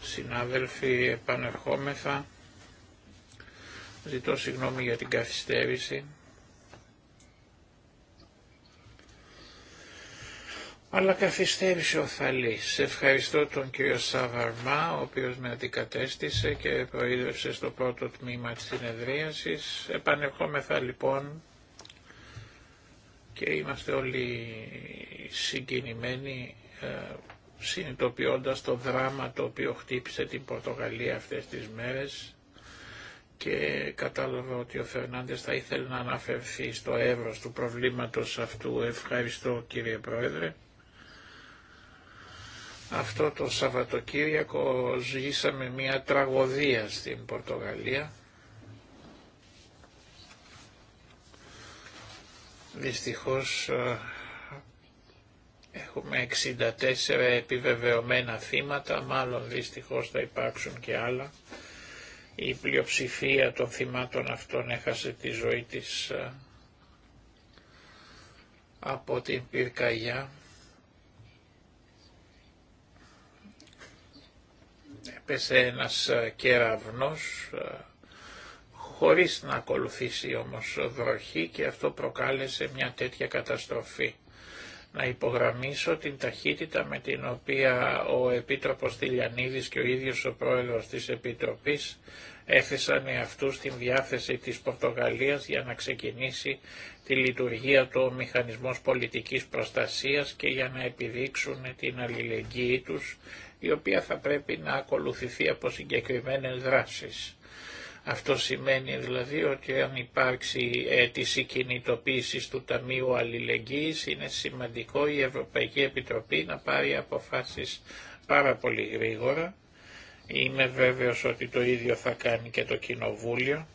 Συνάδελφοι, επανερχόμεθα. Ζητώ συγγνώμη για την καθυστέρηση. Αλλά καθυστέρησε ο Θαλής. Ευχαριστώ τον κύριο Σαβαρμά, ο οποίος με αντικατέστησε και προείδευσε στο πρώτο τμήμα της συνεδρίασης. Επανερχόμεθα λοιπόν και είμαστε όλοι συγκινημένοι ε, συνειδητοποιώντας το δράμα το οποίο χτύπησε την Πορτογαλία αυτές τις μέρες και κατάλαβα ότι ο Φερνάντες θα ήθελε να αναφερθεί στο έβρος του προβλήματος αυτού. Ευχαριστώ κύριε Πρόεδρε. Αυτό το Σαββατοκύριακο ζήσαμε μια τραγωδία στην Πορτογαλία. Δυστυχώς ε, Έχουμε 64 επιβεβαιωμένα θύματα, μάλλον δυστυχώς θα υπάρξουν και άλλα. Η πλειοψηφία των θυμάτων αυτών έχασε τη ζωή της ε, από την πυρκαγιά. Έπεσε ένας ε, κεραυνός, ε, χωρίς να ακολουθήσει όμως βροχή και αυτό προκάλεσε μια τέτοια καταστροφή να υπογραμμίσω την ταχύτητα με την οποία ο Επίτροπος Τηλιανίδης και ο ίδιος ο Πρόεδρος της Επιτροπής έθεσαν αυτούς την διάθεση της Πορτογαλίας για να ξεκινήσει τη λειτουργία του ο Μηχανισμός Πολιτικής Προστασίας και για να επιδείξουν την αλληλεγγύη τους, η οποία θα πρέπει να ακολουθηθεί από συγκεκριμένες δράσεις. Αυτό σημαίνει δηλαδή ότι αν υπάρξει αίτηση κινητοποίησης του Ταμείου Αλληλεγγύης είναι σημαντικό η Ευρωπαϊκή Επιτροπή να πάρει αποφάσεις πάρα πολύ γρήγορα. Είμαι βέβαιος ότι το ίδιο θα κάνει και το Κοινοβούλιο.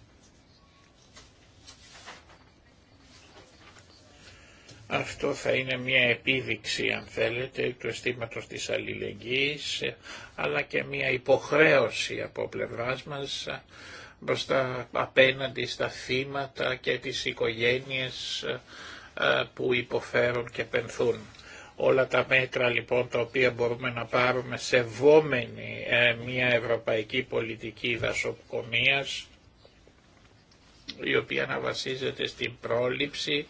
Αυτό θα είναι μια επίδειξη, αν θέλετε, του αισθήματο της αλληλεγγύης, αλλά και μια υποχρέωση από πλευράς μας μπροστά απέναντι στα θύματα και τις οικογένειες ε, που υποφέρουν και πενθούν. Όλα τα μέτρα λοιπόν τα οποία μπορούμε να πάρουμε σε σεβόμενη ε, μια ευρωπαϊκή πολιτική δασοκομείας η οποία να βασίζεται στην πρόληψη,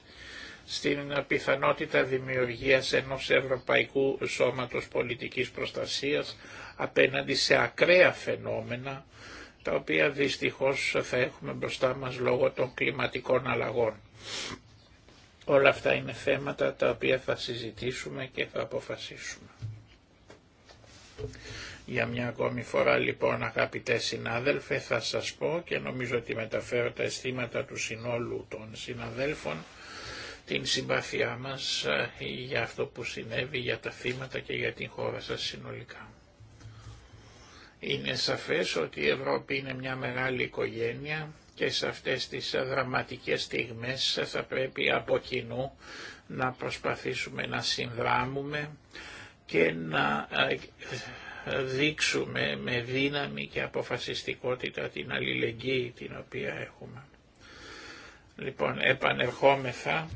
στην πιθανότητα δημιουργίας ενός Ευρωπαϊκού Σώματος Πολιτικής Προστασίας απέναντι σε ακραία φαινόμενα τα οποία δυστυχώς θα έχουμε μπροστά μας λόγω των κλιματικών αλλαγών. Όλα αυτά είναι θέματα τα οποία θα συζητήσουμε και θα αποφασίσουμε. Για μια ακόμη φορά λοιπόν αγαπητέ συνάδελφε θα σας πω και νομίζω ότι μεταφέρω τα αισθήματα του συνόλου των συναδέλφων την συμπάθειά μας ε, για αυτό που συνέβη, για τα θύματα και για την χώρα σας συνολικά. Είναι σαφές ότι η Ευρώπη είναι μια μεγάλη οικογένεια και σε αυτές τις δραματικές στιγμές θα πρέπει από κοινού να προσπαθήσουμε να συνδράμουμε και να ε, δείξουμε με δύναμη και αποφασιστικότητα την αλληλεγγύη την οποία έχουμε. Λοιπόν, επανερχόμεθα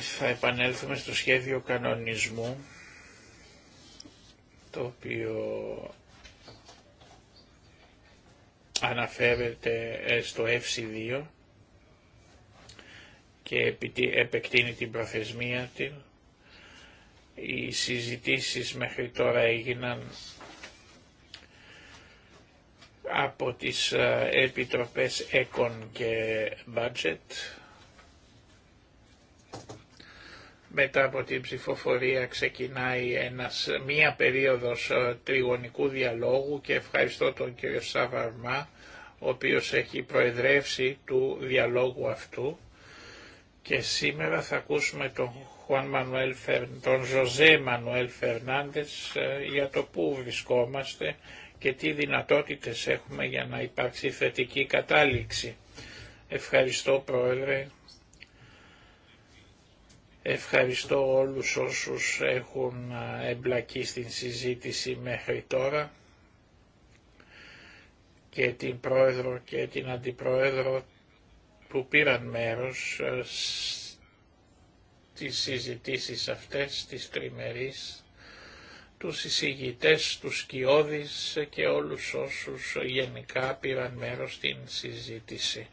θα επανέλθουμε στο σχέδιο κανονισμού το οποίο αναφέρεται ε, στο FC2 και επεκτείνει την προθεσμία την Οι συζητήσεις μέχρι τώρα έγιναν από τις ε, επιτροπές ECON και Budget Μετά από την ψηφοφορία ξεκινάει ένας, μία περίοδος ε, τριγωνικού διαλόγου και ευχαριστώ τον κύριο Σαβαρμά, ο οποίος έχει προεδρεύσει του διαλόγου αυτού και σήμερα θα ακούσουμε τον, Juan Manuel, τον Ζωζέ Μανουέλ Φερνάντες ε, για το πού βρισκόμαστε και τι δυνατότητες έχουμε για να υπάρξει θετική κατάληξη. Ευχαριστώ Πρόεδρε Ευχαριστώ όλους όσους έχουν εμπλακεί στην συζήτηση μέχρι τώρα και την Πρόεδρο και την Αντιπρόεδρο που πήραν μέρος ε, στις συζητήσεις αυτές, της τριμερείς, τους εισηγητές, τους σκιώδεις και όλους όσους γενικά πήραν μέρος στην συζήτηση.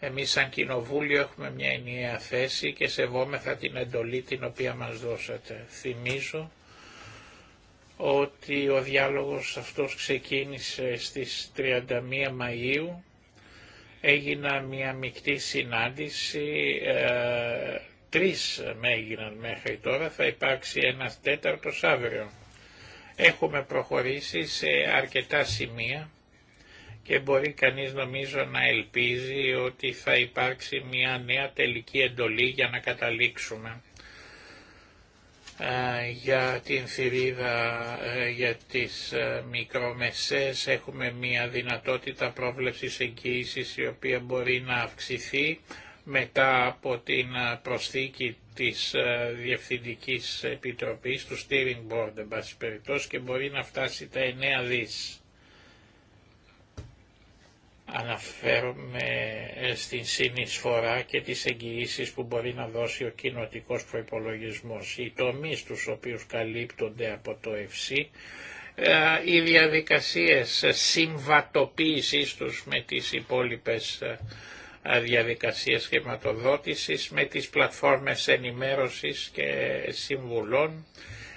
Εμείς σαν Κοινοβούλιο έχουμε μια ενιαία θέση και σεβόμεθα την εντολή την οποία μας δώσατε. Θυμίζω ότι ο διάλογος αυτός ξεκίνησε στις 31 Μαΐου. Έγινα μια μεικτή συνάντηση, ε, τρεις με έγιναν μέχρι τώρα, θα υπάρξει ένας τέταρτος αύριο. Έχουμε προχωρήσει σε αρκετά σημεία και μπορεί κανείς νομίζω να ελπίζει ότι θα υπάρξει μια νέα τελική εντολή για να καταλήξουμε ε, για την θηρίδα ε, για τις ε, μικρομεσές έχουμε μια δυνατότητα πρόβλεψης εγγύησης η οποία μπορεί να αυξηθεί μετά από την προσθήκη της Διευθυντικής Επιτροπής του Steering Board περιπτώσει και μπορεί να φτάσει τα 9 δις. Αναφέρομαι ε, στην συνεισφορά και τις εγγυήσεις που μπορεί να δώσει ο κοινοτικός προϋπολογισμός. Οι τομείς τους οποίους καλύπτονται από το ΕΦΣΥ, ε, οι διαδικασίες συμβατοποίησης τους με τις υπόλοιπες ε, διαδικασίες χρηματοδότησης, με τις πλατφόρμες ενημέρωσης και συμβουλών,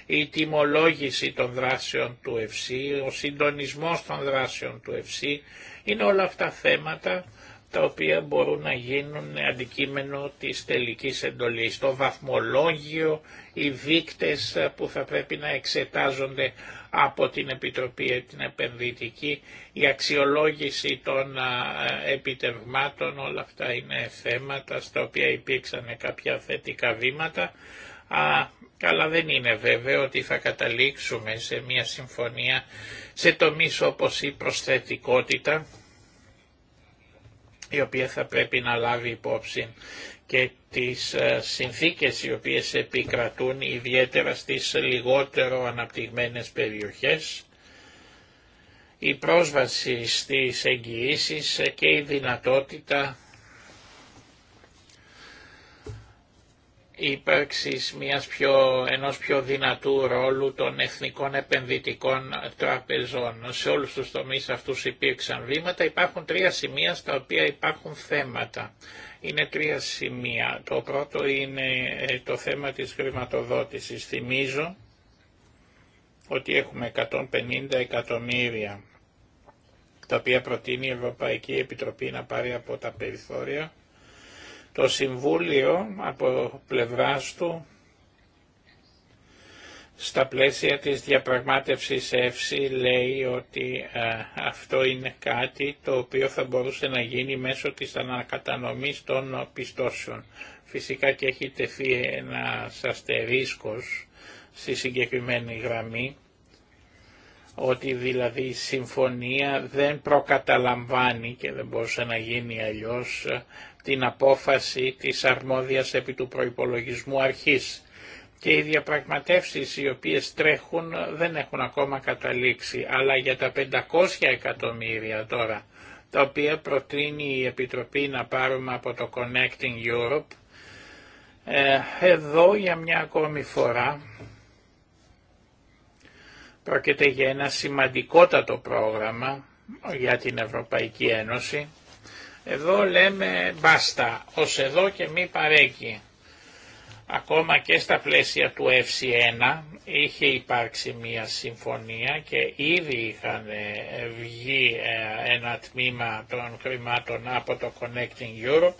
η τιμολόγηση των δράσεων του ΕΦΣΥ, ο συντονισμός των δράσεων του ΕΦΣΥ, είναι όλα αυτά θέματα τα οποία μπορούν να γίνουν αντικείμενο της τελικής εντολής. Το βαθμολόγιο, οι δείκτες που θα πρέπει να εξετάζονται από την Επιτροπή την Επενδυτική, η αξιολόγηση των επιτευγμάτων, όλα αυτά είναι θέματα στα οποία υπήρξαν κάποια θετικά βήματα αλλά δεν είναι βέβαιο ότι θα καταλήξουμε σε μια συμφωνία σε τομείς όπως η προσθετικότητα, η οποία θα πρέπει να λάβει υπόψη και τις ε, συνθήκες οι οποίες επικρατούν ιδιαίτερα στις λιγότερο αναπτυγμένες περιοχές, η πρόσβαση στις εγγυήσεις και η δυνατότητα ύπαρξης μιας πιο, ενός πιο δυνατού ρόλου των εθνικών επενδυτικών τραπεζών. Σε όλους τους τομείς αυτούς υπήρξαν βήματα. Υπάρχουν τρία σημεία στα οποία υπάρχουν θέματα. Είναι τρία σημεία. Το πρώτο είναι ε, το θέμα της χρηματοδότησης. Θυμίζω ότι έχουμε 150 εκατομμύρια τα οποία προτείνει η Ευρωπαϊκή Επιτροπή να πάρει από τα περιθώρια το Συμβούλιο από πλευράς του στα πλαίσια της διαπραγμάτευσης ΕΦΣΥ λέει ότι ε, αυτό είναι κάτι το οποίο θα μπορούσε να γίνει μέσω της ανακατανομής των πιστώσεων. Φυσικά και έχει τεθεί ένα αστερίσκος στη συγκεκριμένη γραμμή, ότι δηλαδή η συμφωνία δεν προκαταλαμβάνει και δεν μπορούσε να γίνει αλλιώς την απόφαση της αρμόδιας επί του προϋπολογισμού αρχής και οι διαπραγματεύσεις οι οποίες τρέχουν δεν έχουν ακόμα καταλήξει, αλλά για τα 500 εκατομμύρια τώρα, τα οποία προτείνει η Επιτροπή να πάρουμε από το Connecting Europe, ε, εδώ για μια ακόμη φορά πρόκειται για ένα σημαντικότατο πρόγραμμα για την Ευρωπαϊκή Ένωση, εδώ λέμε μπάστα, ως εδώ και μη παρέκει. Ακόμα και στα πλαίσια του FC1 είχε υπάρξει μια συμφωνία και ήδη είχαν ε, βγει ε, ένα τμήμα των χρημάτων από το Connecting Europe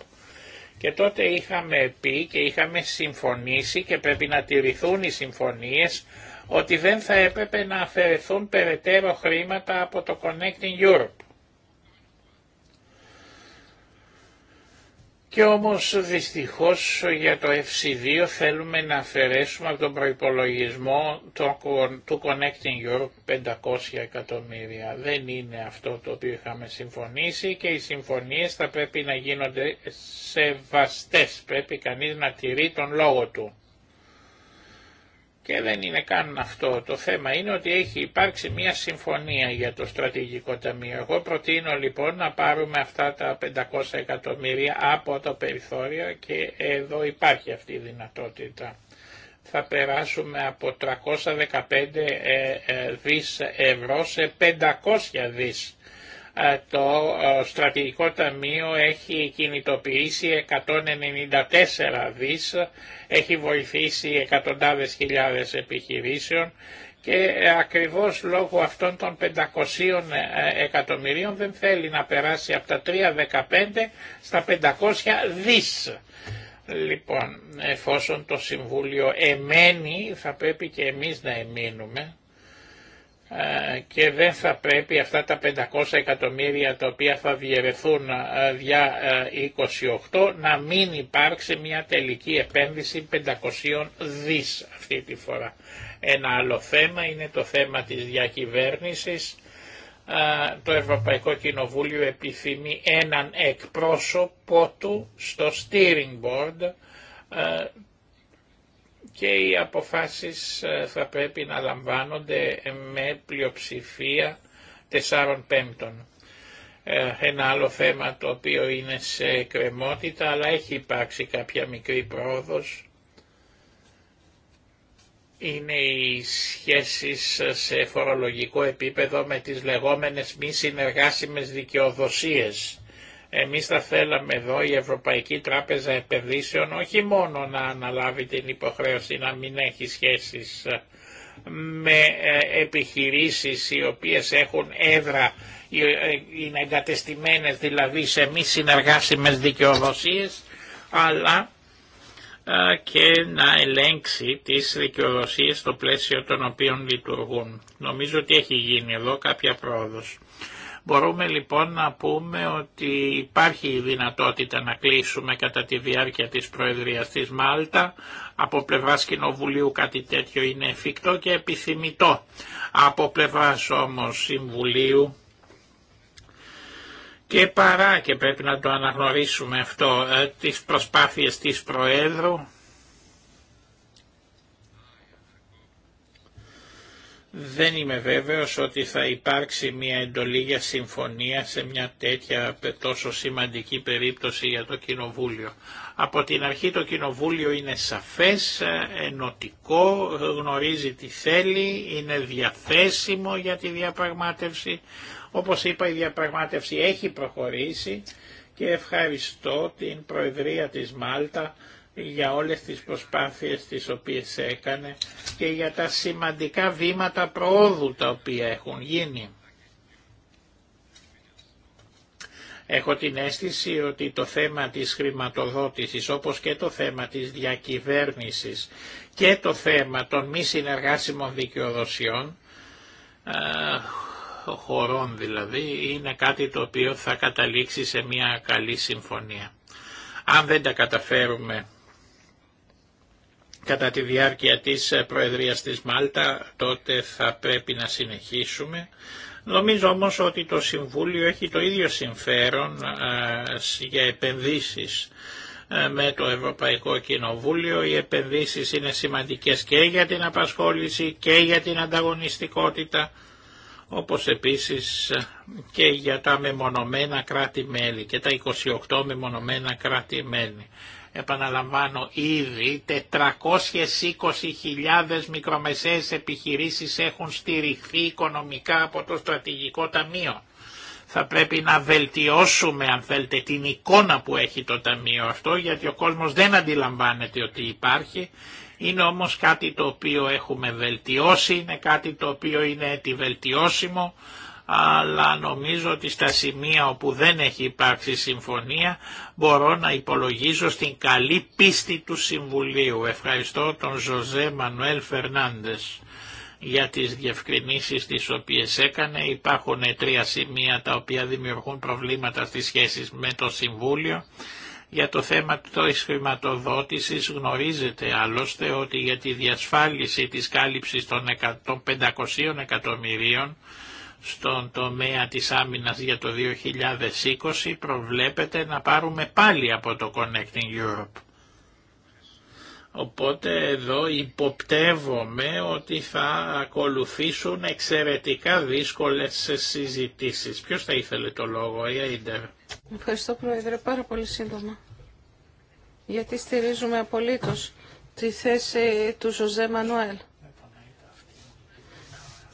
και τότε είχαμε πει και είχαμε συμφωνήσει και πρέπει να τηρηθούν οι συμφωνίες ότι δεν θα έπρεπε να αφαιρεθούν περαιτέρω χρήματα από το Connecting Europe. Και όμως δυστυχώς για το FC2 θέλουμε να αφαιρέσουμε από τον προϋπολογισμό του Connecting Europe 500 εκατομμύρια. Δεν είναι αυτό το οποίο είχαμε συμφωνήσει και οι συμφωνίες θα πρέπει να γίνονται σεβαστές. Πρέπει κανείς να τηρεί τον λόγο του. Και δεν είναι καν αυτό. Το θέμα είναι ότι έχει υπάρξει μια συμφωνία για το στρατηγικό ταμείο. Εγώ προτείνω λοιπόν να πάρουμε αυτά τα 500 εκατομμύρια από το περιθώριο και εδώ υπάρχει αυτή η δυνατότητα. Θα περάσουμε από 315 ε, ε, δις ευρώ σε 500 δις ε, το ε, στρατηγικό ταμείο έχει κινητοποιήσει 194 δις, έχει βοηθήσει εκατοντάδες χιλιάδες επιχειρήσεων και ε, ακριβώς λόγω αυτών των 500 εκατομμυρίων δεν θέλει να περάσει από τα 3,15 στα 500 δις. Λοιπόν, εφόσον το Συμβούλιο εμένει, θα πρέπει και εμείς να εμείνουμε ε, και δεν θα πρέπει αυτά τα 500 εκατομμύρια τα οποία θα διαιρεθούν για ε, 28 ε, να μην υπάρξει μια τελική επένδυση 500 δις αυτή τη φορά. Ένα άλλο θέμα είναι το θέμα της διακυβέρνησης. Το Ευρωπαϊκό Κοινοβούλιο επιθυμεί έναν εκπρόσωπο του στο steering board και οι αποφάσεις ε, θα πρέπει να λαμβάνονται με πλειοψηφία 4 πέμπτων. Ε, ένα άλλο θέμα το οποίο είναι σε κρεμότητα αλλά έχει υπάρξει κάποια μικρή πρόοδος είναι οι σχέσεις σε φορολογικό επίπεδο με τις λεγόμενες μη συνεργάσιμες δικαιοδοσίες εμείς θα θέλαμε εδώ η Ευρωπαϊκή Τράπεζα Επενδύσεων όχι μόνο να αναλάβει την υποχρέωση να μην έχει σχέσεις ε, με ε, επιχειρήσεις οι οποίες έχουν έδρα, ε, είναι εγκατεστημένες δηλαδή σε μη συνεργάσιμες δικαιοδοσίες, αλλά και να ελέγξει τις δικαιοδοσίες στο πλαίσιο των οποίων λειτουργούν. Νομίζω ότι έχει γίνει εδώ κάποια πρόοδος. Μπορούμε λοιπόν να πούμε ότι υπάρχει η δυνατότητα να κλείσουμε κατά τη διάρκεια της Προεδρίας της Μάλτα. Από πλευράς Κοινοβουλίου κάτι τέτοιο είναι εφικτό και επιθυμητό. Από πλευράς όμως Συμβουλίου και παρά και πρέπει να το αναγνωρίσουμε αυτό ε, τις προσπάθειες της Προέδρου Δεν είμαι βέβαιος ότι θα υπάρξει μια εντολή για συμφωνία σε μια τέτοια τόσο σημαντική περίπτωση για το Κοινοβούλιο. Από την αρχή το Κοινοβούλιο είναι σαφές, ενωτικό, γνωρίζει τι θέλει, είναι διαθέσιμο για τη διαπραγμάτευση. Όπως είπα η διαπραγμάτευση έχει προχωρήσει και ευχαριστώ την Προεδρία της Μάλτα για όλες τις προσπάθειες τις οποίες έκανε και για τα σημαντικά βήματα προόδου τα οποία έχουν γίνει. Έχω την αίσθηση ότι το θέμα της χρηματοδότησης όπως και το θέμα της διακυβέρνησης και το θέμα των μη συνεργάσιμων δικαιοδοσιών, χωρών δηλαδή, είναι κάτι το οποίο θα καταλήξει σε μια καλή συμφωνία. Αν δεν τα καταφέρουμε κατά τη διάρκεια της ε, Προεδρίας της Μάλτα, τότε θα πρέπει να συνεχίσουμε. Νομίζω όμως ότι το Συμβούλιο έχει το ίδιο συμφέρον ε, για επενδύσεις ε, με το Ευρωπαϊκό Κοινοβούλιο. Οι επενδύσεις είναι σημαντικές και για την απασχόληση και για την ανταγωνιστικότητα, όπως επίσης και για τα μεμονωμένα κράτη-μέλη και τα 28 μεμονωμένα κράτη-μέλη επαναλαμβάνω ήδη, 420.000 μικρομεσαίες επιχειρήσεις έχουν στηριχθεί οικονομικά από το Στρατηγικό Ταμείο. Θα πρέπει να βελτιώσουμε, αν θέλετε, την εικόνα που έχει το Ταμείο αυτό, γιατί ο κόσμος δεν αντιλαμβάνεται ότι υπάρχει. Είναι όμως κάτι το οποίο έχουμε βελτιώσει, είναι κάτι το οποίο είναι επιβελτιώσιμο αλλά νομίζω ότι στα σημεία όπου δεν έχει υπάρξει συμφωνία μπορώ να υπολογίζω στην καλή πίστη του Συμβουλίου. Ευχαριστώ τον Ζωζέ Μανουέλ Φερνάντες για τις διευκρινήσεις τις οποίες έκανε. Υπάρχουν τρία σημεία τα οποία δημιουργούν προβλήματα στις σχέσεις με το Συμβούλιο. Για το θέμα της χρηματοδότησης γνωρίζετε άλλωστε ότι για τη διασφάλιση της κάλυψης των 500 εκατομμυρίων στον τομέα της άμυνας για το 2020 προβλέπεται να πάρουμε πάλι από το Connecting Europe. Οπότε εδώ υποπτεύομαι ότι θα ακολουθήσουν εξαιρετικά δύσκολες συζητήσεις. Ποιος θα ήθελε το λόγο, η Αίντερ. Ευχαριστώ Πρόεδρε, πάρα πολύ σύντομα. Γιατί στηρίζουμε απολύτως τη θέση του Ζωζέ Μανουέλ.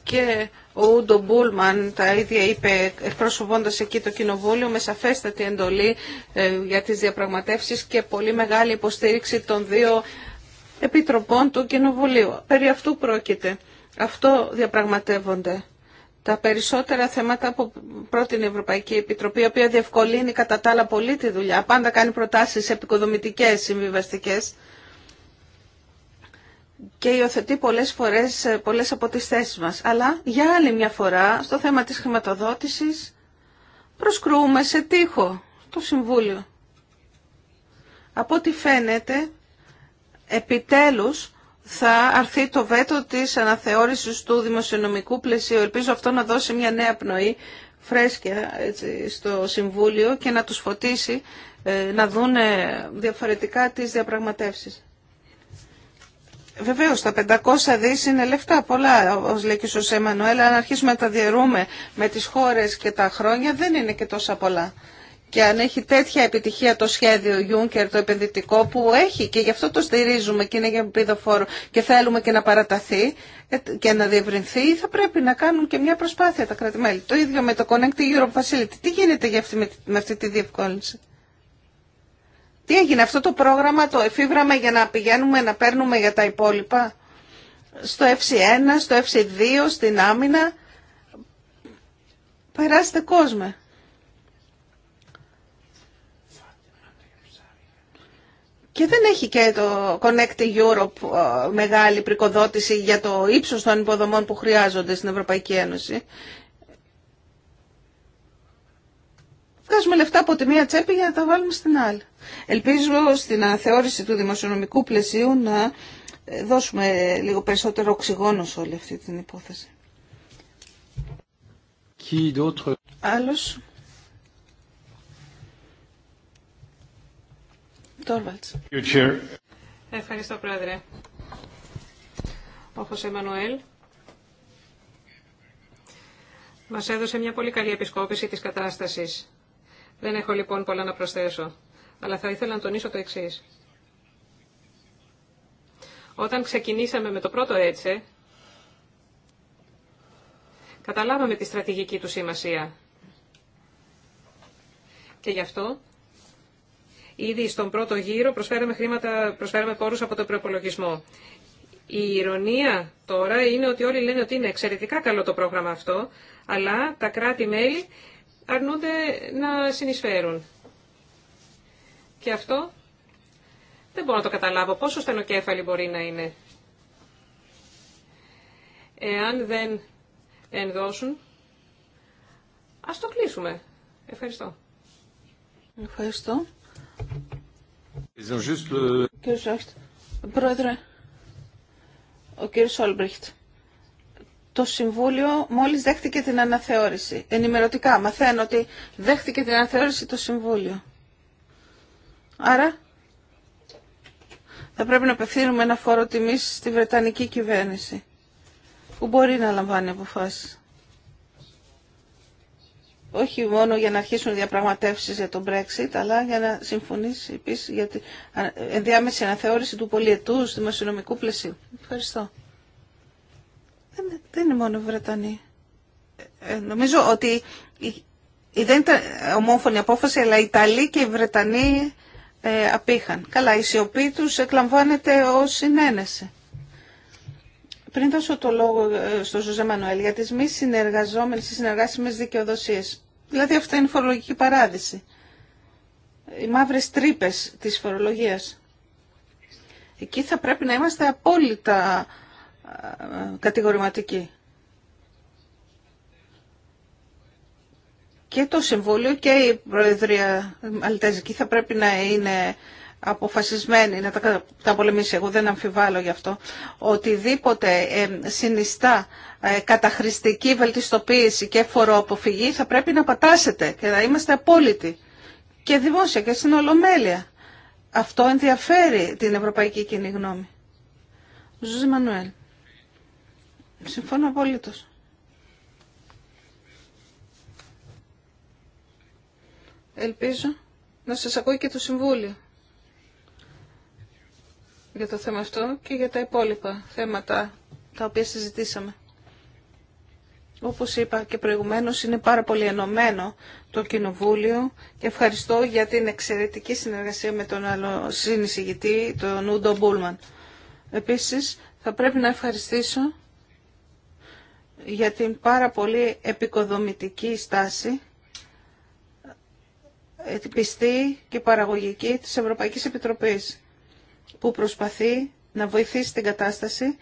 Και ο Ούντο Μπούλμαν τα ίδια είπε εκπροσωπώντας εκεί το κοινοβούλιο με σαφέστατη εντολή ε, για τις διαπραγματεύσεις και πολύ μεγάλη υποστήριξη των δύο επιτροπών του κοινοβουλίου. Περί αυτού πρόκειται. Αυτό διαπραγματεύονται. Τα περισσότερα θέματα από πρότεινε Ευρωπαϊκή Επιτροπή, η οποία διευκολύνει κατά τα άλλα πολύ τη δουλειά, πάντα κάνει προτάσεις επικοδομητικές, συμβιβαστικές, και υιοθετεί πολλές φορές ε, πολλές από τις θέσεις μας. Αλλά για άλλη μια φορά στο θέμα της χρηματοδότησης προσκρούμε σε τείχο το Συμβούλιο. Από ό,τι φαίνεται επιτέλους θα αρθεί το βέτο της αναθεώρησης του δημοσιονομικού πλαισίου. Ελπίζω αυτό να δώσει μια νέα πνοή φρέσκια έτσι, στο Συμβούλιο και να τους φωτίσει ε, να δούνε διαφορετικά τις διαπραγματεύσεις. Βεβαίω, τα 500 δι είναι λεφτά πολλά, όπως λέει και ο Σωσέ αν αρχίσουμε να τα διαιρούμε με τι χώρε και τα χρόνια δεν είναι και τόσα πολλά. Και αν έχει τέτοια επιτυχία το σχέδιο Juncker, το επενδυτικό που έχει και γι' αυτό το στηρίζουμε και είναι για φόρου και θέλουμε και να παραταθεί ε, και να διευρυνθεί, θα πρέπει να κάνουν και μια προσπάθεια τα κρατη Το ίδιο με το Connect Europe Facility. Τι γίνεται για αυτή, με αυτή τη διευκόλυνση. Τι έγινε αυτό το πρόγραμμα, το εφήβραμε για να πηγαίνουμε να παίρνουμε για τα υπόλοιπα στο FC1, στο FC2, στην άμυνα. Περάστε κόσμο. Και δεν έχει και το Connect Europe ε, μεγάλη πρικοδότηση για το ύψος των υποδομών που χρειάζονται στην Ευρωπαϊκή Ένωση. βγάζουμε λεφτά από τη μία τσέπη για να τα βάλουμε στην άλλη. Ελπίζω στην αναθεώρηση του δημοσιονομικού πλαισίου να ε, δώσουμε λίγο περισσότερο οξυγόνο σε όλη αυτή την υπόθεση. Άλλος. Ευχαριστώ, Πρόεδρε. Ο Χωσέ Μανουέλ μας έδωσε μια πολύ καλή επισκόπηση της κατάστασης. Δεν έχω λοιπόν πολλά να προσθέσω, αλλά θα ήθελα να τονίσω το εξή. Όταν ξεκινήσαμε με το πρώτο έτσι, καταλάβαμε τη στρατηγική του σημασία. Και γι' αυτό Ήδη στον πρώτο γύρο προσφέραμε, χρήματα, προσφέραμε πόρους από τον προπολογισμό. Η ηρωνία τώρα είναι ότι όλοι λένε ότι είναι εξαιρετικά καλό το πρόγραμμα αυτό, αλλά τα κράτη-μέλη αρνούνται να συνεισφέρουν. Και αυτό δεν μπορώ να το καταλάβω. Πόσο στενοκέφαλη μπορεί να είναι. Εάν δεν ενδώσουν, ας το κλείσουμε. Ευχαριστώ. Ευχαριστώ. Κύριε Πρόεδρε, ο κύριος το Συμβούλιο μόλις δέχτηκε την αναθεώρηση. Ενημερωτικά μαθαίνω ότι δέχτηκε την αναθεώρηση το Συμβούλιο. Άρα θα πρέπει να απευθύνουμε ένα φόρο τιμής στη Βρετανική κυβέρνηση που μπορεί να λαμβάνει αποφάσεις. Όχι μόνο για να αρχίσουν διαπραγματεύσεις για τον Brexit, αλλά για να συμφωνήσει επίσης για την ε, ενδιάμεση αναθεώρηση του πολιετούς δημοσιονομικού πλαισίου. Ευχαριστώ. Δεν, είναι μόνο Βρετανοί. Ε, ε, νομίζω ότι η, η, δεν ήταν ομόφωνη απόφαση, αλλά οι Ιταλοί και οι Βρετανοί ε, απήχαν. Καλά, η σιωπή του εκλαμβάνεται ω συνένεση. Πριν δώσω το λόγο στον Ζωζέ Μανουέλ για τις μη συνεργαζόμενες ή συνεργάσιμες δικαιοδοσίες. Δηλαδή αυτό είναι η φορολογική παράδειση. Οι μαύρες τρύπε της φορολογίας. Εκεί θα πρέπει να είμαστε απόλυτα κατηγορηματική. Και το Συμβούλιο και η Προεδρία Μαλτέζικη θα πρέπει να είναι αποφασισμένη να τα πολεμήσει. Εγώ δεν αμφιβάλλω γι' αυτό. Οτιδήποτε ε, συνιστά ε, καταχρηστική βελτιστοποίηση και φοροαποφυγή θα πρέπει να πατάσετε και να είμαστε απόλυτοι και δημόσια και στην Ολομέλεια. Αυτό ενδιαφέρει την ευρωπαϊκή κοινή γνώμη. Ζωζή Μανουέλ. Συμφωνώ απόλυτο. Ελπίζω να σας ακούει και το Συμβούλιο για το θέμα αυτό και για τα υπόλοιπα θέματα τα οποία συζητήσαμε. Όπως είπα και προηγουμένως είναι πάρα πολύ ενωμένο το Κοινοβούλιο και ευχαριστώ για την εξαιρετική συνεργασία με τον άλλο συνεισηγητή, τον Ούντο Μπούλμαν. Επίσης θα πρέπει να ευχαριστήσω για την πάρα πολύ επικοδομητική στάση ε, πιστή και παραγωγική της Ευρωπαϊκής Επιτροπής που προσπαθεί να βοηθήσει την κατάσταση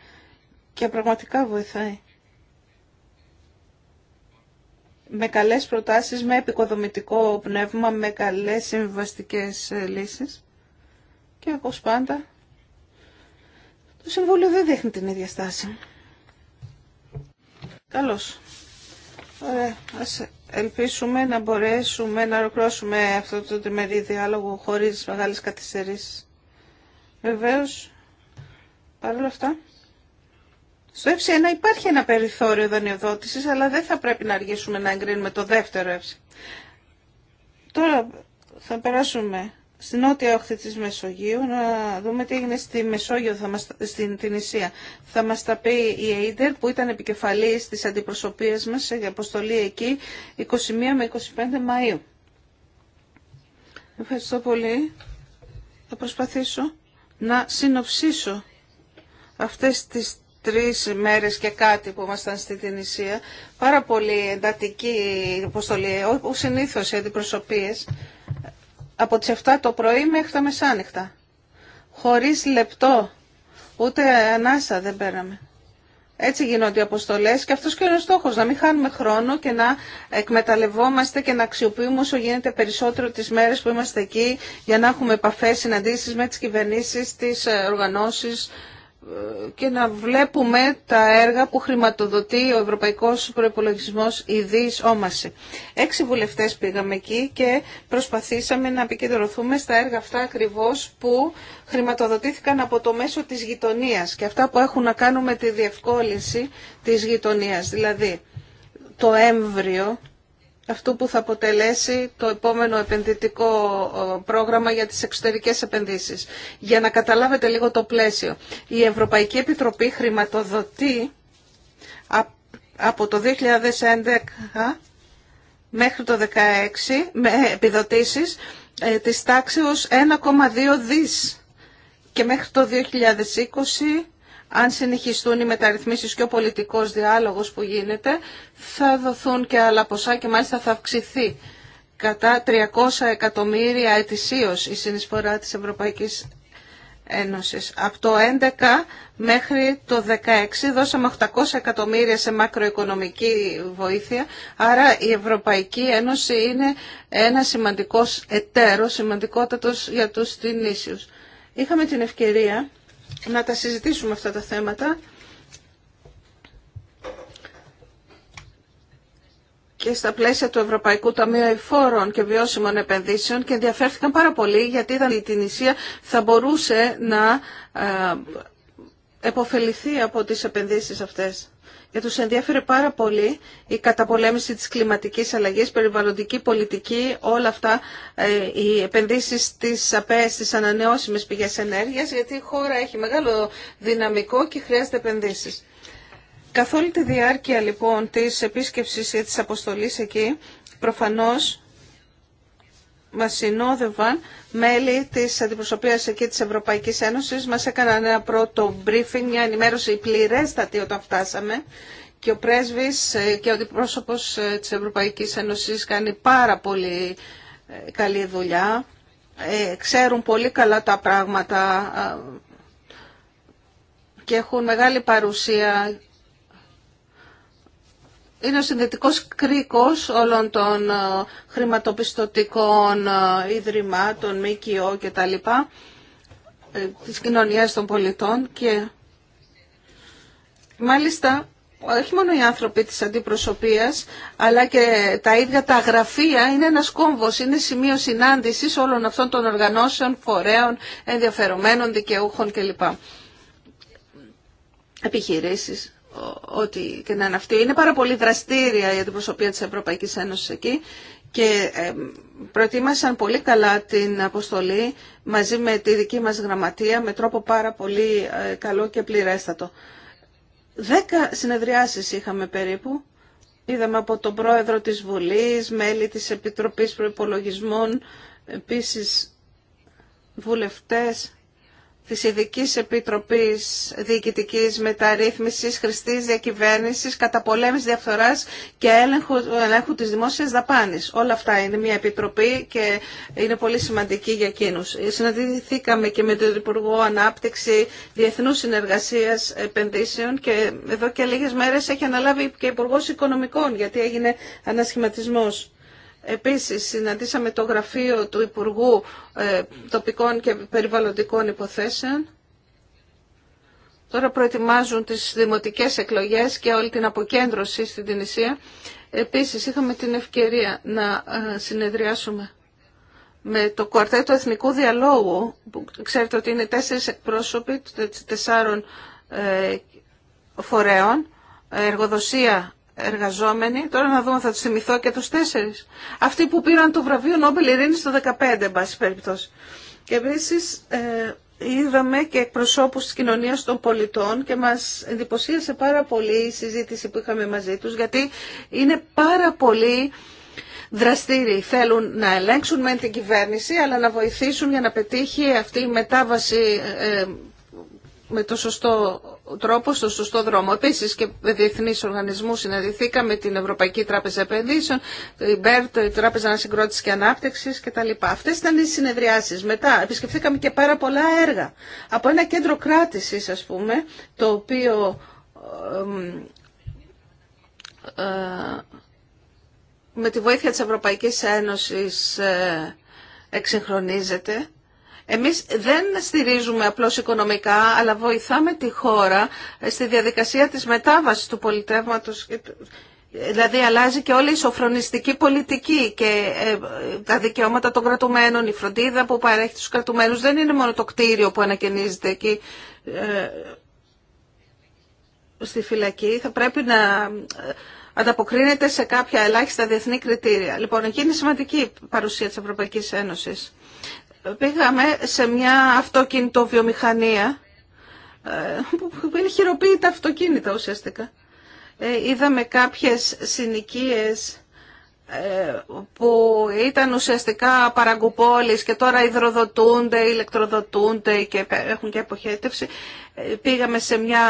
και πραγματικά βοηθάει. Με καλές προτάσεις, με επικοδομητικό πνεύμα, με καλές συμβαστικές ε, λύσεις και όπως πάντα το Συμβούλιο δεν δείχνει την ίδια στάση. Τέλος. Ωραία. Ας ελπίσουμε να μπορέσουμε να ολοκληρώσουμε αυτό το τριμερή διάλογο χωρίς μεγάλες καθυστερήσεις. Βεβαίως, όλα αυτά, στο F1 υπάρχει ένα περιθώριο δανειοδότησης, αλλά δεν θα πρέπει να αργήσουμε να εγκρίνουμε το δεύτερο F. Τώρα θα περάσουμε στην νότια όχθη της Μεσογείου, να δούμε τι έγινε στη Μεσόγειο, θα μας, στην Τυνησία, Θα μας τα πει η Αίτερ που ήταν επικεφαλής της αντιπροσωπείας μας σε αποστολή εκεί 21 με 25 Μαΐου. Ευχαριστώ πολύ. Θα προσπαθήσω να συνοψίσω αυτές τις τρεις μέρες και κάτι που ήμασταν στη Τινησία. Πάρα πολύ εντατική αποστολή, όπως συνήθως οι αντιπροσωπείες από τις 7 το πρωί μέχρι τα μεσάνυχτα. Χωρίς λεπτό, ούτε ανάσα δεν πέραμε. Έτσι γίνονται οι αποστολέ και αυτό και είναι ο στόχο, να μην χάνουμε χρόνο και να εκμεταλλευόμαστε και να αξιοποιούμε όσο γίνεται περισσότερο τις μέρες που είμαστε εκεί για να έχουμε επαφέ, συναντήσει με τι κυβερνήσει, τι ε, οργανώσει, και να βλέπουμε τα έργα που χρηματοδοτεί ο Ευρωπαϊκός Προϋπολογισμός Ιδής Όμαση. Έξι βουλευτές πήγαμε εκεί και προσπαθήσαμε να επικεντρωθούμε στα έργα αυτά ακριβώς που χρηματοδοτήθηκαν από το μέσο της γειτονίας και αυτά που έχουν να κάνουν με τη διευκόλυνση της γειτονίας. Δηλαδή το έμβριο αυτού που θα αποτελέσει το επόμενο επενδυτικό πρόγραμμα για τις εξωτερικές επενδύσεις. Για να καταλάβετε λίγο το πλαίσιο, η Ευρωπαϊκή Επιτροπή χρηματοδοτεί από το 2011 μέχρι το 2016 με επιδοτήσεις ε, της τάξεως 1,2 δις και μέχρι το 2020 αν συνεχιστούν οι μεταρρυθμίσεις και ο πολιτικός διάλογος που γίνεται, θα δοθούν και άλλα ποσά και μάλιστα θα αυξηθεί κατά 300 εκατομμύρια ετησίω η συνεισφορά της Ευρωπαϊκής Ένωσης. Από το 11 μέχρι το 16 δώσαμε 800 εκατομμύρια σε μακροοικονομική βοήθεια, άρα η Ευρωπαϊκή Ένωση είναι ένα σημαντικό εταίρος, σημαντικότατος για τους τινήσιους. Είχαμε την ευκαιρία να τα συζητήσουμε αυτά τα θέματα. και στα πλαίσια του Ευρωπαϊκού Ταμείου Εφόρων και Βιώσιμων Επενδύσεων και ενδιαφέρθηκαν πάρα πολύ γιατί ήταν η Τινησία θα μπορούσε να ε, εποφεληθεί από τις επενδύσεις αυτές και ε, τους ενδιάφερε πάρα πολύ η καταπολέμηση της κλιματικής αλλαγής, περιβαλλοντική πολιτική, όλα αυτά, ε, οι επενδύσεις στις ΑΠΕΣ, στις ανανεώσιμες πηγές ενέργειας, γιατί η χώρα έχει μεγάλο δυναμικό και χρειάζεται επενδύσεις. Καθ' όλη τη διάρκεια λοιπόν της επίσκεψης ή της αποστολής εκεί, προφανώς μας συνόδευαν μέλη της αντιπροσωπείας εκεί της Ευρωπαϊκής Ένωσης. Μας έκαναν ένα πρώτο briefing, μια ενημέρωση πληρέστατη όταν φτάσαμε και ο πρέσβης ε, και ο αντιπρόσωπος ε, της Ευρωπαϊκής Ένωσης κάνει πάρα πολύ ε, καλή δουλειά. Ξέρουν πολύ καλά τα πράγματα και έχουν μεγάλη παρουσία είναι ο συνδετικός κρίκος όλων των ε, χρηματοπιστωτικών ε, ιδρυμάτων, ΜΚΟ και τα λοιπά, ε, της κοινωνίας των πολιτών και μάλιστα όχι μόνο οι άνθρωποι της αντιπροσωπείας, αλλά και τα ίδια τα γραφεία είναι ένας κόμβος, είναι σημείο συνάντησης όλων αυτών των οργανώσεων, φορέων, ενδιαφερομένων, δικαιούχων κλπ. Επιχειρήσεις ό,τι και να είναι αυτή. Είναι πάρα πολύ δραστήρια η αντιπροσωπεία της Ευρωπαϊκής Ένωσης εκεί και ε, προετοίμασαν πολύ καλά την αποστολή μαζί με τη δική μας γραμματεία με τρόπο πάρα πολύ ε, καλό και πληρέστατο. Δέκα συνεδριάσεις είχαμε περίπου. Είδαμε από τον πρόεδρο της Βουλής, μέλη της Επιτροπής Προϋπολογισμών, επίσης βουλευτές της Ειδικής Επιτροπής Διοικητικής Μεταρρύθμισης Χρηστής Διακυβέρνησης Καταπολέμησης Διαφθοράς και έλεγχου, ελέγχου της Δημόσιας Δαπάνης. Όλα αυτά είναι μια επιτροπή και είναι πολύ σημαντική για εκείνους. Συναντηθήκαμε και με τον Υπουργό Ανάπτυξη Διεθνούς Συνεργασίας Επενδύσεων και εδώ και λίγες μέρες έχει αναλάβει και Υπουργό Οικονομικών γιατί έγινε ανασχηματισμός. Επίσης, συναντήσαμε το γραφείο του Υπουργού ε, Τοπικών και Περιβαλλοντικών Υποθέσεων. Τώρα προετοιμάζουν τις δημοτικές εκλογές και όλη την αποκέντρωση στην Τινησία. Επίσης, είχαμε την ευκαιρία να ε, συνεδριάσουμε με το Κουαρτέτο Εθνικού Διαλόγου, που ξέρετε ότι είναι τέσσερις εκπρόσωποι τεσσάρων ε, φορέων, εργοδοσία, εργαζόμενοι, τώρα να δούμε θα τους θυμηθώ και τους τέσσερις, αυτοί που πήραν το βραβείο Νόμπελ Ειρήνης το 2015, εν πάση περιπτώσει. Και επίσης ε, είδαμε και εκπροσώπους της κοινωνίας των πολιτών και μας εντυπωσίασε πάρα πολύ η συζήτηση που είχαμε μαζί τους, γιατί είναι πάρα πολύ δραστήριοι θέλουν να ελέγξουν με την κυβέρνηση, αλλά να βοηθήσουν για να πετύχει αυτή η μετάβαση ε, με το σωστό τρόπο στο σωστό δρόμο. Επίση και με διεθνεί οργανισμού συναντηθήκαμε, την Ευρωπαϊκή Τράπεζα Επενδύσεων, η ΜΠΕΡΤ, η Τράπεζα Ανασυγκρότηση και Ανάπτυξη κτλ. Αυτέ ήταν οι συνεδριάσει. Μετά επισκεφθήκαμε και πάρα πολλά έργα. Από ένα κέντρο κράτηση, α πούμε, το οποίο ε, με τη βοήθεια της Ευρωπαϊκής Ένωσης ε, εξυγχρονίζεται εμείς δεν στηρίζουμε απλώς οικονομικά, αλλά βοηθάμε τη χώρα στη διαδικασία της μετάβασης του πολιτεύματος. Δηλαδή αλλάζει και όλη η σοφρονιστική πολιτική και ε, τα δικαιώματα των κρατουμένων, η φροντίδα που παρέχει τους κρατουμένους. Δεν είναι μόνο το κτίριο που ανακαινίζεται εκεί ε, στη φυλακή. Θα πρέπει να ε, ανταποκρίνεται σε κάποια ελάχιστα διεθνή κριτήρια. Λοιπόν, εκεί είναι σημαντική η παρουσία της Ευρωπαϊκής Ένωσης πήγαμε σε μια αυτοκίνητο βιομηχανία ε, που είναι χειροποίητα αυτοκίνητα ουσιαστικά. Ε, είδαμε κάποιες συνοικίες ε, που ήταν ουσιαστικά παραγκουπόλεις και τώρα υδροδοτούνται, ηλεκτροδοτούνται και έχουν και αποχέτευση. Πήγαμε σε μια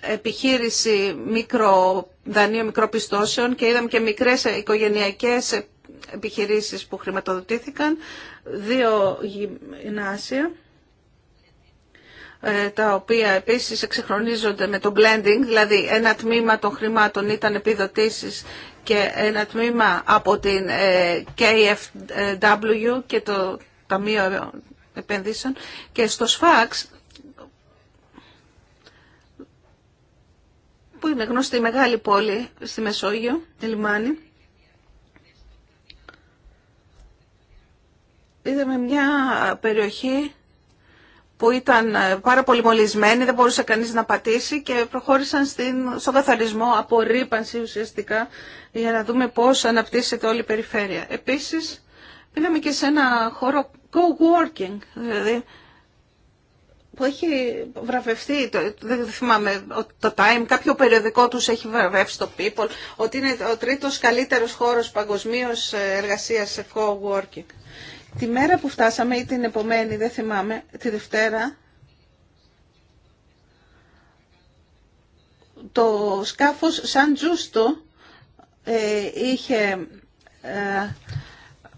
επιχείρηση μικροδανείων, μικροπιστώσεων και είδαμε και μικρές οικογενειακές επιχειρήσεις που χρηματοδοτήθηκαν, δύο γυμνάσια, ε, τα οποία επίσης εξεχρονίζονται με το blending, δηλαδή ένα τμήμα των χρημάτων ήταν επιδοτήσεις και ένα τμήμα από την ε, KFW και το Ταμείο Επενδύσεων και στο ΣΦΑΞ που είναι γνωστή μεγάλη πόλη στη Μεσόγειο, η Λιμάνη, είδαμε μια περιοχή που ήταν ε, πάρα πολύ μολυσμένη, δεν μπορούσε κανείς να πατήσει και προχώρησαν στην, στον καθαρισμό από ρήπανση ουσιαστικά για να δούμε πώς αναπτύσσεται όλη η περιφέρεια. Επίσης, είδαμε και σε ένα χώρο co-working, δηλαδή που έχει βραβευτεί, δεν θυμάμαι το Time, κάποιο περιοδικό τους έχει βραβεύσει το People, ότι είναι ο τρίτος καλύτερος χώρος παγκοσμίως ε, εργασίας σε co-working. Τη μέρα που φτάσαμε ή την επομένη, δεν θυμάμαι, τη Δευτέρα, το σκάφος Σαν Τζούστο ε, είχε ε,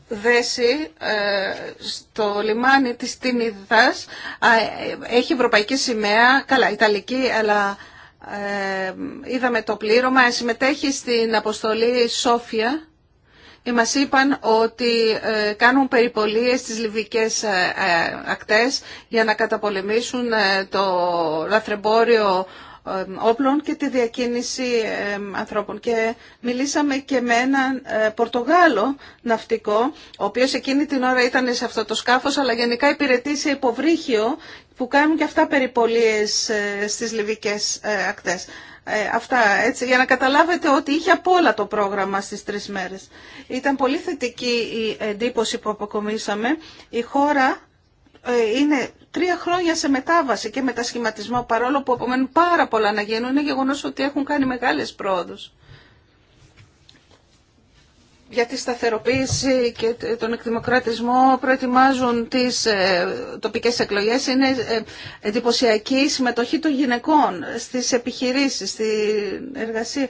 δέσει ε, στο λιμάνι της Τινιδάς. Ε, έχει ευρωπαϊκή σημαία, καλά ιταλική, αλλά είδαμε το πλήρωμα. Συμμετέχει στην αποστολή Σόφια ε, μας είπαν ότι ε, κάνουν περιπολίες στις λιβικές ε, ακτές για να καταπολεμήσουν το λαθρεμπόριο όπλων και τη διακίνηση ανθρώπων. Και μιλήσαμε και με έναν Πορτογάλο ναυτικό, ο οποίος εκείνη την ώρα ήταν σε αυτό το σκάφος, αλλά γενικά υπηρετεί σε υποβρύχιο που κάνουν και αυτά περιπολίες στις λιβικές ακτές. Ε, αυτά, έτσι, για να καταλάβετε ότι είχε από όλα το πρόγραμμα στις τρεις μέρες. Ήταν πολύ θετική η εντύπωση που αποκομίσαμε. Η χώρα ε, είναι τρία χρόνια σε μετάβαση και μετασχηματισμό, παρόλο που απομένουν πάρα πολλά να γίνουν, είναι γεγονός ότι έχουν κάνει μεγάλες πρόοδους για τη σταθεροποίηση και τον εκδημοκρατισμό προετοιμάζουν τις ε, τοπικές εκλογές είναι ε, εντυπωσιακή η συμμετοχή των γυναικών στις επιχειρήσεις, στην εργασία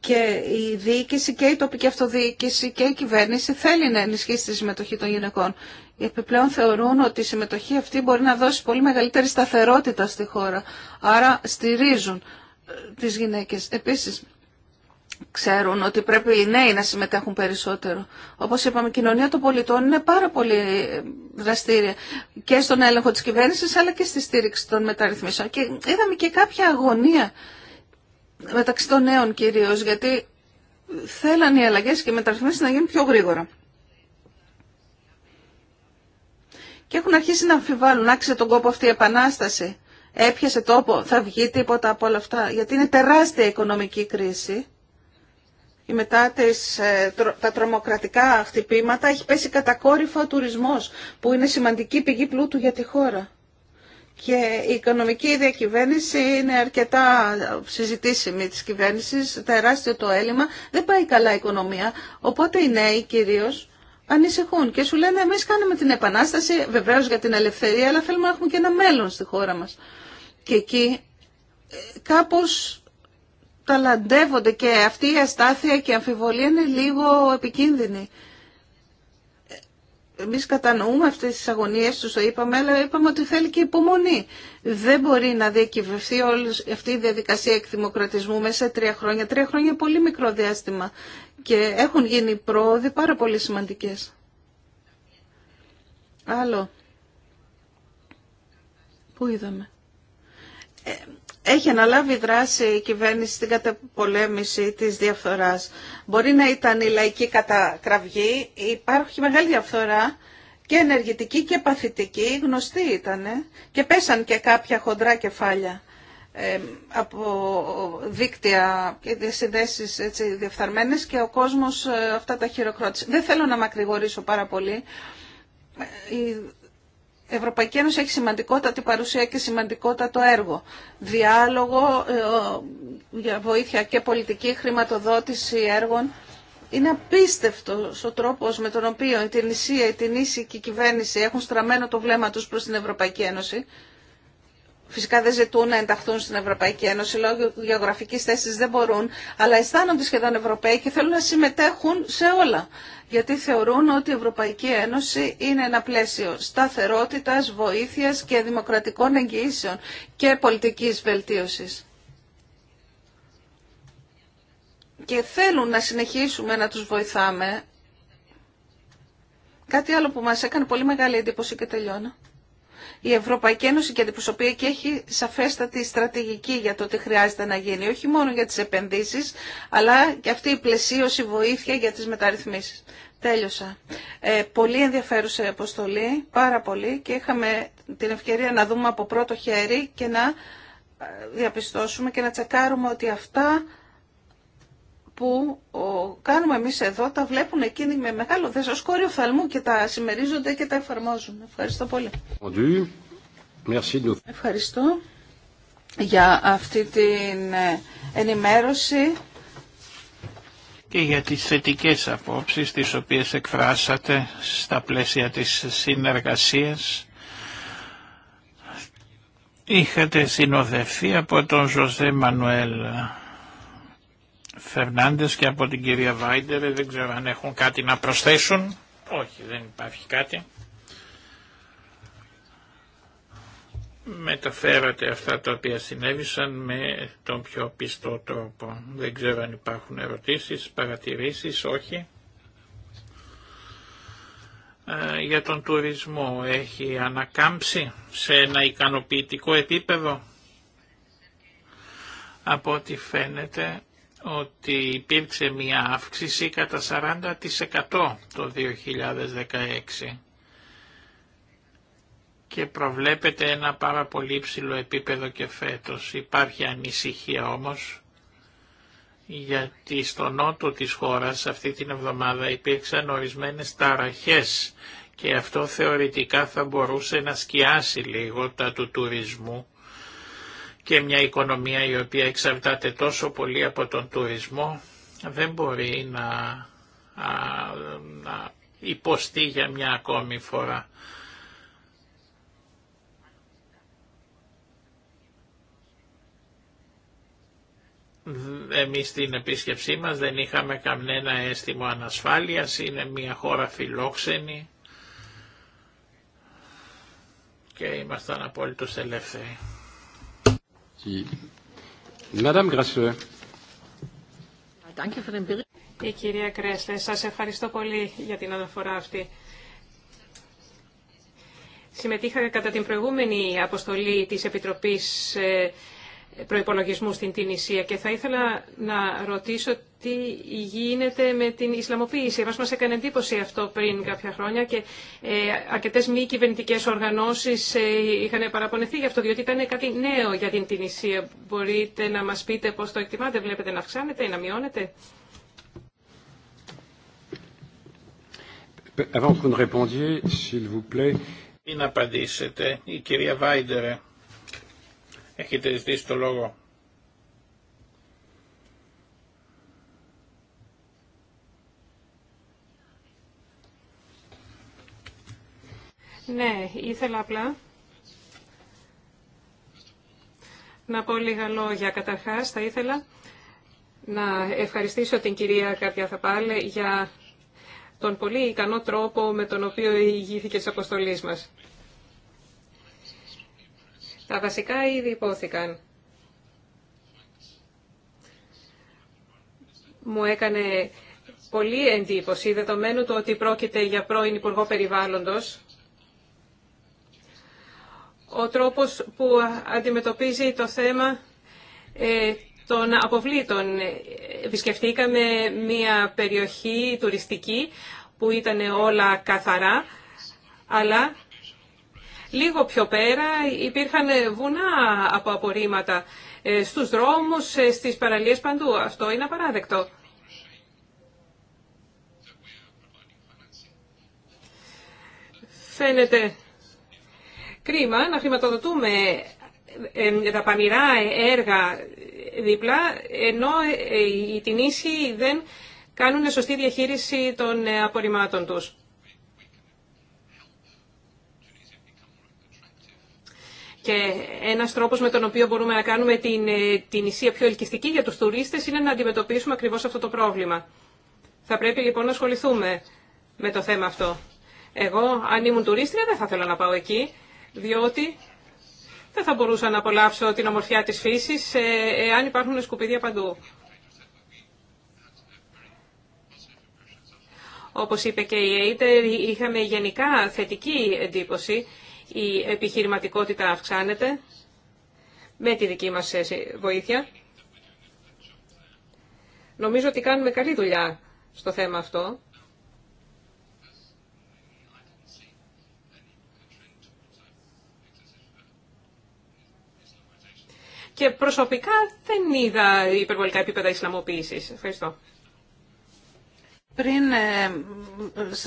και η διοίκηση και η τοπική αυτοδιοίκηση και η κυβέρνηση θέλει να ενισχύσει τη συμμετοχή των γυναικών. Οι επιπλέον θεωρούν ότι η συμμετοχή αυτή μπορεί να δώσει πολύ μεγαλύτερη σταθερότητα στη χώρα, άρα στηρίζουν ε, τις γυναίκες. Επίσης, ξέρουν ότι πρέπει οι νέοι να συμμετέχουν περισσότερο. Όπως είπαμε, η κοινωνία των πολιτών είναι πάρα πολύ ε, δραστήρια και στον έλεγχο της κυβέρνησης αλλά και στη στήριξη των μεταρρυθμίσεων. Και είδαμε και κάποια αγωνία μεταξύ των νέων κυρίως, γιατί θέλαν οι αλλαγές και οι μεταρρυθμίσεις να γίνουν πιο γρήγορα. Και έχουν αρχίσει να αμφιβάλλουν, άξιζε τον κόπο αυτή η επανάσταση. Έπιασε τόπο, θα βγει τίποτα από όλα αυτά, γιατί είναι τεράστια η οικονομική κρίση μετά τις, ε, τα τρομοκρατικά χτυπήματα έχει πέσει κατακόρυφα ο τουρισμός που είναι σημαντική πηγή πλούτου για τη χώρα. Και η οικονομική διακυβέρνηση είναι αρκετά συζητήσιμη της κυβέρνησης, τεράστιο το έλλειμμα, δεν πάει καλά η οικονομία, οπότε οι νέοι κυρίως ανησυχούν και σου λένε εμείς κάναμε την επανάσταση βεβαίως για την ελευθερία αλλά θέλουμε να έχουμε και ένα μέλλον στη χώρα μας. Και εκεί ε, κάπως ταλαντεύονται και αυτή η αστάθεια και η αμφιβολία είναι λίγο επικίνδυνη. Εμεί κατανοούμε αυτέ τι αγωνίε του, το είπαμε, αλλά είπαμε ότι θέλει και υπομονή. Δεν μπορεί να διακυβευτεί όλη αυτή η διαδικασία εκδημοκρατισμού μέσα σε τρία χρόνια. Τρία χρόνια πολύ μικρό διάστημα. Και έχουν γίνει πρόοδοι πάρα πολύ σημαντικέ. Άλλο. Πού είδαμε. Ε, έχει αναλάβει δράση η κυβέρνηση στην καταπολέμηση της διαφθοράς. Μπορεί να ήταν η λαϊκή κατακραυγή, υπάρχει μεγάλη διαφθορά και ενεργητική και παθητική, γνωστή ήτανε και πέσαν και κάποια χοντρά κεφάλια ε, από δίκτυα και συνδέσεις έτσι, και ο κόσμος ε, αυτά τα χειροκρότησε. Δεν θέλω να μακρηγορήσω πάρα πολύ. Ε, η Ευρωπαϊκή Ένωση έχει σημαντικότατη παρουσία και σημαντικότατο έργο. Διάλογο ε, για βοήθεια και πολιτική χρηματοδότηση έργων. Είναι απίστευτο ο τρόπο με τον οποίο η Τινησία, η Τινήση και η κυβέρνηση έχουν στραμμένο το βλέμμα του προ την Ευρωπαϊκή Ένωση. Φυσικά δεν ζητούν να ενταχθούν στην Ευρωπαϊκή Ένωση λόγω γεωγραφική θέση δεν μπορούν, αλλά αισθάνονται σχεδόν Ευρωπαίοι και θέλουν να συμμετέχουν σε όλα. Γιατί θεωρούν ότι η Ευρωπαϊκή Ένωση είναι ένα πλαίσιο σταθερότητα, βοήθεια και δημοκρατικών εγγυήσεων και πολιτική βελτίωση. Και θέλουν να συνεχίσουμε να τους βοηθάμε. Κάτι άλλο που μας έκανε πολύ μεγάλη εντύπωση και τελειώνω η Ευρωπαϊκή Ένωση και αντιπροσωπεία και έχει σαφέστατη στρατηγική για το τι χρειάζεται να γίνει, όχι μόνο για τις επενδύσεις, αλλά και αυτή η πλαισίωση βοήθεια για τις μεταρρυθμίσεις. Τέλειωσα. Ε, πολύ ενδιαφέρουσα η αποστολή, πάρα πολύ και είχαμε την ευκαιρία να δούμε από πρώτο χέρι και να ε, διαπιστώσουμε και να τσεκάρουμε ότι αυτά που κάνουμε εμείς εδώ τα βλέπουν εκείνοι με μεγάλο δεσοσκόριο φαλμού και τα συμμερίζονται και τα εφαρμόζουν. Ευχαριστώ πολύ. Ευχαριστώ για αυτή την ε, ενημέρωση και για τις θετικές απόψεις τις οποίες εκφράσατε στα πλαίσια της συνεργασίας. Είχατε συνοδευτεί από τον Ζωζέ Μανουέλ Φερνάντες και από την κυρία Βάιντερ. Δεν ξέρω αν έχουν κάτι να προσθέσουν. Όχι, δεν υπάρχει κάτι. Μεταφέρατε αυτά τα οποία συνέβησαν με τον πιο πιστό τρόπο. Δεν ξέρω αν υπάρχουν ερωτήσεις, παρατηρήσεις, όχι. Ε, για τον τουρισμό έχει ανακάμψει σε ένα ικανοποιητικό επίπεδο. Από ό,τι φαίνεται ότι υπήρξε μια αύξηση κατά 40% το 2016 και προβλέπεται ένα πάρα πολύ ψηλό επίπεδο και φέτος. Υπάρχει ανησυχία όμως γιατί στο νότο της χώρας αυτή την εβδομάδα υπήρξαν ορισμένες ταραχές και αυτό θεωρητικά θα μπορούσε να σκιάσει λίγο τα του τουρισμού και μια οικονομία η οποία εξαρτάται τόσο πολύ από τον τουρισμό δεν μπορεί να, α, υποστεί για μια ακόμη φορά. Εμείς στην επίσκεψή μας δεν είχαμε κανένα αίσθημα ανασφάλειας, είναι μια χώρα φιλόξενη και ήμασταν απόλυτος ελεύθεροι. Η κυρία Κρέσλε, σας ευχαριστώ πολύ για την αναφορά αυτή. Συμμετείχα κατά την προηγούμενη αποστολή της Επιτροπής ε, προϋπολογισμού στην Τινησία και θα ήθελα να ρωτήσω τι γίνεται με την Ισλαμοποίηση. Εμάς μας έκανε εντύπωση αυτό πριν κάποια χρόνια και ε, αρκετές μη κυβερνητικέ οργανώσεις ε, είχαν παραπονεθεί γι' αυτό, διότι ήταν κάτι νέο για την Τινησία. Μπορείτε να μας πείτε πώς το εκτιμάτε, βλέπετε να αυξάνεται ή να μειώνεται. vous s'il vous plaît. απαντήσετε, η κυρία Βάιντερε. Έχετε ζητήσει το λόγο. Ναι, ήθελα απλά να πω λίγα λόγια. Καταρχάς, θα ήθελα να ευχαριστήσω την κυρία Καρδιά Θαπάλε για τον πολύ ικανό τρόπο με τον οποίο ηγήθηκε της αποστολής μας. Τα βασικά ήδη υπόθηκαν. Μου έκανε πολύ εντύπωση, δεδομένου το ότι πρόκειται για πρώην Υπουργό Περιβάλλοντος, ο τρόπος που αντιμετωπίζει το θέμα ε, των αποβλήτων. Επισκεφτήκαμε μια περιοχή τουριστική που ήταν όλα καθαρά, αλλά Λίγο πιο πέρα υπήρχαν βουνά από απορρίμματα ε, στους δρόμους, ε, στις παραλίες παντού. Αυτό είναι απαράδεκτο. Φαίνεται κρίμα να χρηματοδοτούμε ε, τα πανηρά έργα δίπλα, ενώ οι Τινήσοι δεν κάνουν σωστή διαχείριση των απορριμμάτων τους. Και ένας τρόπος με τον οποίο μπορούμε να κάνουμε την, ε, την Ισία πιο ελκυστική για τους τουρίστες είναι να αντιμετωπίσουμε ακριβώς αυτό το πρόβλημα. Θα πρέπει λοιπόν να ασχοληθούμε με το θέμα αυτό. Εγώ, αν ήμουν τουρίστρια, δεν θα ήθελα να πάω εκεί, διότι δεν θα μπορούσα να απολαύσω την ομορφιά της φύσης αν ε, υπάρχουν σκουπίδια παντού. Όπως είπε και η Αίτερ, είχαμε γενικά θετική εντύπωση η επιχειρηματικότητα αυξάνεται με τη δική μας ε, βοήθεια. Νομίζω ότι κάνουμε καλή δουλειά στο θέμα αυτό. Και προσωπικά δεν είδα υπερβολικά επίπεδα Ισλαμοποίησης. Ευχαριστώ. Πριν ε,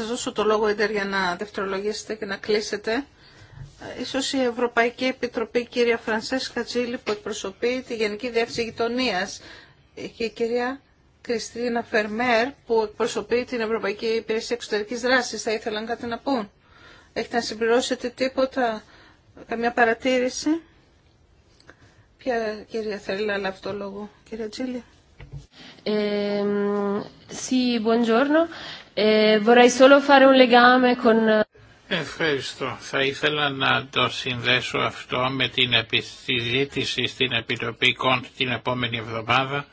δώσω το λόγο, Ιντερ, για να δευτερολογήσετε και να κλείσετε, Ίσως η Ευρωπαϊκή Επιτροπή, κυρία Φρανσέσκα Τζίλη, που εκπροσωπεί τη Γενική Διεύθυνση Γειτονία και η κυρία Κριστίνα Φερμέρ, που εκπροσωπεί την Ευρωπαϊκή Υπηρεσία Εξωτερική δράση, θα ήθελαν κάτι να πούν. Έχετε να συμπληρώσετε τίποτα, καμιά παρατήρηση. Ποια κυρία θέλει να λάβει το λόγο, κυρία Τζίλη. Ευχαριστώ. Θα ήθελα να το συνδέσω αυτό με την συζήτηση στην Επιτροπή Κοντ την επόμενη εβδομάδα,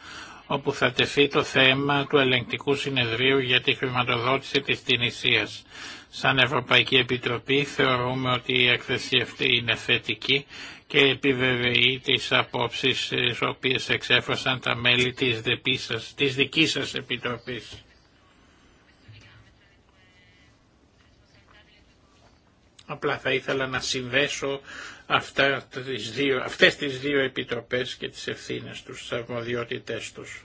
όπου θα τεθεί το θέμα του ελεγκτικού συνεδρίου για τη χρηματοδότηση της Τινησίας. Σαν Ευρωπαϊκή Επιτροπή θεωρούμε ότι η έκθεση αυτή είναι θετική και επιβεβαιεί τις απόψεις τις οποίες εξέφρασαν τα μέλη της, της δικής σας Επιτροπής. Απλά θα ήθελα να συνδέσω αυτά, τις δύο, αυτές τις δύο επιτροπές και τις ευθύνες τους, τις αρμοδιότητές τους.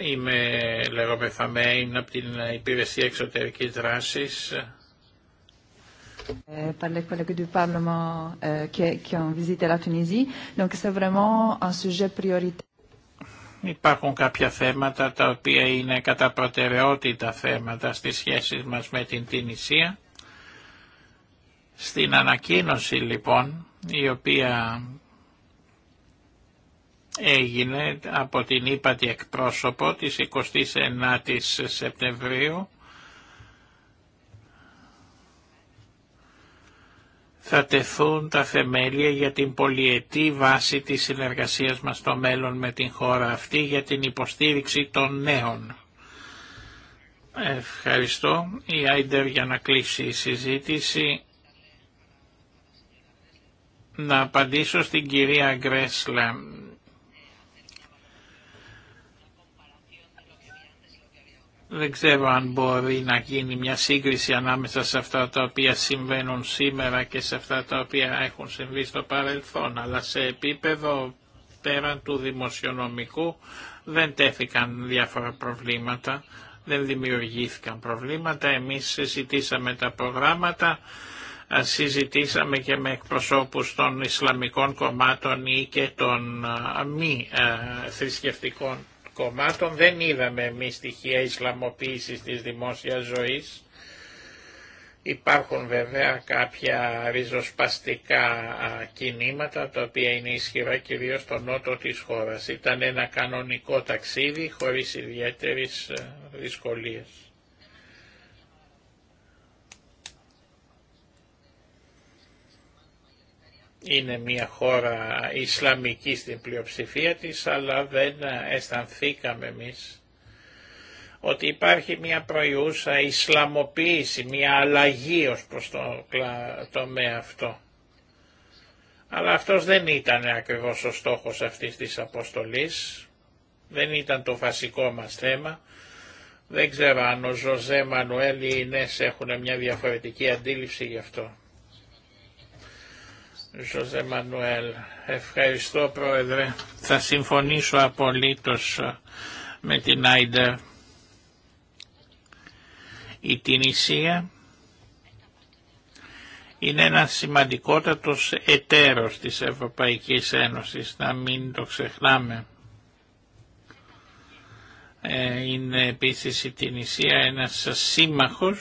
Είμαι, λέγομαι Φαμέιν, από την Υπηρεσία Εξωτερικής Δράσης. Par les collègues du Parlement qui, qui ont visité la Tunisie. Donc c'est vraiment un sujet prioritaire. Υπάρχουν κάποια θέματα τα οποία είναι κατά προτεραιότητα θέματα στις σχέσεις μας με την Τινησία. Στην ανακοίνωση λοιπόν η οποία έγινε από την ύπατη εκπρόσωπο της 29ης Σεπτεμβρίου θα τεθούν τα θεμέλια για την πολυετή βάση της συνεργασίας μας στο μέλλον με την χώρα αυτή για την υποστήριξη των νέων. Ευχαριστώ. Η Άιντερ για να κλείσει η συζήτηση. Να απαντήσω στην κυρία Γκρέσλα. Δεν ξέρω αν μπορεί να γίνει μια σύγκριση ανάμεσα σε αυτά τα οποία συμβαίνουν σήμερα και σε αυτά τα οποία έχουν συμβεί στο παρελθόν, αλλά σε επίπεδο πέραν του δημοσιονομικού δεν τέθηκαν διάφορα προβλήματα, δεν δημιουργήθηκαν προβλήματα. Εμείς συζητήσαμε τα προγράμματα, συζητήσαμε και με εκπροσώπους των Ισλαμικών κομμάτων ή και των μη θρησκευτικών κομμάτων δεν είδαμε εμείς στοιχεία ισλαμοποίησης της δημόσιας ζωής. Υπάρχουν βέβαια κάποια ριζοσπαστικά κινήματα τα οποία είναι ισχυρά κυρίως στο νότο της χώρας. Ήταν ένα κανονικό ταξίδι χωρίς ιδιαίτερες ε, δυσκολίες. είναι μια χώρα Ισλαμική στην πλειοψηφία της, αλλά δεν αισθανθήκαμε εμείς ότι υπάρχει μια προϊούσα Ισλαμοποίηση, μια αλλαγή ως προς το τομέα αυτό. Αλλά αυτός δεν ήταν ακριβώς ο στόχος αυτής της αποστολής, δεν ήταν το βασικό μας θέμα. Δεν ξέρω αν ο Ζωζέ Μανουέλ ή οι Ινές έχουν μια διαφορετική αντίληψη γι' αυτό. Ζωζέ Μανουέλ. Ευχαριστώ Πρόεδρε. Θα συμφωνήσω απολύτως ε, με την Άιντερ. Η Τινησία είναι ένα σημαντικότατος εταίρος της Ευρωπαϊκής Ένωσης, να μην το ξεχνάμε. Ε, είναι επίσης η Τινησία ένας σύμμαχος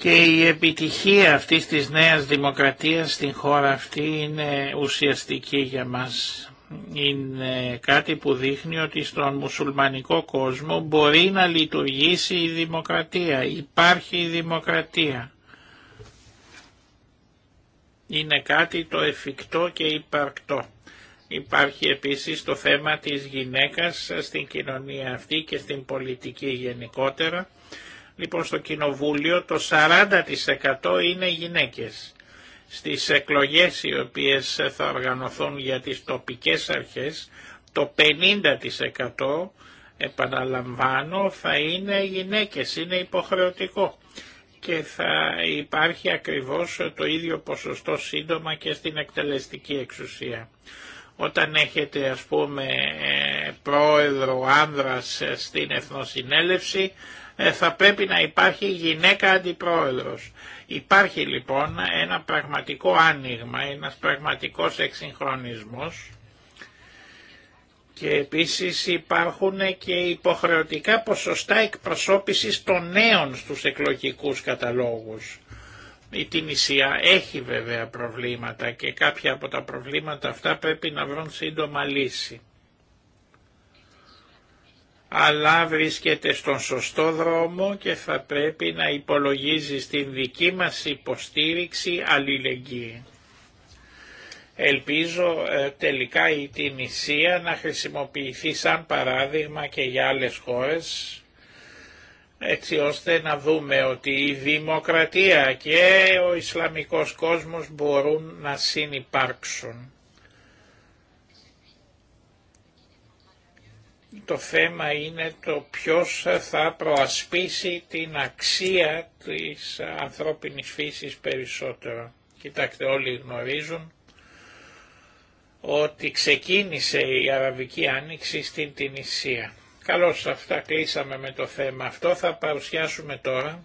και η επιτυχία αυτής της νέας δημοκρατίας στην χώρα αυτή είναι ουσιαστική για μας. Είναι κάτι που δείχνει ότι στον μουσουλμανικό κόσμο μπορεί να λειτουργήσει η δημοκρατία. Υπάρχει η δημοκρατία. Είναι κάτι το εφικτό και υπαρκτό. Υπάρχει επίσης το θέμα της γυναίκας στην κοινωνία αυτή και στην πολιτική γενικότερα Λοιπόν, στο Κοινοβούλιο το 40% είναι γυναίκες. Στις εκλογές οι οποίες θα οργανωθούν για τις τοπικές αρχές, το 50% επαναλαμβάνω θα είναι γυναίκες, είναι υποχρεωτικό και θα υπάρχει ακριβώς το ίδιο ποσοστό σύντομα και στην εκτελεστική εξουσία. Όταν έχετε ας πούμε ε, πρόεδρο άνδρας ε, στην Εθνοσυνέλευση ε, θα πρέπει να υπάρχει γυναίκα αντιπρόεδρος. Υπάρχει λοιπόν ένα πραγματικό άνοιγμα, ένας πραγματικός εξυγχρονισμός και επίσης υπάρχουν και υποχρεωτικά ποσοστά εκπροσώπησης των νέων στους εκλογικούς καταλόγους. Η Τινησία έχει βέβαια προβλήματα και κάποια από τα προβλήματα αυτά πρέπει να βρουν σύντομα λύση αλλά βρίσκεται στον σωστό δρόμο και θα πρέπει να υπολογίζει στην δική μας υποστήριξη αλληλεγγύη. Ελπίζω ε, τελικά η Τινησία να χρησιμοποιηθεί σαν παράδειγμα και για άλλες χώρες έτσι ώστε να δούμε ότι η δημοκρατία και ο Ισλαμικός κόσμος μπορούν να συνυπάρξουν. Το θέμα είναι το ποιος θα προασπίσει την αξία της ανθρώπινης φύσης περισσότερο. Κοιτάξτε όλοι γνωρίζουν ότι ξεκίνησε η Αραβική Άνοιξη στην Τινησία. Καλώς αυτά κλείσαμε με το θέμα αυτό. Θα παρουσιάσουμε τώρα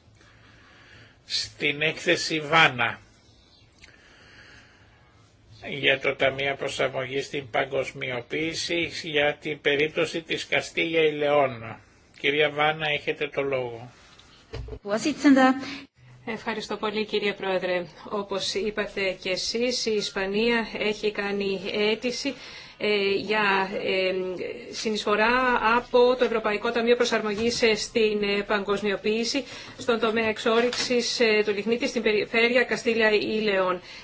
στην έκθεση Βάνα για το Ταμείο Προσαρμογή στην Παγκοσμιοποίηση για την περίπτωση της η λεων Κυρία Βάνα, έχετε το λόγο. Ευχαριστώ πολύ κύριε Πρόεδρε. Όπως είπατε και εσείς, η Ισπανία έχει κάνει αίτηση ε, για ε, συνεισφορά από το Ευρωπαϊκό Ταμείο Προσαρμογής ε, στην Παγκοσμιοποίηση στον τομέα εξόριξης του λιχνίτη στην περιφέρεια Καστήλια ή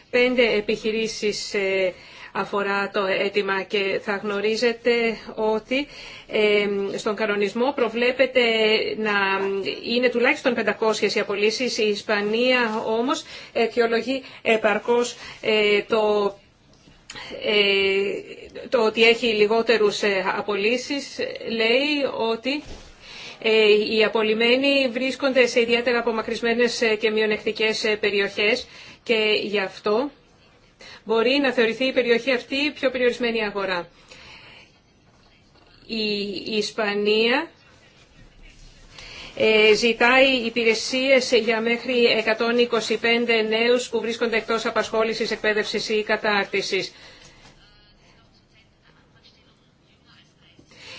Πέντε επιχειρήσεις αφορά το αίτημα και θα γνωρίζετε ότι στον κανονισμό προβλέπεται να είναι τουλάχιστον 500 οι απολύσεις. Η Ισπανία όμως αιτιολογεί επαρκώς το ε, το ότι έχει λιγότερους ε, απολύσεις λέει ότι ε, οι απολυμμένοι βρίσκονται σε ιδιαίτερα απομακρυσμένες και μειονεκτικές περιοχές και γι' αυτό μπορεί να θεωρηθεί η περιοχή αυτή πιο περιορισμένη αγορά. Η Ισπανία ε, ζητάει υπηρεσίες για μέχρι 125 νέους που βρίσκονται εκτός απασχόλησης, εκπαίδευσης ή κατάρτισης.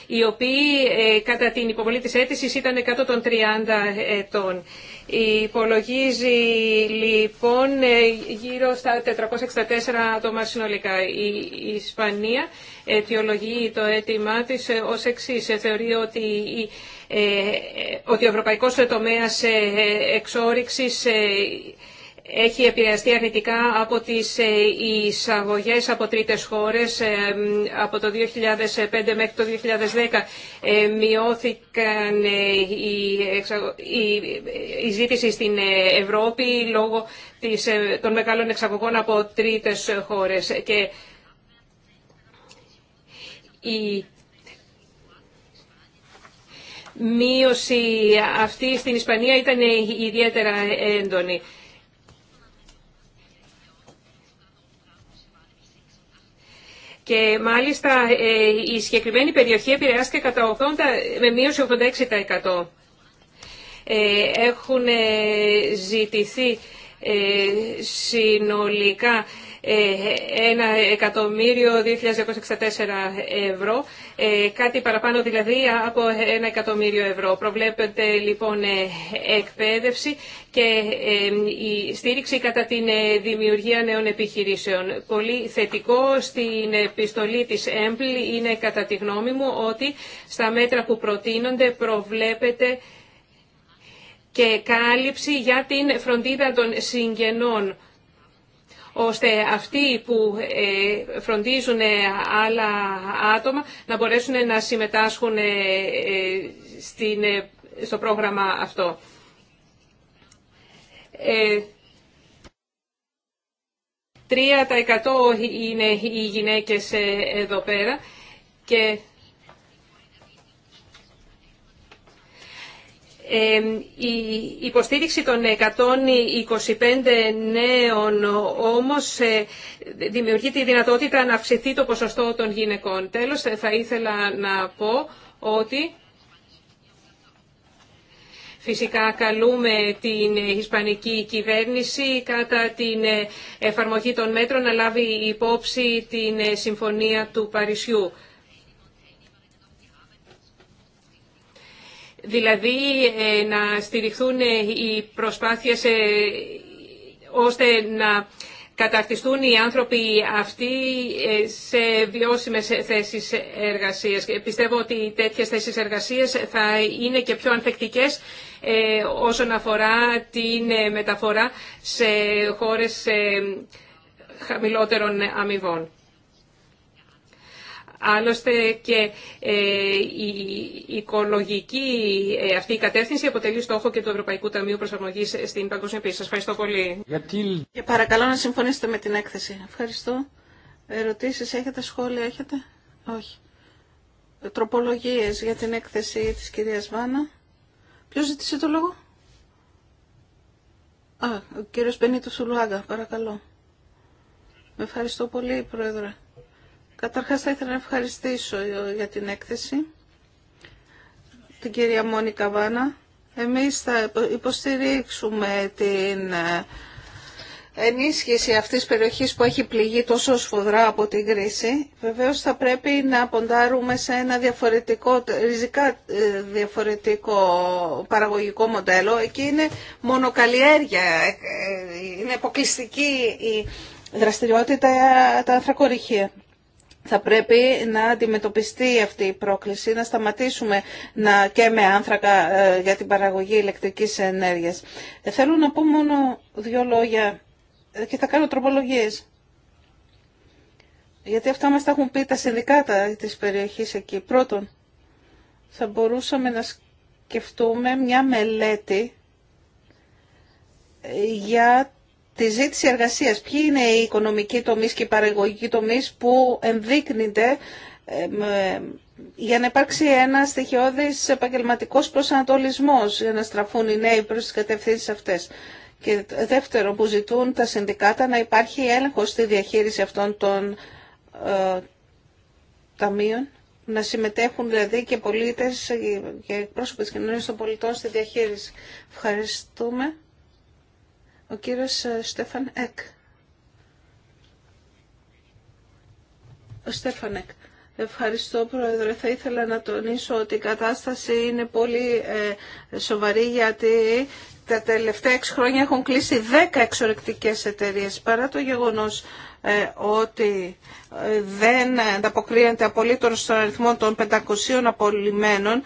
οι οποίοι ε, κατά την υποβολή της αίτησης ήταν κάτω των 30 ετών. Υπολογίζει λοιπόν ε, γύρω στα 464 άτομα συνολικά. Η Ισπανία αιτιολογεί το αίτημά της ως εξής. Θεωρεί ότι η ότι ο ευρωπαϊκός τομέας ε, εξόριξης ε, έχει επηρεαστεί αρνητικά από τις ε, εισαγωγές από τρίτες χώρες. Από το 2005 μέχρι το 2010 μειώθηκαν η ζήτηση στην Ευρώπη λόγω των μεγάλων εξαγωγών από τρίτες χώρες. Και η μείωση αυτή στην Ισπανία ήταν ιδιαίτερα έντονη. Και μάλιστα ε, η συγκεκριμένη περιοχή επηρεάστηκε κατά 80, με μείωση 86%. Ε, έχουν ε, ζητηθεί συνολικά ε, ένα εκατομμύριο 2.264 ευρώ, ε, κάτι παραπάνω δηλαδή από ένα εκατομμύριο ευρώ. Προβλέπεται λοιπόν ε, εκπαίδευση και η στήριξη κατά την δημιουργία νέων επιχειρήσεων. Πολύ θετικό στην επιστολή της ΕΜΠΛ είναι κατά τη γνώμη μου ότι στα μέτρα που προτείνονται προβλέπεται και κάλυψη για την φροντίδα των συγγενών ώστε αυτοί που ε, φροντίζουν ε, άλλα άτομα να μπορέσουν να συμμετάσχουν ε, στο πρόγραμμα αυτό. Ε, τα είναι οι γυναίκες εδώ πέρα και η υποστήριξη των 125 νέων όμως ε, δημιουργεί τη δυνατότητα να αυξηθεί το ποσοστό των γυναικών. Τέλος, θα ήθελα να πω ότι Φυσικά καλούμε την Ισπανική κυβέρνηση κατά την εφαρμογή των μέτρων να λάβει υπόψη την Συμφωνία του Παρισιού. δηλαδή ε, να στηριχθούν ε, οι προσπάθειες ε, ώστε να καταρτιστούν οι άνθρωποι αυτοί σε βιώσιμες θέσεις εργασίας. Πιστεύω ότι τέτοιες θέσεις εργασίας θα είναι και πιο ανθεκτικές όσον αφορά την μεταφορά σε χώρες χαμηλότερων αμοιβών. Άλλωστε και ε, η οικολογική ε, αυτή η κατεύθυνση αποτελεί στόχο και του Ευρωπαϊκού Ταμείου Προσαρμογή στην Επίση. Σα ευχαριστώ πολύ. Γιατί... Και παρακαλώ να συμφωνήσετε με την έκθεση. Ευχαριστώ. Ερωτήσεις έχετε, σχόλια έχετε. Όχι. Τροπολογίες για την έκθεση της κυρίας Βάνα. Ποιο ζήτησε το λόγο. Α, ο κύριος Πενίτου Σουλουάγκα, παρακαλώ. Ευχαριστώ πολύ, Πρόεδρε. Καταρχάς θα ήθελα να ευχαριστήσω για την έκθεση την κυρία Μόνη Καβάνα. Εμείς θα υποστηρίξουμε την ε, ενίσχυση αυτής της περιοχής που έχει πληγεί τόσο σφοδρά από την κρίση. Βεβαίως θα πρέπει να ποντάρουμε σε ένα διαφορετικό, ριζικά ε, διαφορετικό παραγωγικό μοντέλο. Εκεί είναι μονοκαλλιέργεια, ε, είναι αποκλειστική η δραστηριότητα τα ανθρακοριχεία θα πρέπει να αντιμετωπιστεί αυτή η πρόκληση, να σταματήσουμε να και άνθρακα ε, για την παραγωγή ηλεκτρικής ενέργειας. Ε, θέλω να πω μόνο δύο λόγια ε, και θα κάνω τροπολογίες. Γιατί αυτά μας τα έχουν πει τα συνδικάτα της περιοχής εκεί. Πρώτον, θα μπορούσαμε να σκεφτούμε μια μελέτη για τη ζήτηση εργασίας. Ποιοι είναι οι οικονομικοί τομείς και οι παραγωγικοί τομείς που ενδείκνυνται ε, για να υπάρξει ένα στοιχειώδης επαγγελματικό προσανατολισμός για να στραφούν οι νέοι προς τις κατευθύνσεις αυτές. Και δεύτερο που ζητούν τα συνδικάτα να υπάρχει έλεγχος στη διαχείριση αυτών των ε, ταμείων, να συμμετέχουν δηλαδή και πολίτες ε, και πρόσωποι της κοινωνίας των πολιτών στη διαχείριση. Ευχαριστούμε ο κύριος ε, Στέφαν Εκ. Ο Στέφαν Εκ. Ευχαριστώ, Πρόεδρε. Θα ήθελα να τονίσω ότι η κατάσταση είναι πολύ ε, σοβαρή γιατί τα τελευταία έξι χρόνια έχουν κλείσει δέκα εξορεκτικές εταιρείες παρά το γεγονός ε, ότι δεν ανταποκρίνεται απολύτως στον αριθμό των 500 απολυμμένων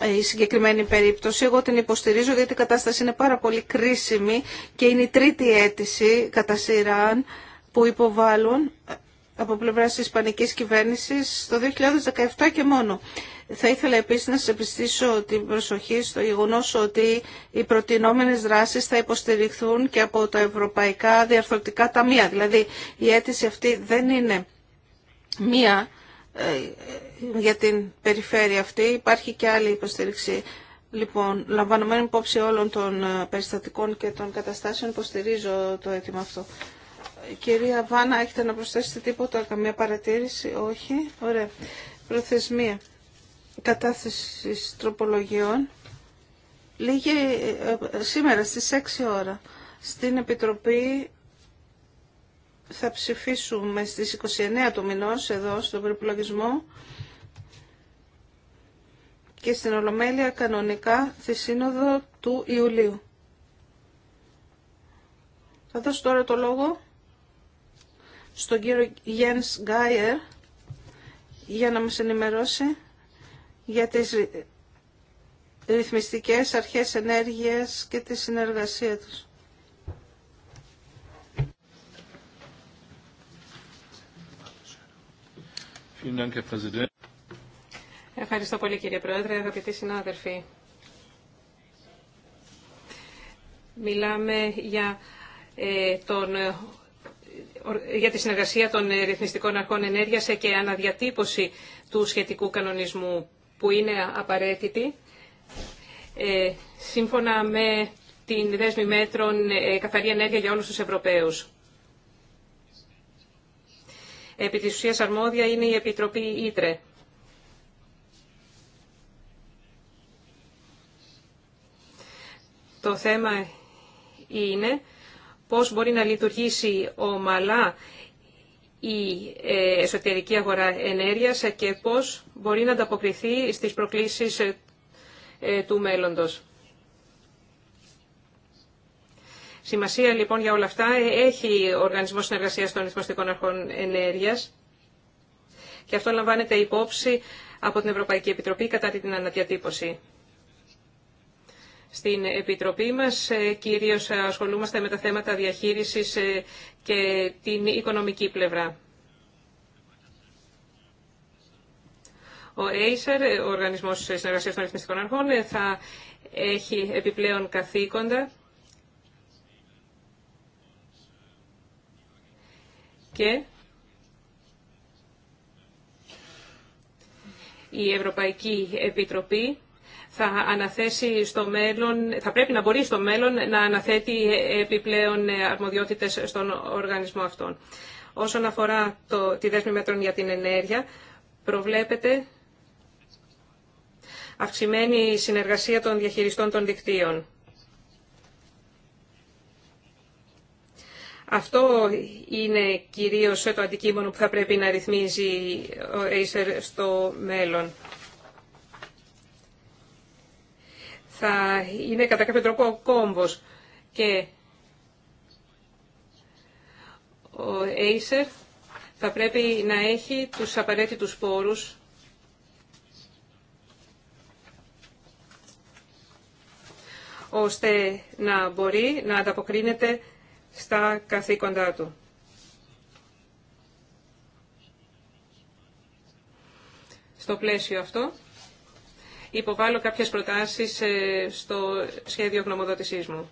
ε, η συγκεκριμένη περίπτωση. Εγώ την υποστηρίζω γιατί η κατάσταση είναι πάρα πολύ κρίσιμη και είναι η τρίτη αίτηση κατά σειράν που υποβάλλουν ε, από πλευρά της Ισπανικής Κυβέρνησης το 2017 και μόνο. Θα ήθελα επίσης να σας επιστήσω την προσοχή στο γεγονό ότι οι προτινόμενες δράσεις θα υποστηριχθούν και από τα ευρωπαϊκά διαρθρωτικά ταμεία. Δηλαδή η αίτηση αυτή δεν είναι μία ε, για την περιφέρεια αυτή. Υπάρχει και άλλη υποστήριξη. Λοιπόν, λαμβανωμένη υπόψη όλων των ε, περιστατικών και των καταστάσεων, υποστηρίζω το αίτημα αυτό. Κυρία Βάνα, έχετε να προσθέσετε τίποτα, καμία παρατήρηση, όχι. Ωραία. Προθεσμία κατάθεση τροπολογιών. Λίγη ε, σήμερα στις 6 ώρα. Στην Επιτροπή θα ψηφίσουμε στις 29 του μηνός εδώ στον προπολογισμό και στην Ολομέλεια κανονικά στη Σύνοδο του Ιουλίου. Θα δώσω τώρα το λόγο στον κύριο Γιένς Γκάιερ για να μας ενημερώσει για τις ρυθμιστικές αρχές ενέργειας και τη συνεργασία τους. Ευχαριστώ πολύ κύριε Πρόεδρε, αγαπητοί συνάδελφοι. Μιλάμε για, ε, τον, ε, για τη συνεργασία των ε, ρυθμιστικών αρχών ενέργειας και αναδιατύπωση του σχετικού κανονισμού που είναι απαραίτητη. Ε, σύμφωνα με την δέσμη μέτρων ε, καθαρή ενέργεια για όλους τους Ευρωπαίους. Επί της ουσίας αρμόδια είναι η Επιτροπή Ήτρε. Το θέμα είναι πώς μπορεί να λειτουργήσει ομαλά η ε, εσωτερική αγορά ενέργειας και πώς μπορεί να ανταποκριθεί στις προκλήσεις ε, ε, του μέλλοντος. Σημασία λοιπόν για όλα αυτά έχει ο Οργανισμός Συνεργασίας των Ρυθμιστικών Αρχών Ενέργειας και αυτό λαμβάνεται υπόψη από την Ευρωπαϊκή Επιτροπή κατά την αναδιατύπωση. Στην Επιτροπή μας ε, κυρίως ασχολούμαστε με τα θέματα διαχείρισης ε, και την οικονομική πλευρά. Ο Έισερ, ο Οργανισμός Συνεργασίας των Ρυθμιστικών Αρχών, ε, θα έχει επιπλέον καθήκοντα και η Ευρωπαϊκή Επιτροπή θα αναθέσει στο μέλλον, θα πρέπει να μπορεί στο μέλλον να αναθέτει επιπλέον αρμοδιότητες στον οργανισμό αυτόν. Όσον αφορά το, τη δέσμη μέτρων για την ενέργεια, προβλέπεται αυξημένη συνεργασία των διαχειριστών των δικτύων. Αυτό είναι κυρίως το αντικείμενο που θα πρέπει να ρυθμίζει ο Acer στο μέλλον. θα είναι κατά κάποιο τρόπο κόμβος. Και ο Acer θα πρέπει να έχει τους απαραίτητους πόρους ώστε να μπορεί να ανταποκρίνεται στα καθήκοντά του. Στο πλαίσιο αυτό, Υποβάλλω κάποιες προτάσεις ε, στο σχέδιο γνωμοδότησής μου.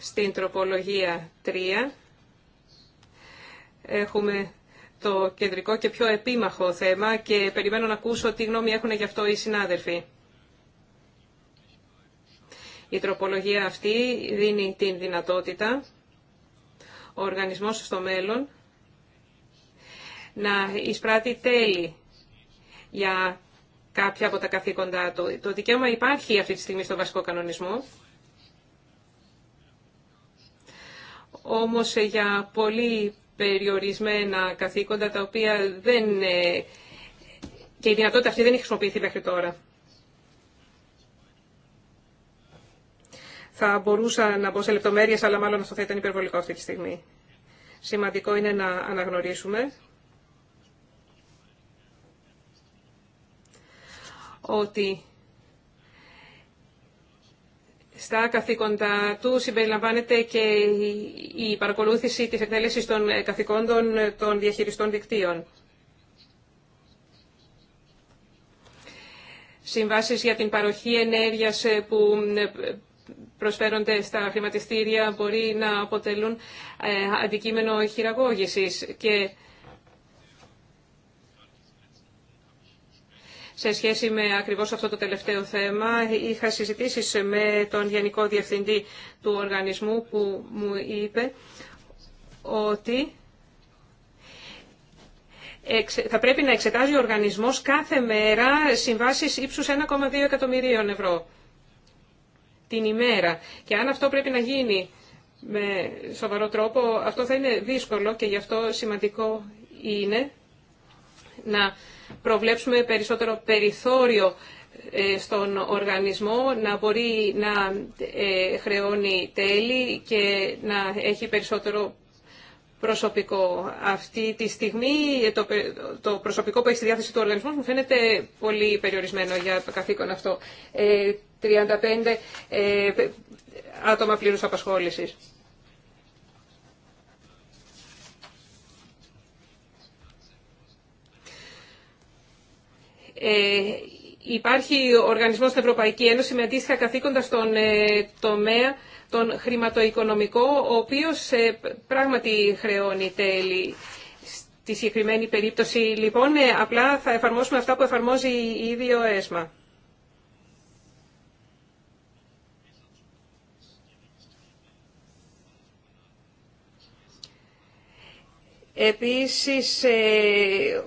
Στην τροπολογία 3 έχουμε το κεντρικό και πιο επίμαχο θέμα και περιμένω να ακούσω τι γνώμη έχουν γι' αυτό οι συνάδελφοι. Η τροπολογία αυτή δίνει την δυνατότητα ο οργανισμός στο μέλλον να εισπράττει τέλη για κάποια από τα καθήκοντά του. Το δικαίωμα υπάρχει αυτή τη στιγμή στο βασικό κανονισμό. Όμως ε, για πολύ περιορισμένα καθήκοντα τα οποία δεν... Ε, και η δυνατότητα αυτή δεν έχει χρησιμοποιηθεί μέχρι τώρα. Θα μπορούσα να μπω σε λεπτομέρειες, αλλά μάλλον αυτό θα ήταν υπερβολικό αυτή τη στιγμή. Σημαντικό είναι να αναγνωρίσουμε ότι στα καθήκοντα του συμπεριλαμβάνεται και η παρακολούθηση της εκτέλεσης των καθηκόντων των διαχειριστών δικτύων. Συμβάσεις για την παροχή ενέργειας που προσφέρονται στα χρηματιστήρια μπορεί να αποτελούν ε, αντικείμενο χειραγώγησης και σε σχέση με ακριβώς αυτό το τελευταίο θέμα. Είχα συζητήσει με τον Γενικό Διευθυντή του οργανισμού που μου είπε ότι θα πρέπει να εξετάζει ο οργανισμός κάθε μέρα συμβάσεις ύψους 1,2 εκατομμυρίων ευρώ την ημέρα. Και αν αυτό πρέπει να γίνει με σοβαρό τρόπο, αυτό θα είναι δύσκολο και γι' αυτό σημαντικό είναι να προβλέψουμε περισσότερο περιθώριο ε, στον οργανισμό να μπορεί να ε, χρεώνει τέλη και να έχει περισσότερο προσωπικό. Αυτή τη στιγμή ε, το, προσωπικό που έχει στη διάθεση του οργανισμού μου φαίνεται πολύ περιορισμένο για το καθήκον αυτό. 35 άτομα πλήρους απασχόλησης. Ε, υπάρχει οργανισμός στην Ευρωπαϊκή Ένωση με αντίστοιχα καθήκοντα στον ε, τομέα τον χρηματοοικονομικό, ο οποίος ε, πράγματι χρεώνει τέλη. Στη συγκεκριμένη περίπτωση, λοιπόν, απλά θα εφαρμόσουμε αυτά που εφαρμόζει ήδη ο ΕΣΜΑ. Επίσης, ε,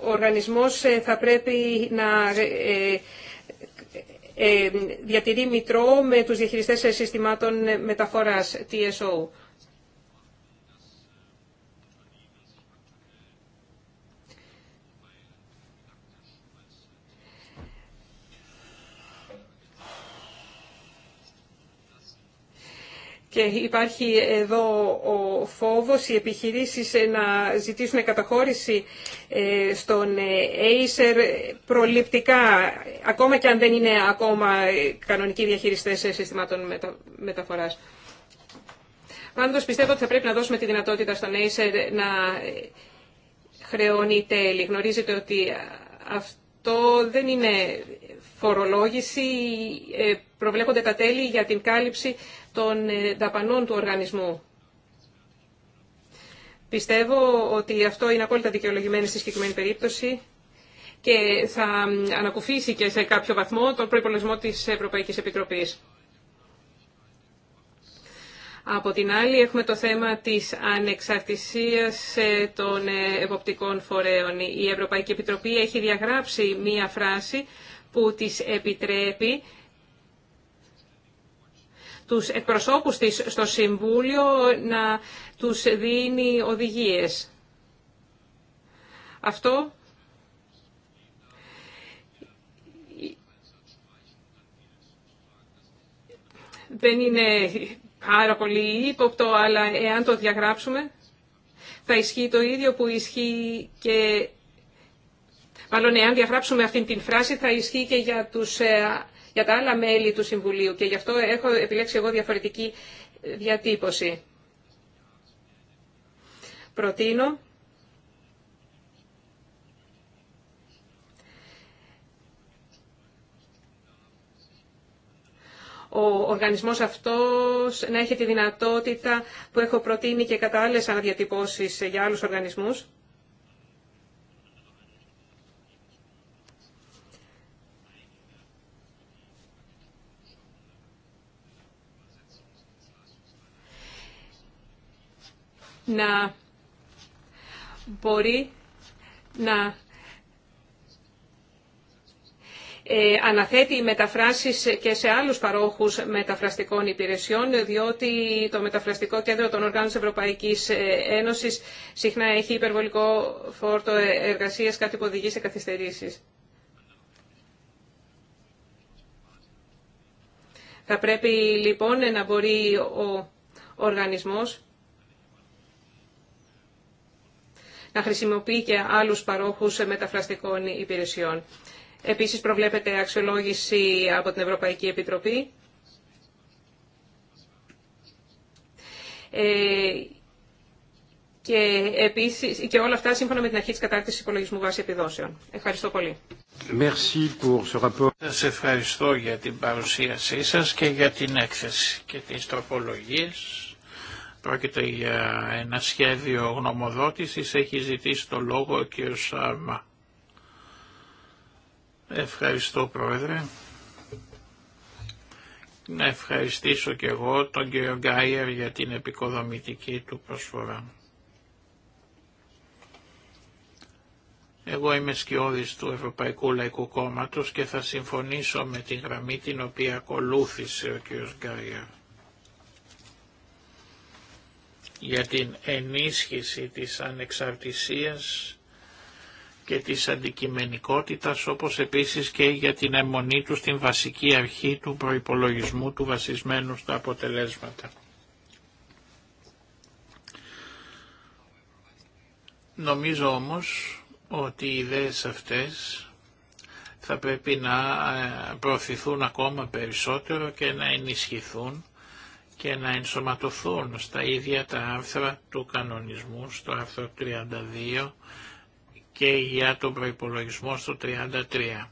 ο οργανισμός ε, θα πρέπει να ε, διατηρεί μητρό με τους διαχειριστές συστημάτων μεταφοράς, TSO. Και υπάρχει εδώ ο φόβος οι επιχειρήσεις ε, να ζητήσουν καταχώρηση ε, στον ε, Acer προληπτικά, ακόμα και αν δεν είναι ακόμα κανονικοί διαχειριστές συστημάτων μεταφοράς. Πάντως πιστεύω ότι θα πρέπει να δώσουμε τη δυνατότητα στον Acer να χρεώνει τέλη. Γνωρίζετε ότι αυτό αυτό δεν είναι φορολόγηση, ε, προβλέπονται τα τέλη για την κάλυψη των ε, δαπανών του οργανισμού. Πιστεύω ότι αυτό είναι απόλυτα δικαιολογημένο στη συγκεκριμένη περίπτωση και θα ανακουφίσει και σε κάποιο βαθμό τον προϋπολογισμό της Ευρωπαϊκής Επιτροπής. Από την άλλη έχουμε το θέμα της ανεξαρτησίας ε, των ε, εποπτικών φορέων. Η Ευρωπαϊκή Επιτροπή έχει διαγράψει μία φράση που της επιτρέπει τους εκπροσώπους της στο Συμβούλιο να τους δίνει οδηγίες. Αυτό δεν είναι Άρα πολύ ύποπτο, αλλά εάν το διαγράψουμε θα ισχύει το ίδιο που ισχύει και... Μάλλον εάν διαγράψουμε αυτή την φράση θα ισχύει και για, τους, ε, για τα άλλα μέλη του Συμβουλίου και γι' αυτό έχω επιλέξει εγώ διαφορετική διατύπωση. Προτείνω ο οργανισμός αυτός να έχει τη δυνατότητα που έχω προτείνει και κατά άλλες αναδιατυπώσεις για άλλους οργανισμούς. να μπορεί να ε, αναθέτει μεταφράσεις και σε άλλους παρόχους μεταφραστικών υπηρεσιών, διότι το Μεταφραστικό Κέντρο των Οργάνων της Ευρωπαϊκής ε, Ένωσης συχνά έχει υπερβολικό φόρτο ε, εργασίας, κάτι που οδηγεί σε καθυστερήσεις. Θα πρέπει λοιπόν να μπορεί ο οργανισμός να χρησιμοποιεί και άλλους παρόχους μεταφραστικών υπηρεσιών. Επίσης προβλέπεται αξιολόγηση από την Ευρωπαϊκή Επιτροπή. Ε, και, επίσης, και όλα αυτά σύμφωνα με την αρχή της κατάρτισης υπολογισμού βάση επιδόσεων. Ευχαριστώ πολύ. Merci pour ce rapport. Σας ευχαριστώ για την παρουσίασή σας και για την έκθεση και τις τροπολογίες. Πρόκειται για ένα σχέδιο γνωμοδότησης, έχει ζητήσει το λόγο ο κ. Σάρμα. Ευχαριστώ Πρόεδρε. Να ευχαριστήσω και εγώ τον κύριο Γκάιερ για την επικοδομητική του προσφορά. Εγώ είμαι σκιώδης του Ευρωπαϊκού Λαϊκού Κόμματος και θα συμφωνήσω με την γραμμή την οποία ακολούθησε ο κύριος Γκάιερ για την ενίσχυση της ανεξαρτησίας και της αντικειμενικότητας όπως επίσης και για την αιμονή του στην βασική αρχή του προϋπολογισμού του βασισμένου στα αποτελέσματα. Νομίζω όμως ότι οι ιδέες αυτές θα πρέπει να ε, προωθηθούν ακόμα περισσότερο και να ενισχυθούν και να ενσωματωθούν στα ίδια τα άρθρα του κανονισμού, στο άρθρο 32 και για τον προϋπολογισμό στο 33.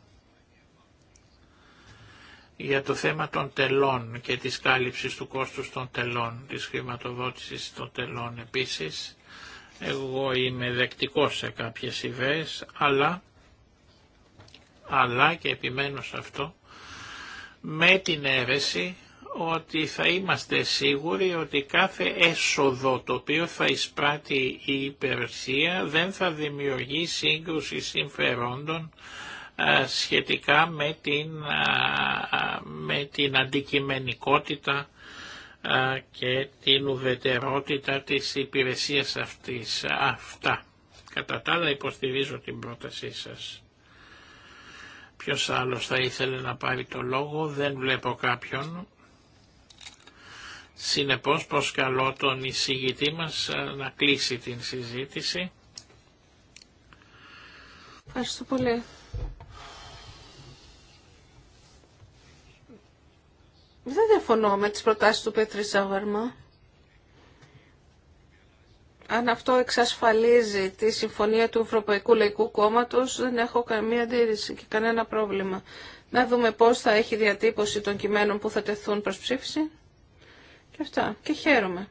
Για το θέμα των τελών και της κάλυψης του κόστους των τελών, της χρηματοδότησης των τελών επίσης, εγώ είμαι δεκτικός σε κάποιες ιδέες, αλλά, αλλά και επιμένω σε αυτό, με την αίρεση ότι θα είμαστε σίγουροι ότι κάθε έσοδο το οποίο θα εισπράττει η υπερσία δεν θα δημιουργεί σύγκρουση συμφερόντων σχετικά με την, με την αντικειμενικότητα και την ουδετερότητα της υπηρεσίας αυτής. Αυτά. Κατά τα άλλα υποστηρίζω την πρότασή σας. Ποιος άλλος θα ήθελε να πάρει το λόγο, δεν βλέπω κάποιον. Συνεπώς προσκαλώ τον εισηγητή μας ε, να κλείσει την συζήτηση. Ευχαριστώ πολύ. Δεν διαφωνώ με τις προτάσεις του Πέτρη Σαβαρμά. Αν αυτό εξασφαλίζει τη συμφωνία του Ευρωπαϊκού Λαϊκού Κόμματος, δεν έχω καμία αντίρρηση και κανένα πρόβλημα. Να δούμε πώς θα έχει διατύπωση των κειμένων που θα τεθούν προς ψήφιση. Και αυτά. Και χαίρομαι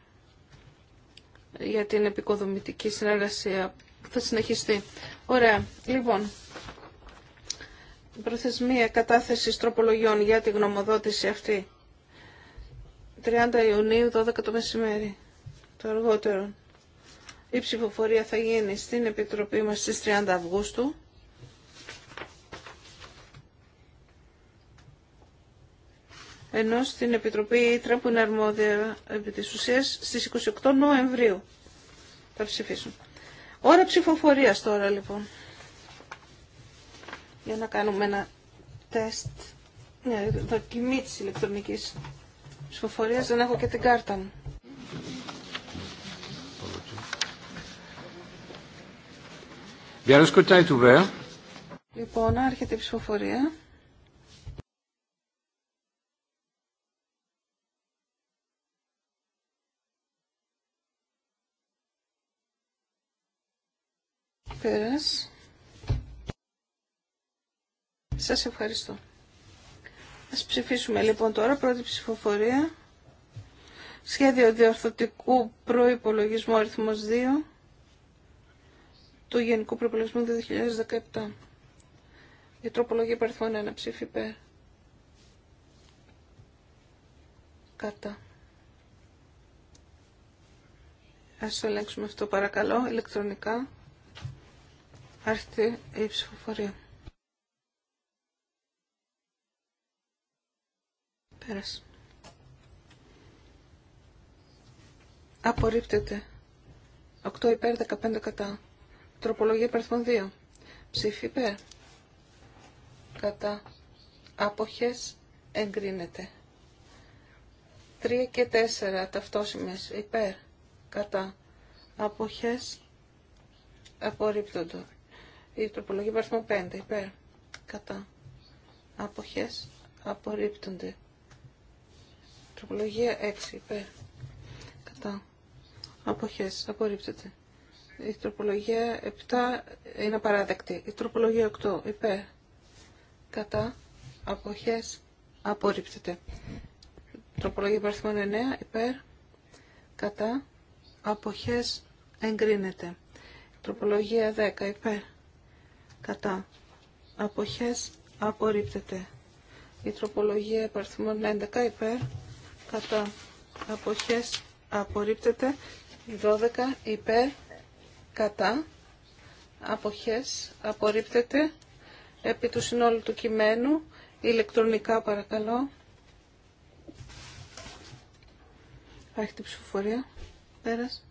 για την επικοδομητική συνεργασία που θα συνεχιστεί. Ωραία. Λοιπόν, προθεσμία κατάθεση τροπολογιών για τη γνωμοδότηση αυτή. 30 Ιουνίου, 12 το μεσημέρι, το αργότερο. Η ψηφοφορία θα γίνει στην Επιτροπή μας στις 30 Αυγούστου ενώ στην Επιτροπή Ήτρα που είναι αρμόδια επί της ουσίας στις 28 Νοεμβρίου θα ψηφίσουν. Ώρα ψηφοφορίας τώρα λοιπόν. Για να κάνουμε ένα τεστ, μια δοκιμή της ηλεκτρονικής ψηφοφορίας. Δεν έχω και την κάρτα μου. Λοιπόν, άρχεται η ψηφοφορία. Πέρας. Σας ευχαριστώ. Ας ψηφίσουμε λοιπόν τώρα πρώτη ψηφοφορία. Σχέδιο διορθωτικού προϋπολογισμού αριθμός 2 του Γενικού Προϋπολογισμού 2017. Για τροπολογία υπαριθμών 1 ψήφι υπέρ. Κατά. Ας το ελέγξουμε αυτό παρακαλώ ηλεκτρονικά. Άρχεται η ψηφοφορία. Πέρασε. Απορρίπτεται. 8 υπέρ, 15 κατά. Τροπολογία υπερθμών 2. Ψήφι υπέρ. Κατά. Άποχες εγκρίνεται. 3 και 4 ταυτόσημες υπέρ. Κατά. Άποχες απορρίπτονται. Η τροπολογία βαθμό 5 υπέρ. Κατά. Αποχέ. απορρίπτονται. Τροπολογία 6 υπέρ. Κατά. Αποχές απορρίπτονται. Η τροπολογία 7 είναι απαράδεκτη. Η τροπολογία 8 υπέρ. Κατά. Αποχές Η Τροπολογία βαθμό 9 υπέρ. Κατά. απόχέ. εγκρίνεται. Τροπολογία 10 υπέρ κατά αποχές απορρίπτεται. Η τροπολογία υπαρθμών 11 υπέρ κατά αποχές απορρίπτεται. 12 υπέρ κατά αποχές απορρίπτεται. Επί του συνόλου του κειμένου ηλεκτρονικά παρακαλώ. Υπάρχει την ψηφοφορία. Πέρας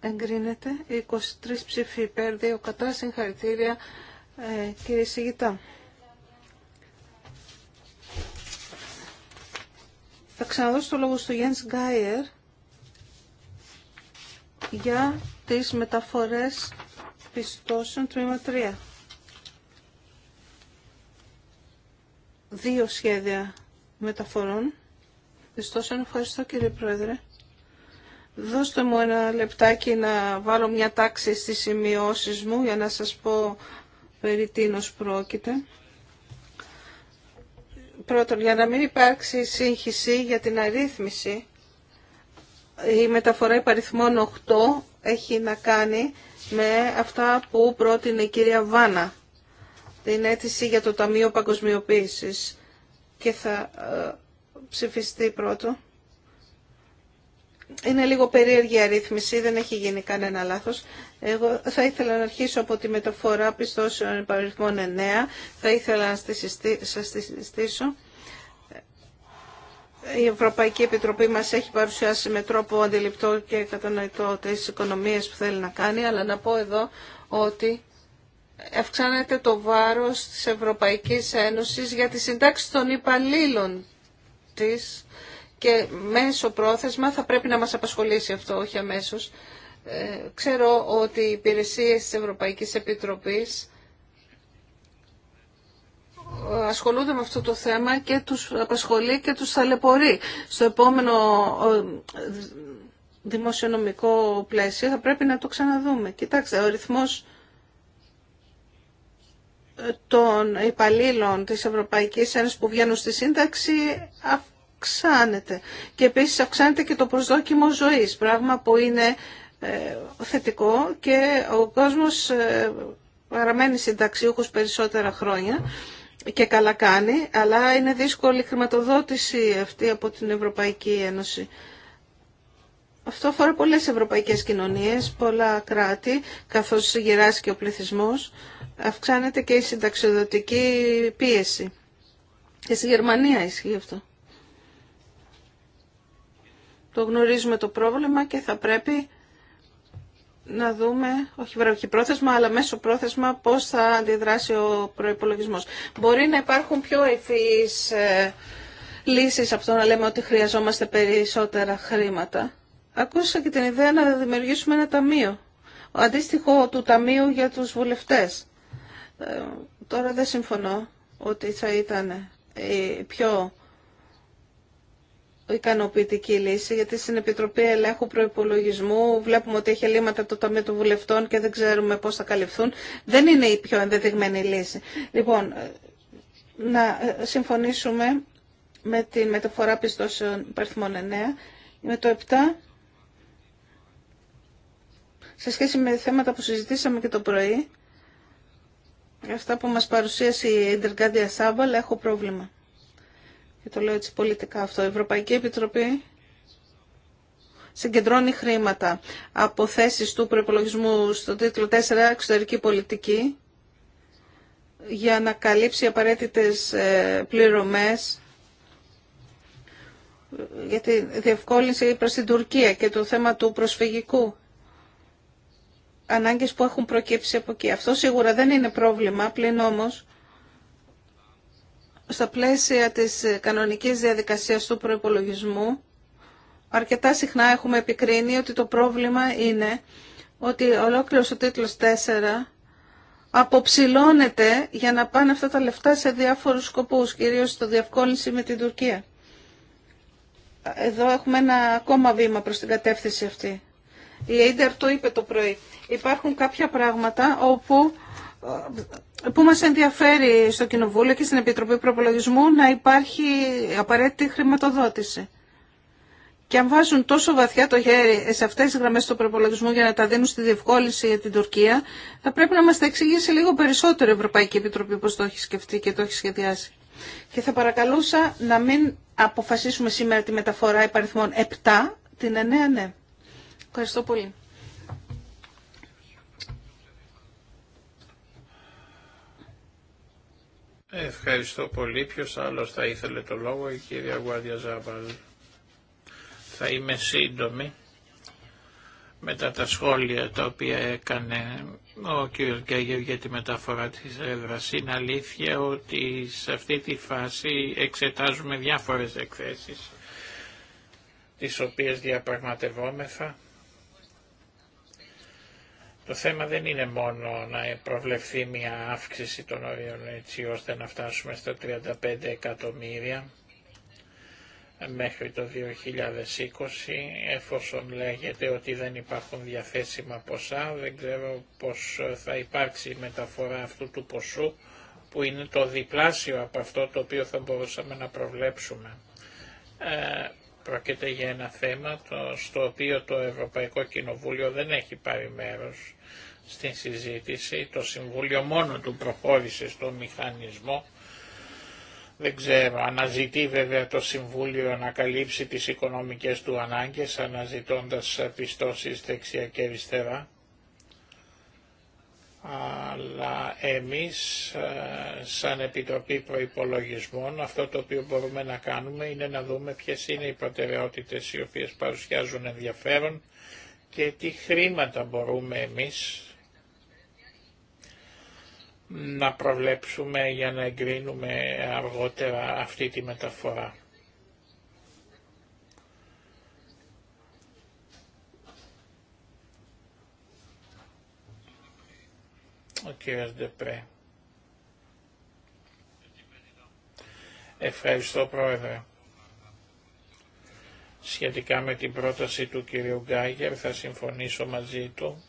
εγκρίνεται 23 ψήφοι υπέρ 2 κατά συγχαρητήρια ε, κύριε Σιγητά. Θα ξαναδώσω το λόγο στο Γιάννης Γκάιερ για τις μεταφορές πιστώσεων τμήμα 3. Δύο σχέδια μεταφορών. Πιστώσεων ευχαριστώ κύριε Πρόεδρε. Δώστε μου ένα λεπτάκι να βάλω μια τάξη στις σημειώσεις μου για να σας πω περί τίνος πρόκειται. Πρώτον, για να μην υπάρξει σύγχυση για την αρρύθμιση, η μεταφορά υπαριθμών 8 έχει να κάνει με αυτά που πρότεινε η κυρία Βάνα, την αίτηση για το Ταμείο Παγκοσμιοποίησης και θα ε, ψηφιστεί πρώτο. Είναι λίγο περίεργη αρρύθμιση, δεν έχει γίνει κανένα λάθος. Εγώ θα ήθελα να αρχίσω από τη μεταφορά πιστώσεων υπαριθμών 9. Θα ήθελα να σας τη συστήσω. Η Ευρωπαϊκή Επιτροπή μας έχει παρουσιάσει με τρόπο αντιληπτό και κατανοητό τις οικονομίες που θέλει να κάνει, αλλά να πω εδώ ότι αυξάνεται το βάρος της Ευρωπαϊκής Ένωσης για τη συντάξη των υπαλλήλων της και μέσω πρόθεσμα θα πρέπει να μας απασχολήσει αυτό, όχι αμέσως. Ε, ξέρω ότι οι υπηρεσίες της Ευρωπαϊκής Επιτροπής ε, ασχολούνται με αυτό το θέμα και τους απασχολεί και τους ταλαιπωρεί. Στο επόμενο ε, δημοσιονομικό πλαίσιο θα πρέπει να το ξαναδούμε. Κοιτάξτε, ο ρυθμός των υπαλλήλων της Ευρωπαϊκής Ένωσης που βγαίνουν στη σύνταξη αυξάνεται. Και επίσης αυξάνεται και το προσδόκιμο ζωής, πράγμα που είναι ε, θετικό και ο κόσμος ε, παραμένει συνταξιούχος περισσότερα χρόνια και καλά κάνει, αλλά είναι δύσκολη η χρηματοδότηση αυτή από την Ευρωπαϊκή Ένωση. Αυτό αφορά πολλές ευρωπαϊκές κοινωνίες, πολλά κράτη, καθώς γεράσει και ο πληθυσμός, αυξάνεται και η συνταξιοδοτική πίεση. Και στη Γερμανία ισχύει αυτό. Το γνωρίζουμε το πρόβλημα και θα πρέπει να δούμε, όχι βραβική πρόθεσμα, αλλά μέσω πρόθεσμα πώς θα αντιδράσει ο προϋπολογισμός. Μπορεί να υπάρχουν πιο ευθύς ε, λύσεις από το να λέμε ότι χρειαζόμαστε περισσότερα χρήματα. Ακούσα και την ιδέα να δημιουργήσουμε ένα ταμείο, ο αντίστοιχο του ταμείου για τους βουλευτές. Ε, τώρα δεν συμφωνώ ότι θα ήταν πιο ικανοποιητική λύση, γιατί στην Επιτροπή Ελέγχου Προπολογισμού βλέπουμε ότι έχει λύματα το Ταμείο των Βουλευτών και δεν ξέρουμε πώς θα καλυφθούν. Δεν είναι η πιο ενδεδειγμένη λύση. Λοιπόν, ε, να ε, συμφωνήσουμε με τη μεταφορά πιστώσεων υπερθμών 9, με το 7, σε σχέση με θέματα που συζητήσαμε και το πρωί, αυτά που μας παρουσίασε η Ιντερκάντια Σάμπαλ, έχω πρόβλημα και το λέω έτσι πολιτικά αυτό, η Ευρωπαϊκή Επιτροπή συγκεντρώνει χρήματα από θέσεις του προπολογισμού στο τίτλο 4 εξωτερική πολιτική για να καλύψει απαραίτητες ε, πληρωμές για τη διευκόλυνση προς την Τουρκία και το θέμα του προσφυγικού. Ανάγκες που έχουν προκύψει από εκεί. Αυτό σίγουρα δεν είναι πρόβλημα, πλην όμως στα πλαίσια της κανονικής διαδικασίας του προϋπολογισμού, αρκετά συχνά έχουμε επικρίνει ότι το πρόβλημα είναι ότι ολόκληρος ο τίτλος 4 αποψηλώνεται για να πάνε αυτά τα λεφτά σε διάφορους σκοπούς, κυρίως στο διευκόλυνση με την Τουρκία. Εδώ έχουμε ένα ακόμα βήμα προς την κατεύθυνση αυτή. Η Ίντερ το είπε το πρωί. Υπάρχουν κάποια πράγματα όπου που μας ενδιαφέρει στο Κοινοβούλιο και στην Επιτροπή Προπολογισμού να υπάρχει απαραίτητη χρηματοδότηση. Και αν βάζουν τόσο βαθιά το χέρι σε αυτές τις γραμμές του προπολογισμού για να τα δίνουν στη διευκόλυνση για την Τουρκία, θα πρέπει να μας τα εξηγήσει λίγο περισσότερο η Ευρωπαϊκή Επιτροπή πώς το έχει σκεφτεί και το έχει σχεδιάσει. Και θα παρακαλούσα να μην αποφασίσουμε σήμερα τη μεταφορά υπαριθμών 7, την 9, ναι. Ευχαριστώ πολύ. Ευχαριστώ πολύ. Ποιο άλλο θα ήθελε το λόγο, η κυρία Γουάδια Ζάμπαλ. Θα είμαι σύντομη μετά τα σχόλια τα οποία έκανε ο κ. Γκέγερ για τη μεταφορά της έδρας. Είναι αλήθεια ότι σε αυτή τη φάση εξετάζουμε διάφορες εκθέσεις τις οποίες διαπραγματευόμεθα το θέμα δεν είναι μόνο να προβλεφθεί μια αύξηση των όριων έτσι ώστε να φτάσουμε στα 35 εκατομμύρια μέχρι το 2020 εφόσον λέγεται ότι δεν υπάρχουν διαθέσιμα ποσά δεν ξέρω πως θα υπάρξει η μεταφορά αυτού του ποσού που είναι το διπλάσιο από αυτό το οποίο θα μπορούσαμε να προβλέψουμε. Ε, Πρόκειται για ένα θέμα το, στο οποίο το Ευρωπαϊκό Κοινοβούλιο δεν έχει πάρει μέρος στην συζήτηση. Το Συμβούλιο μόνο του προχώρησε στο μηχανισμό. Δεν ξέρω, αναζητεί βέβαια το Συμβούλιο να καλύψει τις οικονομικές του ανάγκες, αναζητώντας πιστώσεις δεξιά και αριστερά αλλά εμείς ε, σαν Επιτροπή Προϋπολογισμών αυτό το οποίο μπορούμε να κάνουμε είναι να δούμε ποιες είναι οι προτεραιότητες οι οποίες παρουσιάζουν ενδιαφέρον και τι χρήματα μπορούμε εμείς να προβλέψουμε για να εγκρίνουμε αργότερα αυτή τη μεταφορά. ο κύριος Ευχαριστώ πρόεδρε. Σχετικά με την πρόταση του κύριου Γκάγερ θα συμφωνήσω μαζί του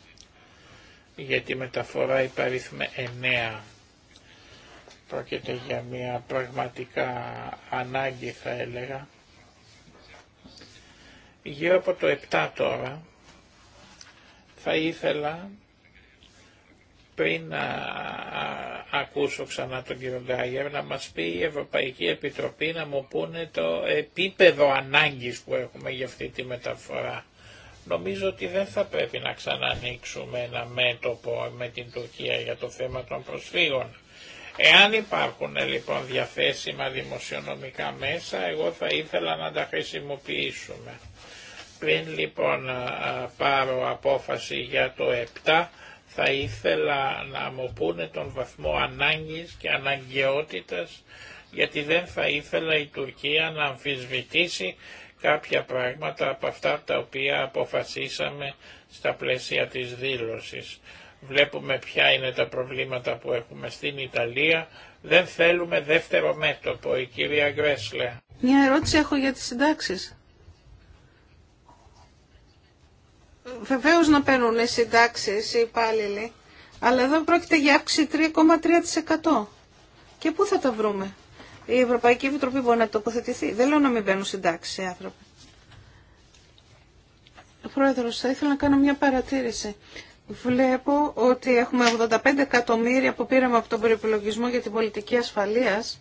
για τη μεταφορά υπαριθμε 9. Πρόκειται για μια πραγματικά ανάγκη θα έλεγα. Γύρω από το 7 τώρα θα ήθελα πριν ακούσω ξανά τον κύριο Γκάγερ να μας πει η Ευρωπαϊκή Επιτροπή να μου πούνε το επίπεδο ανάγκης που έχουμε για αυτή τη μεταφορά. Νομίζω ότι δεν θα πρέπει να ξανανοίξουμε ένα μέτωπο με την Τουρκία για το θέμα των προσφύγων. Εάν υπάρχουν λοιπόν διαθέσιμα δημοσιονομικά μέσα, εγώ θα ήθελα να τα χρησιμοποιήσουμε. Πριν λοιπόν πάρω απόφαση για το 7, θα ήθελα να μου πούνε τον βαθμό ανάγκης και αναγκαιότητας γιατί δεν θα ήθελα η Τουρκία να αμφισβητήσει κάποια πράγματα από αυτά τα οποία αποφασίσαμε στα πλαίσια της δήλωσης. Βλέπουμε ποια είναι τα προβλήματα που έχουμε στην Ιταλία. Δεν θέλουμε δεύτερο μέτωπο, η κυρία Γκρέσλε. Μια ερώτηση έχω για τις συντάξεις. Βεβαίω να παίρνουν συντάξει οι υπάλληλοι, αλλά εδώ πρόκειται για αύξηση 3,3%. Και πού θα τα βρούμε. Η Ευρωπαϊκή Επιτροπή μπορεί να τοποθετηθεί. Δεν λέω να μην παίρνουν συντάξει οι άνθρωποι. Πρόεδρος, θα ήθελα να κάνω μια παρατήρηση. Βλέπω ότι έχουμε 85 εκατομμύρια που πήραμε από τον προπολογισμό για την πολιτική ασφαλείας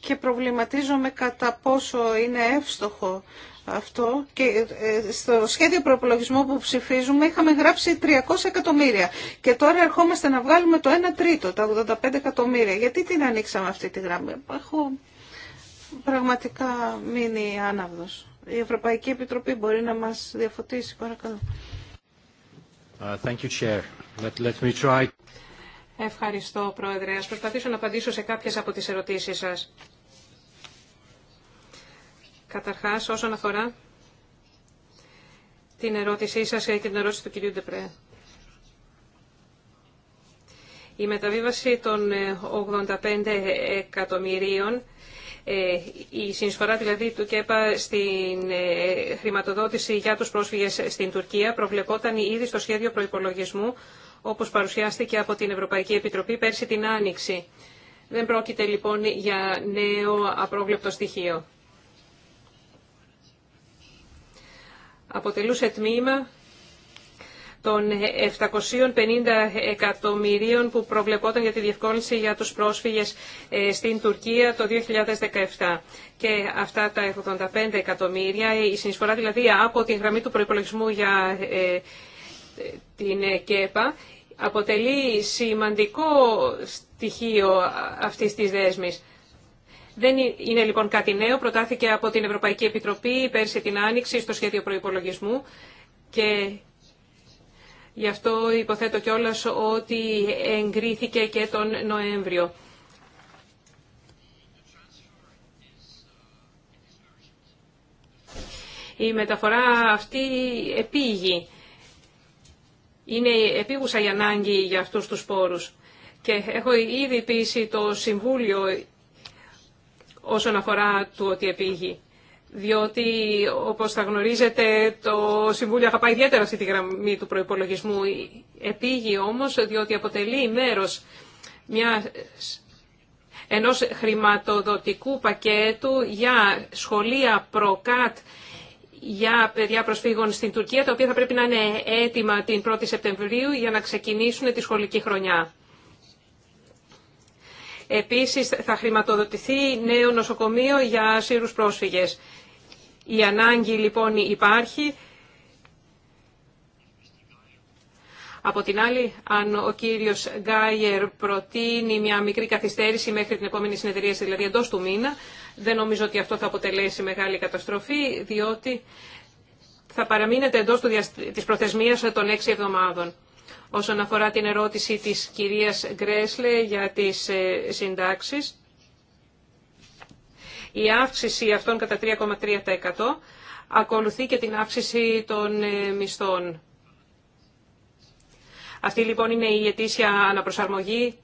και προβληματίζομαι κατά πόσο είναι εύστοχο αυτό και ε, στο σχέδιο προπολογισμού που ψηφίζουμε είχαμε γράψει 300 εκατομμύρια και τώρα ερχόμαστε να βγάλουμε το 1 τρίτο, τα 85 εκατομμύρια. Γιατί την ανοίξαμε αυτή τη γραμμή. Έχω πραγματικά μείνει άναυδος. Η Ευρωπαϊκή Επιτροπή μπορεί να μας διαφωτίσει, παρακαλώ. Uh, thank you, Chair. Let, let me try. Ευχαριστώ, Πρόεδρε. Ας προσπαθήσω να απαντήσω σε κάποιες από τις ερωτήσεις σας. Καταρχάς, όσον αφορά την ερώτησή σας και την ερώτηση του κυρίου Ντεπρέ. Η μεταβίβαση των 85 ε, εκατομμυρίων, ε, η συνεισφορά δηλαδή του ΚΕΠΑ στην ε, χρηματοδότηση για τους πρόσφυγες στην Τουρκία προβλεπόταν ήδη στο σχέδιο προϋπολογισμού, όπως παρουσιάστηκε από την Ευρωπαϊκή Επιτροπή πέρσι την Άνοιξη. Δεν πρόκειται λοιπόν για νέο απρόβλεπτο στοιχείο. αποτελούσε τμήμα των 750 εκατομμυρίων που προβλεπόταν για τη διευκόλυνση για τους πρόσφυγες ε, στην Τουρκία το 2017. Και αυτά τα 85 εκατομμύρια, η συνεισφορά δηλαδή από τη γραμμή του προϋπολογισμού για ε, την ΚΕΠΑ, αποτελεί σημαντικό στοιχείο αυτής της δέσμης. Δεν είναι λοιπόν κάτι νέο. Προτάθηκε από την Ευρωπαϊκή Επιτροπή πέρσι την Άνοιξη στο σχέδιο προϋπολογισμού και γι' αυτό υποθέτω κιόλα ότι εγκρίθηκε και τον Νοέμβριο. Η μεταφορά αυτή επίγει. Είναι επίγουσα η ανάγκη για αυτούς τους πόρους. Και έχω ήδη πείσει το Συμβούλιο όσον αφορά το ότι επήγει. Διότι, όπως θα γνωρίζετε, το Συμβούλιο αγαπά ιδιαίτερα αυτή τη γραμμή του προπολογισμού, Επήγει όμως, διότι αποτελεί μέρος ενό ενός χρηματοδοτικού πακέτου για σχολεία προκάτ για παιδιά προσφύγων στην Τουρκία, τα οποία θα πρέπει να είναι έτοιμα την 1η Σεπτεμβρίου για να ξεκινήσουν τη σχολική χρονιά. Επίσης θα χρηματοδοτηθεί νέο νοσοκομείο για σύρους πρόσφυγες. Η ανάγκη λοιπόν υπάρχει. Από την άλλη, αν ο κύριος Γκάιερ προτείνει μια μικρή καθυστέρηση μέχρι την επόμενη συνεδρία, δηλαδή εντός του μήνα, δεν νομίζω ότι αυτό θα αποτελέσει μεγάλη καταστροφή, διότι θα παραμείνετε εντός της προθεσμίας των έξι εβδομάδων όσον αφορά την ερώτηση της κυρίας Γκρέσλε για τις ε, συντάξεις. Η αύξηση αυτών κατά 3,3% ακολουθεί και την αύξηση των ε, μισθών. Αυτή λοιπόν είναι η αιτήσια αναπροσαρμογή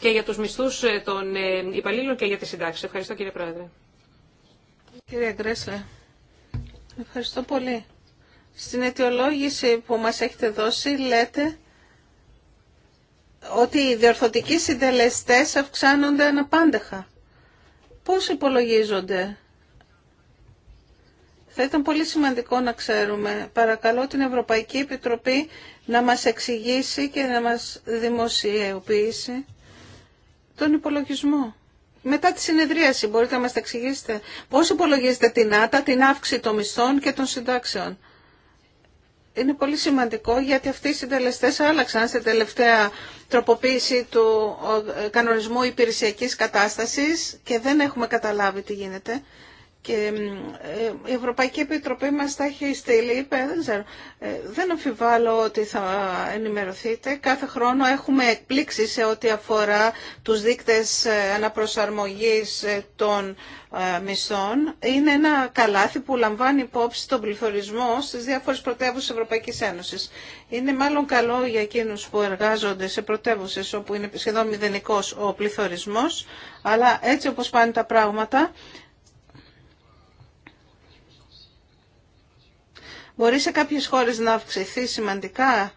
και για τους μισθούς ε, των υπαλλήλων και για τις συντάξεις. Ευχαριστώ κύριε Πρόεδρε. Κύριε Γκρέσλε, ευχαριστώ πολύ. Στην αιτιολόγηση που μας έχετε δώσει λέτε ότι οι διορθωτικοί συντελεστές αυξάνονται αναπάντεχα. Πώς υπολογίζονται. Θα ήταν πολύ σημαντικό να ξέρουμε. Παρακαλώ την Ευρωπαϊκή Επιτροπή να μας εξηγήσει και να μας δημοσιοποιήσει τον υπολογισμό. Μετά τη συνεδρίαση μπορείτε να μας εξηγήσετε. Πώς υπολογίζετε την άτα, την αύξηση των μισθών και των συντάξεων είναι πολύ σημαντικό γιατί αυτοί οι συντελεστέ άλλαξαν σε τελευταία τροποποίηση του ε, κανονισμού υπηρεσιακής κατάστασης και δεν έχουμε καταλάβει τι γίνεται και ε, η Ευρωπαϊκή Επιτροπή μας τα έχει στείλει, δεν ξέρω, ε, αμφιβάλλω ότι θα ενημερωθείτε. Κάθε χρόνο έχουμε εκπλήξει σε ό,τι αφορά τους δείκτες ε, αναπροσαρμογής των μισθών. Είναι ένα καλάθι που λαμβάνει υπόψη τον πληθωρισμό στις διάφορες πρωτεύουσες της Ευρωπαϊκής Ένωσης. Είναι μάλλον καλό για εκείνους που εργάζονται σε πρωτεύουσες όπου είναι σχεδόν μηδενικός ο πληθωρισμός, αλλά έτσι όπως πάνε τα πράγματα Μπορεί σε κάποιες χώρες να αυξηθεί σημαντικά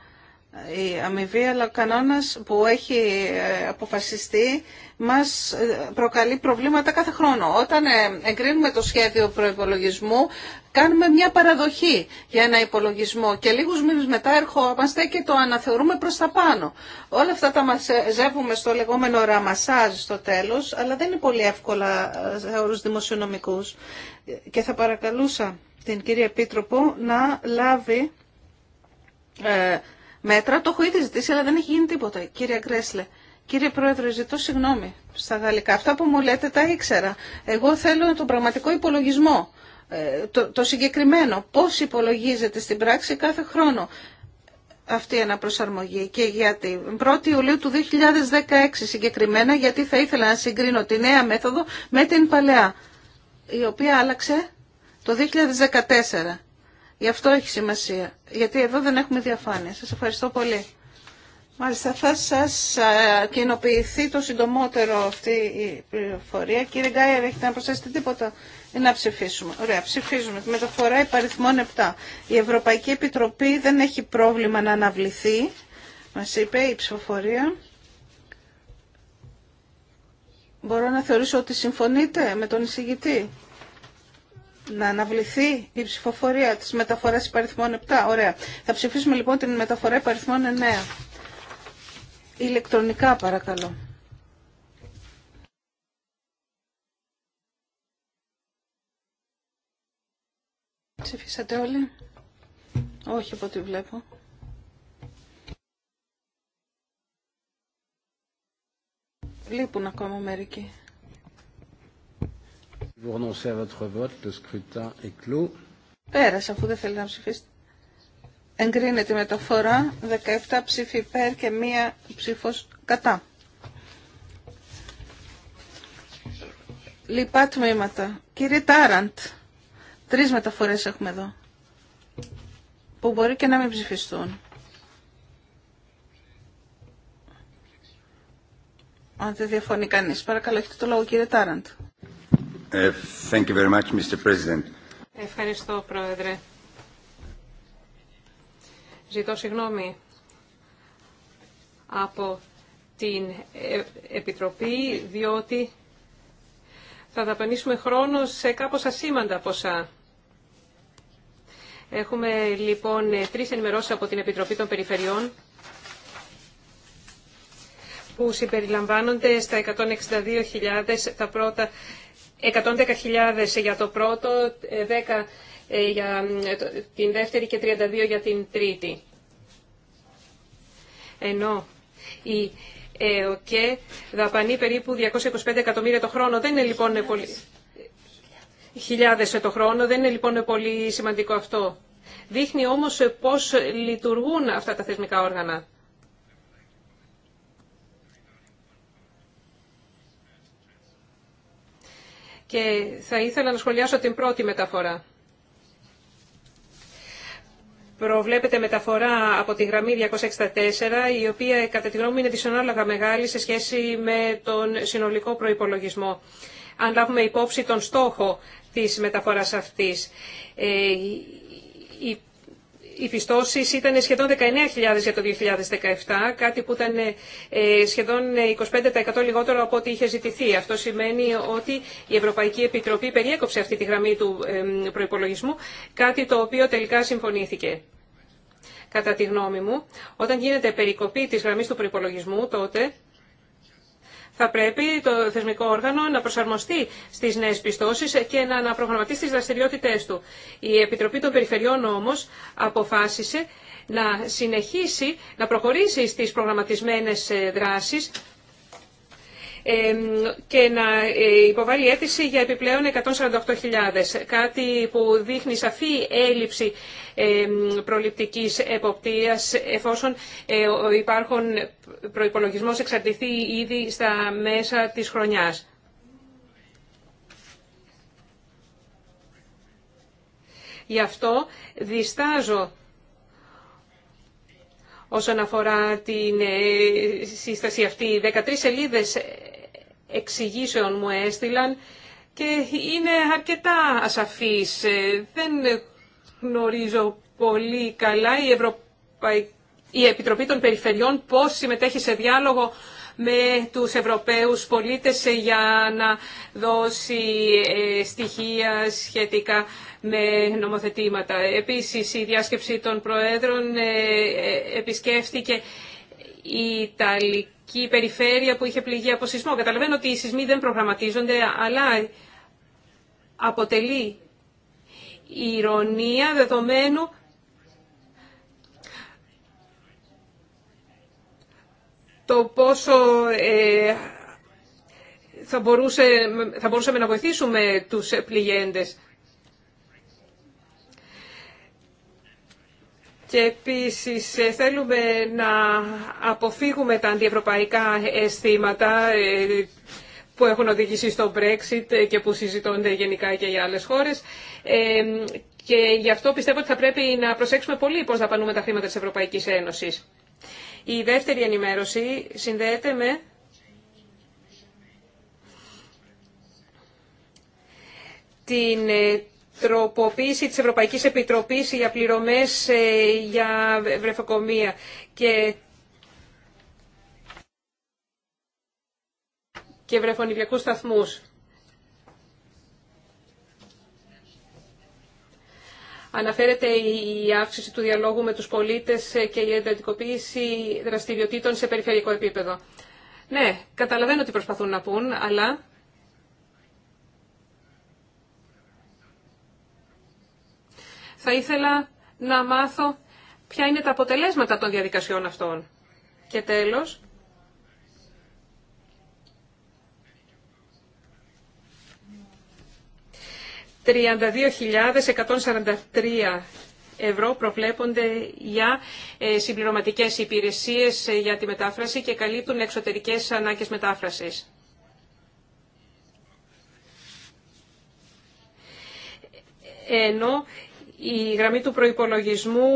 η αμοιβή, αλλά ο κανόνας που έχει ε, αποφασιστεί μας ε, προκαλεί προβλήματα κάθε χρόνο. Όταν ε, εγκρίνουμε το σχέδιο προϋπολογισμού κάνουμε μια παραδοχή για ένα υπολογισμό και λίγους μήνες μετά ερχόμαστε και το αναθεωρούμε προς τα πάνω. Όλα αυτά τα μαζεύουμε στο λεγόμενο ραμασάζ στο τέλος, αλλά δεν είναι πολύ εύκολα ε, σε όρους δημοσιονομικούς. Και θα παρακαλούσα την κυρία Επίτροπο να λάβει ε, μέτρα. Το έχω ήδη ζητήσει, αλλά δεν έχει γίνει τίποτα. Κύριε Γκρέσλε, κύριε Πρόεδρε, ζητώ συγγνώμη στα γαλλικά. Αυτά που μου λέτε τα ήξερα. Εγώ θέλω τον πραγματικό υπολογισμό. Ε, το, το συγκεκριμένο, πώς υπολογίζεται στην πράξη κάθε χρόνο αυτή η αναπροσαρμογή και γιατί; 1η Ιουλίου του 2016 συγκεκριμένα γιατί θα ήθελα να συγκρίνω τη νέα μέθοδο με την παλαιά η οποία άλλαξε το 2014. Γι' αυτό έχει σημασία. Γιατί εδώ δεν έχουμε διαφάνεια. Σας ευχαριστώ πολύ. Μάλιστα θα σας ε, κοινοποιηθεί το συντομότερο αυτή η πληροφορία. Κύριε Γκάιερ έχετε να προσθέσετε τίποτα. Ε, να ψηφίσουμε. Ωραία, ψηφίζουμε. Τη μεταφορά υπαριθμών 7. Η Ευρωπαϊκή Επιτροπή δεν έχει πρόβλημα να αναβληθεί, μας είπε η ψηφοφορία. Μπορώ να θεωρήσω ότι συμφωνείτε με τον εισηγητή. Να αναβληθεί η ψηφοφορία της μεταφοράς υπαριθμών 7. Ωραία. Θα ψηφίσουμε λοιπόν την μεταφορά υπαριθμών 9. Ηλεκτρονικά παρακαλώ. Ψηφίσατε όλοι. Όχι από ό,τι βλέπω. Λείπουν ακόμα μερικοί. Vous Πέρασε, αφού δεν θέλει να ψηφίσει. Εγκρίνεται μεταφορά 17 ψήφοι υπέρ και μία ψήφος κατά. Λοιπά τμήματα. Κύριε Τάραντ. Τρεις μεταφορές έχουμε εδώ που μπορεί και να μην ψηφιστούν. Αν δεν διαφωνεί κανείς. Παρακαλώ, έχετε το λόγο κύριε Τάραντ. Ε, thank you very much, Mr. President. Ευχαριστώ, Πρόεδρε. Ζητώ συγγνώμη από την ε, Επιτροπή, διότι θα δαπανίσουμε χρόνο σε κάπως ασήμαντα ποσά. Έχουμε λοιπόν τρεις ενημερώσεις από την Επιτροπή των Περιφερειών που συμπεριλαμβάνονται στα 162.000 τα πρώτα 110.000 για το πρώτο, 10 ε, για ε, την δεύτερη και 32 για την τρίτη. Ενώ η ΕΟΚΕ δαπανεί περίπου 225 εκατομμύρια το χρόνο. Δεν είναι λοιπόν πολύ χιλιάδες το χρόνο. Δεν είναι λοιπόν πολύ σημαντικό αυτό. Δείχνει όμως πώς λειτουργούν αυτά τα θεσμικά όργανα. Και θα ήθελα να σχολιάσω την πρώτη μεταφορά. Προβλέπεται μεταφορά από τη γραμμή 264, η οποία κατά τη γνώμη μου είναι δυσανάλογα μεγάλη σε σχέση με τον συνολικό προϋπολογισμό. Αν λάβουμε υπόψη τον στόχο της μεταφοράς αυτής. Ε, οι πιστώσεις ήταν σχεδόν 19.000 για το 2017, κάτι που ήταν ε, σχεδόν 25% λιγότερο από ό,τι είχε ζητηθεί. Αυτό σημαίνει ότι η Ευρωπαϊκή Επιτροπή περιέκοψε αυτή τη γραμμή του προϋπολογισμού, κάτι το οποίο τελικά συμφωνήθηκε. Κατά τη γνώμη μου, όταν γίνεται περικοπή της γραμμής του προϋπολογισμού, τότε θα πρέπει το θεσμικό όργανο να προσαρμοστεί στις νέες πιστώσεις και να αναπρογραμματίσει τις δραστηριότητές του. Η Επιτροπή των Περιφερειών όμως αποφάσισε να συνεχίσει να προχωρήσει στις προγραμματισμένες ε, δράσεις και να ε, υποβάλει αίτηση για επιπλέον 148.000. Κάτι που δείχνει σαφή έλλειψη προληπτικής εποπτείας εφόσον ε, ο υπάρχον προϋπολογισμός εξαρτηθεί ήδη στα μέσα της χρονιάς. Γι' αυτό διστάζω όσον αφορά την ε, σύσταση αυτή. 13 σελίδες εξηγήσεων μου έστειλαν και είναι αρκετά ασαφής. Ε, δεν γνωρίζω πολύ καλά η, η Επιτροπή των Περιφερειών πώς συμμετέχει σε διάλογο με τους Ευρωπαίους πολίτες για να δώσει ε, στοιχεία σχετικά με νομοθετήματα. Επίσης, η διάσκεψη των Προέδρων ε, επισκέφτηκε η Ιταλική περιφέρεια που είχε πληγεί από σεισμό. Καταλαβαίνω ότι οι σεισμοί δεν προγραμματίζονται, αλλά αποτελεί ηρωνία δεδομένου το πόσο ε, θα, μπορούσε, θα μπορούσαμε να βοηθήσουμε τους πληγέντες. Και επίσης ε, θέλουμε να αποφύγουμε τα αντιευρωπαϊκά αισθήματα ε, που έχουν οδηγήσει στο Brexit ε, και που συζητώνται γενικά και για άλλες χώρες. Και γι' αυτό πιστεύω ότι θα πρέπει να προσέξουμε πολύ πώς πανούμε τα χρήματα της Ευρωπαϊκής Ένωσης. Η δεύτερη ενημέρωση συνδέεται με την τροποποίηση της Ευρωπαϊκής Επιτροπής για πληρωμές ε, για βρεφοκομεία. Και και σταθμού. σταθμούς. Αναφέρεται η αύξηση του διαλόγου με τους πολίτες ε, και η εντατικοποίηση δραστηριοτήτων σε περιφερειακό επίπεδο. Ναι, καταλαβαίνω τι προσπαθούν να πούν, αλλά Θα ήθελα να μάθω ποια είναι τα αποτελέσματα των διαδικασιών αυτών. Και τέλος, ...32.143 ευρώ προβλέπονται για ε, συμπληρωματικές υπηρεσίες ε, για τη μετάφραση και καλύπτουν εξωτερικές ανάγκες μετάφρασης. Ενώ η γραμμή του προϋπολογισμού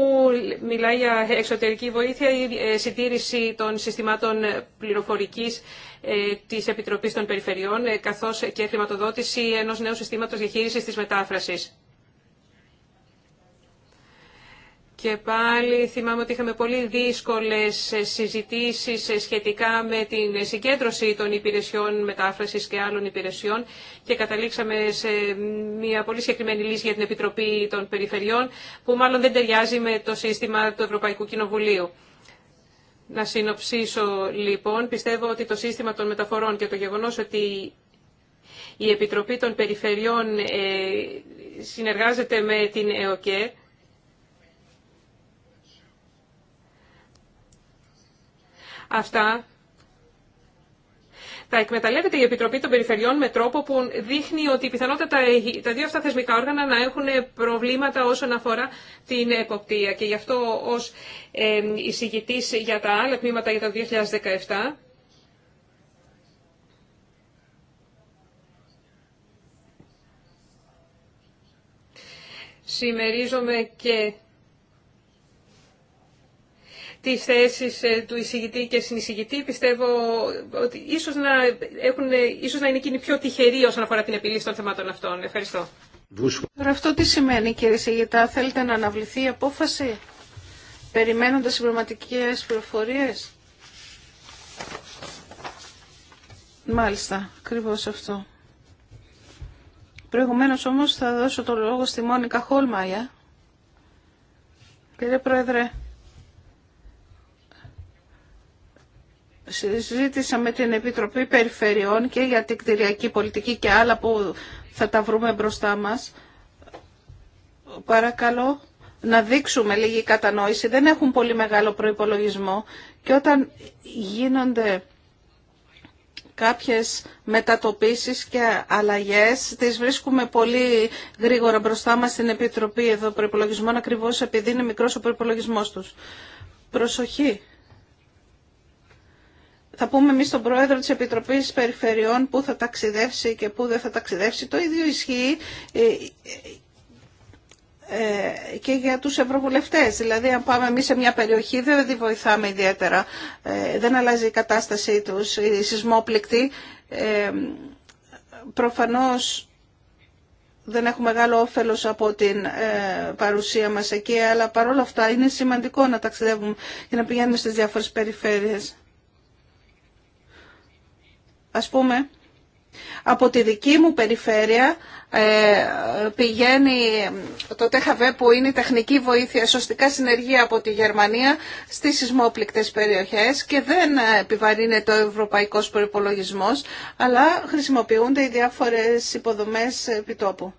μιλάει για εξωτερική βοήθεια ή ε, συντήρηση των συστημάτων πληροφορικής ε, της Επιτροπής των Περιφερειών, ε, καθώς και χρηματοδότηση ενός νέου συστήματος διαχείρισης της μετάφρασης. Και πάλι θυμάμαι ότι είχαμε πολύ δύσκολες συζητήσεις σχετικά με την συγκέντρωση των υπηρεσιών μετάφρασης και άλλων υπηρεσιών και καταλήξαμε σε μια πολύ συγκεκριμένη λύση για την Επιτροπή των Περιφερειών που μάλλον δεν ταιριάζει με το σύστημα του Ευρωπαϊκού Κοινοβουλίου. Να συνοψίσω λοιπόν, πιστεύω ότι το σύστημα των μεταφορών και το γεγονός ότι η Επιτροπή των Περιφερειών ε, συνεργάζεται με την ΕΟΚΕ Αυτά τα εκμεταλλεύεται η Επιτροπή των Περιφερειών με τρόπο που δείχνει ότι πιθανότατα τα δύο αυτά θεσμικά όργανα να έχουν προβλήματα όσον αφορά την εποπτεία. Και γι' αυτό ως εισηγητής για τα άλλα τμήματα για το 2017... Συμμερίζομαι και τις θέσεις ε, του εισηγητή και συνεισηγητή. Πιστεύω ότι ίσω να, έχουν, ίσως να είναι εκείνοι πιο τυχεροί όσον αφορά την επιλύση των θεμάτων αυτών. Ευχαριστώ. Αυτό τι σημαίνει κύριε Σιγητά, θέλετε να αναβληθεί η απόφαση περιμένοντας συμπληρωματικές πληροφορίες. Μάλιστα, ακριβώ αυτό. Προηγουμένως όμως θα δώσω το λόγο στη Μόνικα Χόλμαγια. Κύριε Πρόεδρε, συζήτησα με την Επιτροπή Περιφερειών και για την κτηριακή πολιτική και άλλα που θα τα βρούμε μπροστά μας. Παρακαλώ να δείξουμε λίγη κατανόηση. Δεν έχουν πολύ μεγάλο προϋπολογισμό και όταν γίνονται κάποιες μετατοπίσεις και αλλαγές. Τις βρίσκουμε πολύ γρήγορα μπροστά μας στην Επιτροπή εδώ προϋπολογισμών ακριβώς επειδή είναι μικρός ο προπολογισμό τους. Προσοχή θα πούμε εμεί στον πρόεδρο της Επιτροπής Περιφερειών που θα ταξιδεύσει και που δεν θα ταξιδεύσει. Το ίδιο ισχύει ε, ε, και για τους ευρωβουλευτές. Δηλαδή, αν πάμε εμείς σε μια περιοχή, δεν τη βοηθάμε ιδιαίτερα. Ε, δεν αλλάζει η κατάστασή τους, η σεισμόπληκτη. Προφανώς δεν έχουμε μεγάλο όφελος από την παρουσία μας εκεί, αλλά παρόλα αυτά είναι σημαντικό να ταξιδεύουμε και να πηγαίνουμε στις διάφορες περιφέρειες. Ας πούμε, από τη δική μου περιφέρεια ε, πηγαίνει το ΤΕΧΑΒΕ που είναι η τεχνική βοήθεια σωστικά συνεργεία από τη Γερμανία στις σεισμόπληκτες περιοχές και δεν επιβαρύνεται ο ευρωπαϊκός προϋπολογισμός αλλά χρησιμοποιούνται οι διάφορες υποδομές επιτόπου.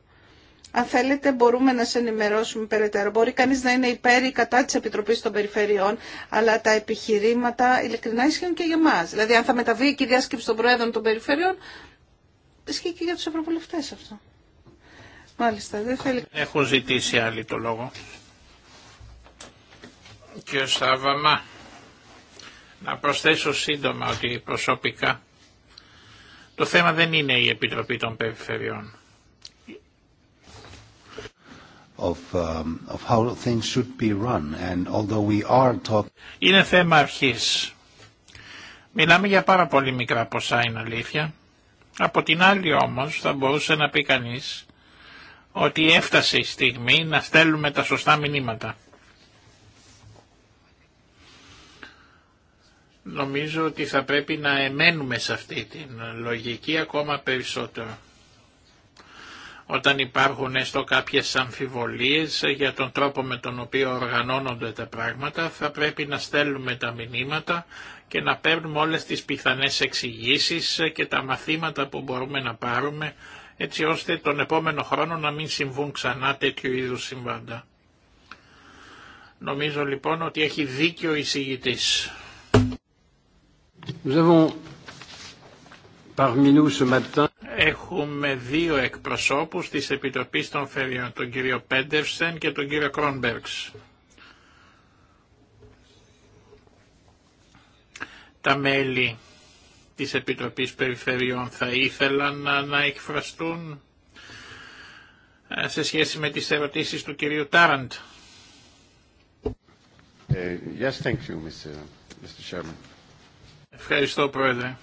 Αν θέλετε μπορούμε να σε ενημερώσουμε περαιτέρω. Μπορεί κανεί να είναι υπέρ ή κατά τη επιτροπή των Περιφερειών, αλλά τα επιχειρήματα ειλικρινά ισχύουν και για εμά. Δηλαδή αν θα μεταβεί η διάσκεψη των Προέδρων των Περιφερειών, ισχύει και για του Ευρωβουλευτέ αυτό. Μάλιστα, δεν θέλει. Έχουν ζητήσει άλλοι το λόγο. Κύριο Σάβαμα, να προσθέσω σύντομα ότι προσωπικά το θέμα δεν είναι η Επιτροπή των Περιφερειών. Είναι θέμα αρχή. Μιλάμε για πάρα πολύ μικρά ποσά, είναι αλήθεια. Από την άλλη όμως θα μπορούσε να πει κανείς ότι έφτασε η στιγμή να στέλνουμε τα σωστά μηνύματα. Νομίζω ότι θα πρέπει να εμένουμε σε αυτή την λογική ακόμα περισσότερο όταν υπάρχουν έστω κάποιες αμφιβολίες για τον τρόπο με τον οποίο οργανώνονται τα πράγματα, θα πρέπει να στέλνουμε τα μηνύματα και να παίρνουμε όλες τις πιθανές εξηγήσει και τα μαθήματα που μπορούμε να πάρουμε, έτσι ώστε τον επόμενο χρόνο να μην συμβούν ξανά τέτοιου είδους συμβάντα. Νομίζω λοιπόν ότι έχει δίκιο η συγητής. Nous avons parmi Έχουμε δύο εκπροσώπους της Επιτροπής των Φεριών, τον κύριο Πέντευσεν και τον κύριο Κρόνμπερξ. Τα μέλη της Επιτροπής Περιφερειών θα ήθελαν να, εκφραστούν ε, σε σχέση με τις ερωτήσεις του κυρίου Τάραντ. Ε, Ευχαριστώ, Πρόεδρε.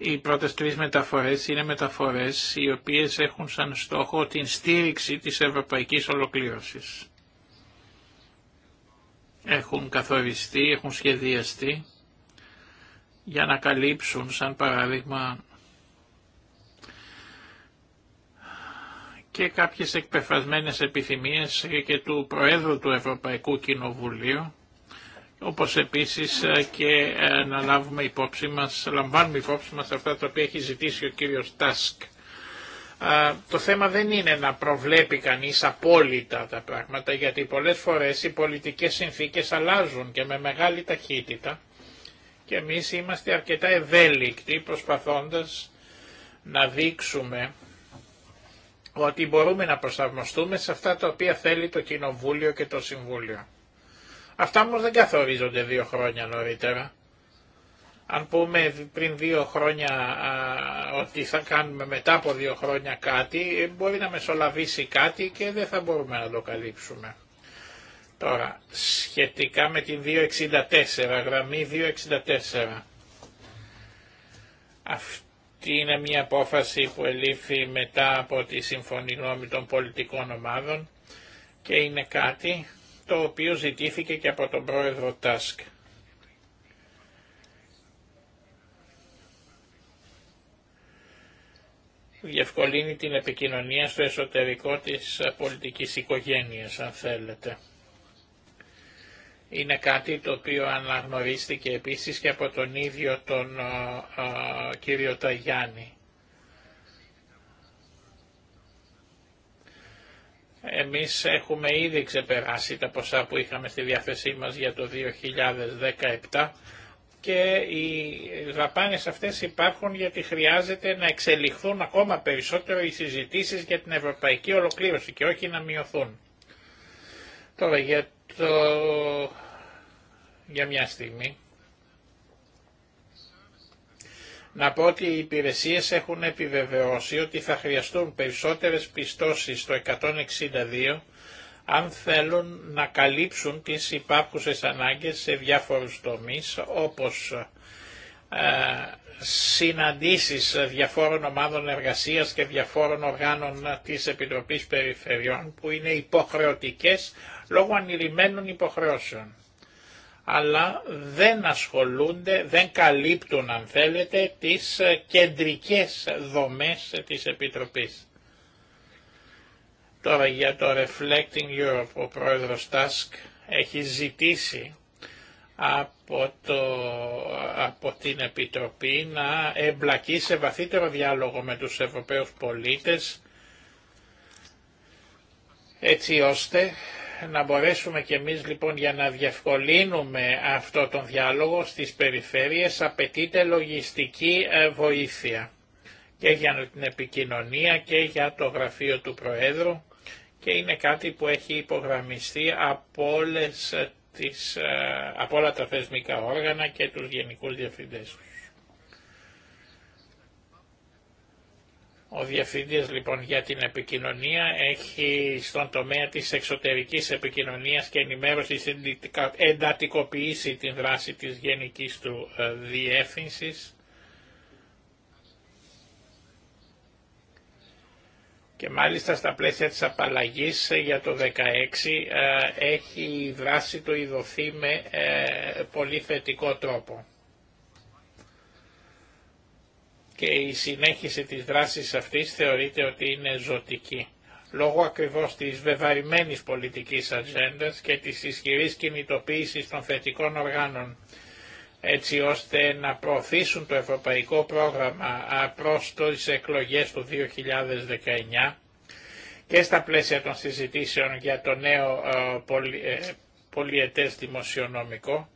Οι πρώτες τρεις μεταφορές είναι μεταφορές οι οποίες έχουν σαν στόχο την στήριξη της ευρωπαϊκής ολοκλήρωσης. Έχουν καθοριστεί, έχουν σχεδιαστεί για να καλύψουν σαν παράδειγμα και κάποιες εκπεφασμένες επιθυμίες και του Προέδρου του Ευρωπαϊκού Κοινοβουλίου όπως επίσης ε, και ε, να λάβουμε υπόψη μας, λαμβάνουμε υπόψη μας αυτά τα οποία έχει ζητήσει ο κύριος Τάσκ. Το θέμα δεν είναι να προβλέπει κανείς απόλυτα τα πράγματα, γιατί πολλές φορές οι πολιτικές συνθήκες αλλάζουν και με μεγάλη ταχύτητα και εμείς είμαστε αρκετά ευέλικτοι προσπαθώντας να δείξουμε ότι μπορούμε να προσαρμοστούμε σε αυτά τα οποία θέλει το Κοινοβούλιο και το Συμβούλιο. Αυτά όμως δεν καθορίζονται δύο χρόνια νωρίτερα. Αν πούμε πριν δύο χρόνια ότι θα κάνουμε μετά από δύο χρόνια κάτι, ε, μπορεί να μεσολαβήσει κάτι και δεν θα μπορούμε να το καλύψουμε. Τώρα, σχετικά με την 264, γραμμή 264. Αυτή είναι μια απόφαση που ελήφθη μετά από τη συμφωνή των πολιτικών ομάδων και είναι κάτι το οποίο ζητήθηκε και από τον πρόεδρο Τάσκ. Διευκολύνει την επικοινωνία στο εσωτερικό της πολιτικής οικογένειας, αν θέλετε. Είναι κάτι το οποίο αναγνωρίστηκε επίσης και από τον ίδιο τον κύριο Ταγιάννη. Εμείς έχουμε ήδη ξεπεράσει τα ποσά που είχαμε στη διάθεσή μας για το 2017 και οι δαπάνες αυτές υπάρχουν γιατί χρειάζεται να εξελιχθούν ακόμα περισσότερο οι συζητήσεις για την ευρωπαϊκή ολοκλήρωση και όχι να μειωθούν. Τώρα για, το... για μια στιγμή. Να πω ότι οι υπηρεσίες έχουν επιβεβαιώσει ότι θα χρειαστούν περισσότερες πιστώσεις στο 162 αν θέλουν να καλύψουν τις υπάρχουσες ανάγκες σε διάφορους τομείς όπως ε, συναντήσεις διαφόρων ομάδων εργασίας και διαφόρων οργάνων της Επιτροπής Περιφερειών που είναι υποχρεωτικές λόγω ανηρημένων υποχρεώσεων αλλά δεν ασχολούνται, δεν καλύπτουν αν θέλετε τις κεντρικές δομές της Επιτροπής. Τώρα για το Reflecting Europe ο πρόεδρος Τάσκ έχει ζητήσει από, το, από την Επιτροπή να εμπλακεί σε βαθύτερο διάλογο με τους Ευρωπαίους πολίτες έτσι ώστε να μπορέσουμε και εμείς λοιπόν για να διευκολύνουμε αυτό τον διάλογο στις περιφέρειες απαιτείται λογιστική ε, βοήθεια και για την επικοινωνία και για το γραφείο του Προέδρου και είναι κάτι που έχει υπογραμμιστεί από, τις, ε, από όλα τα θεσμικά όργανα και τους γενικούς διευθυντές Ο Διευθυντής λοιπόν για την επικοινωνία έχει στον τομέα της εξωτερικής επικοινωνίας και ενημέρωσης εντατικοποιήσει την δράση της γενικής του ε, διεύθυνσης. Και μάλιστα στα πλαίσια της απαλλαγής για το 2016 ε, έχει η δράση του ειδωθεί με ε, πολύ θετικό τρόπο και η συνέχιση της δράσης αυτής θεωρείται ότι είναι ζωτική. Λόγω ακριβώς της βεβαρημένης πολιτικής ατζέντα και της ισχυρής κινητοποίησης των θετικών οργάνων έτσι ώστε να προωθήσουν το ευρωπαϊκό πρόγραμμα προς τις εκλογές του 2019 και στα πλαίσια των συζητήσεων για το νέο ε, πολιετές δημοσιονομικό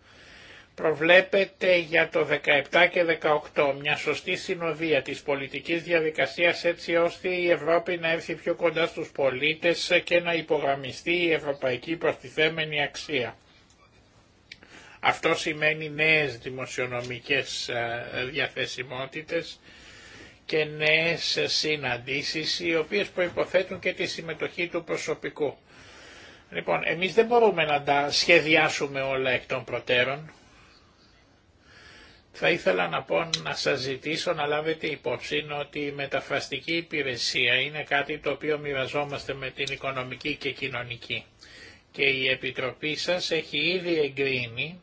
προβλέπεται για το 17 και 18 μια σωστή συνοδεία της πολιτικής διαδικασίας έτσι ώστε η Ευρώπη να έρθει πιο κοντά στους πολίτες και να υπογραμμιστεί η ευρωπαϊκή προστιθέμενη αξία. Αυτό σημαίνει νέες δημοσιονομικές ε, διαθεσιμότητες και νέες συναντήσεις οι οποίες προϋποθέτουν και τη συμμετοχή του προσωπικού. Λοιπόν, εμείς δεν μπορούμε να τα σχεδιάσουμε όλα εκ των προτέρων. Θα ήθελα να πω να σας ζητήσω να λάβετε υπόψη ότι η μεταφραστική υπηρεσία είναι κάτι το οποίο μοιραζόμαστε με την οικονομική και κοινωνική. Και η Επιτροπή σας έχει ήδη εγκρίνει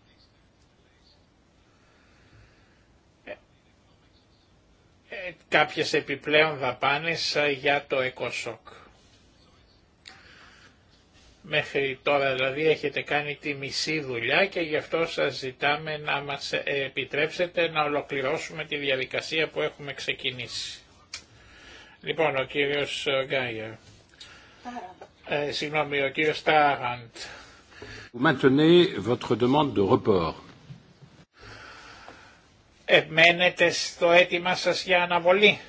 ε, ε, κάποιες επιπλέον δαπάνες για το ΕΚΟΣΟΚ. Μέχρι τώρα δηλαδή έχετε κάνει τη μισή δουλειά και γι' αυτό σας ζητάμε να μας ε, επιτρέψετε να ολοκληρώσουμε τη διαδικασία που έχουμε ξεκινήσει. Λοιπόν, ο κύριος ε, Γκάιερ. Ε, συγγνώμη, ο κύριος Τάραντ. Εμένετε στο αίτημα σας για αναβολή.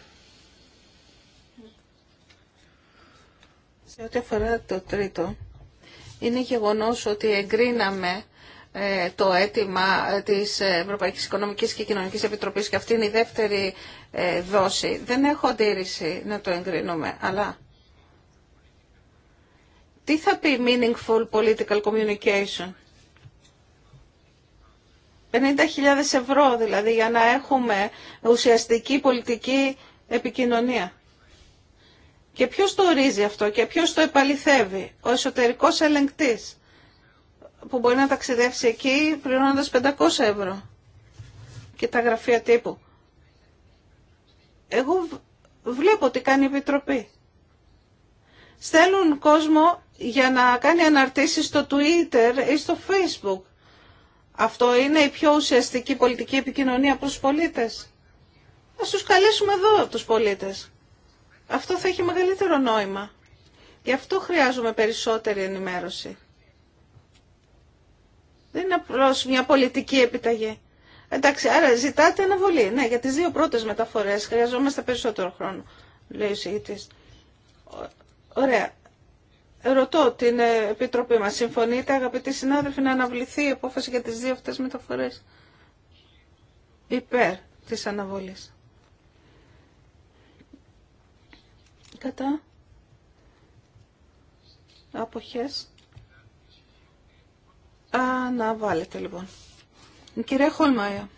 Σε ό,τι αφορά το τρίτο, είναι γεγονός ότι εγκρίναμε ε, το αίτημα ε, της Ευρωπαϊκής Οικονομικής και Κοινωνικής Επιτροπής και αυτή είναι η δεύτερη ε, δόση. Δεν έχω αντίρρηση να το εγκρίνουμε, αλλά τι θα πει meaningful political communication. 50.000 ευρώ δηλαδή για να έχουμε ουσιαστική πολιτική επικοινωνία. Και ποιος το ορίζει αυτό και ποιος το επαληθεύει. Ο εσωτερικός ελεγκτής που μπορεί να ταξιδεύσει εκεί πληρώνοντας 500 ευρώ και τα γραφεία τύπου. Εγώ βλέπω τι κάνει η Επιτροπή. Στέλνουν κόσμο για να κάνει αναρτήσεις στο Twitter ή στο Facebook. Αυτό είναι η πιο ουσιαστική πολιτική επικοινωνία προς τους πολίτες. Ας τους καλέσουμε εδώ τους πολίτες αυτό θα έχει μεγαλύτερο νόημα. Γι' αυτό χρειάζομαι περισσότερη ενημέρωση. Δεν είναι απλώ μια πολιτική επιταγή. Εντάξει, άρα ζητάτε αναβολή. Ναι, για τις δύο πρώτες μεταφορές χρειαζόμαστε περισσότερο χρόνο, λέει ο συγητής. Ωραία. Ρωτώ την Επιτροπή μας. Συμφωνείτε, αγαπητοί συνάδελφοι, να αναβληθεί η απόφαση για τις δύο αυτές μεταφορές. Υπέρ της αναβολής. κατά αποχές βάλετε λοιπόν. κυρία Χολμάια.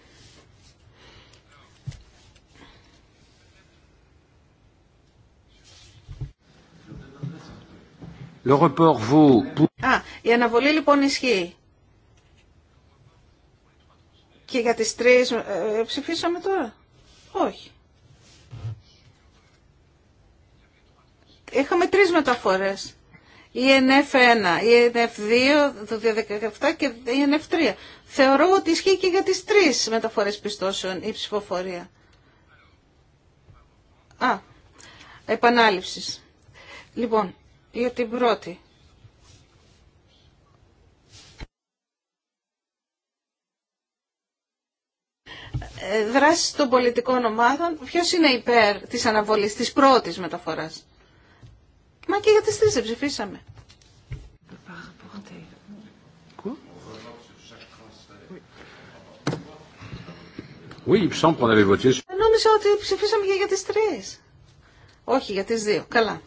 Le report vous... Α, η αναβολή λοιπόν ισχύει. Και για τις τρεις ε, ε ψηφίσαμε τώρα. Όχι. Είχαμε τρεις μεταφορές. Η NF1, η NF2 το 2017 και η NF3. Θεωρώ ότι ισχύει και για τις τρεις μεταφορές πιστώσεων η ψηφοφορία. Α, επανάληψης. Λοιπόν, για την πρώτη. Ε, Δράσεις των πολιτικών ομάδων, ποιος είναι υπέρ της αναβολής της πρώτης μεταφοράς. Μα και για τις τρεις δεν ψηφίσαμε. Νόμιζα ότι ψηφίσαμε για τις τρεις. Όχι, για τις δύο. Καλά.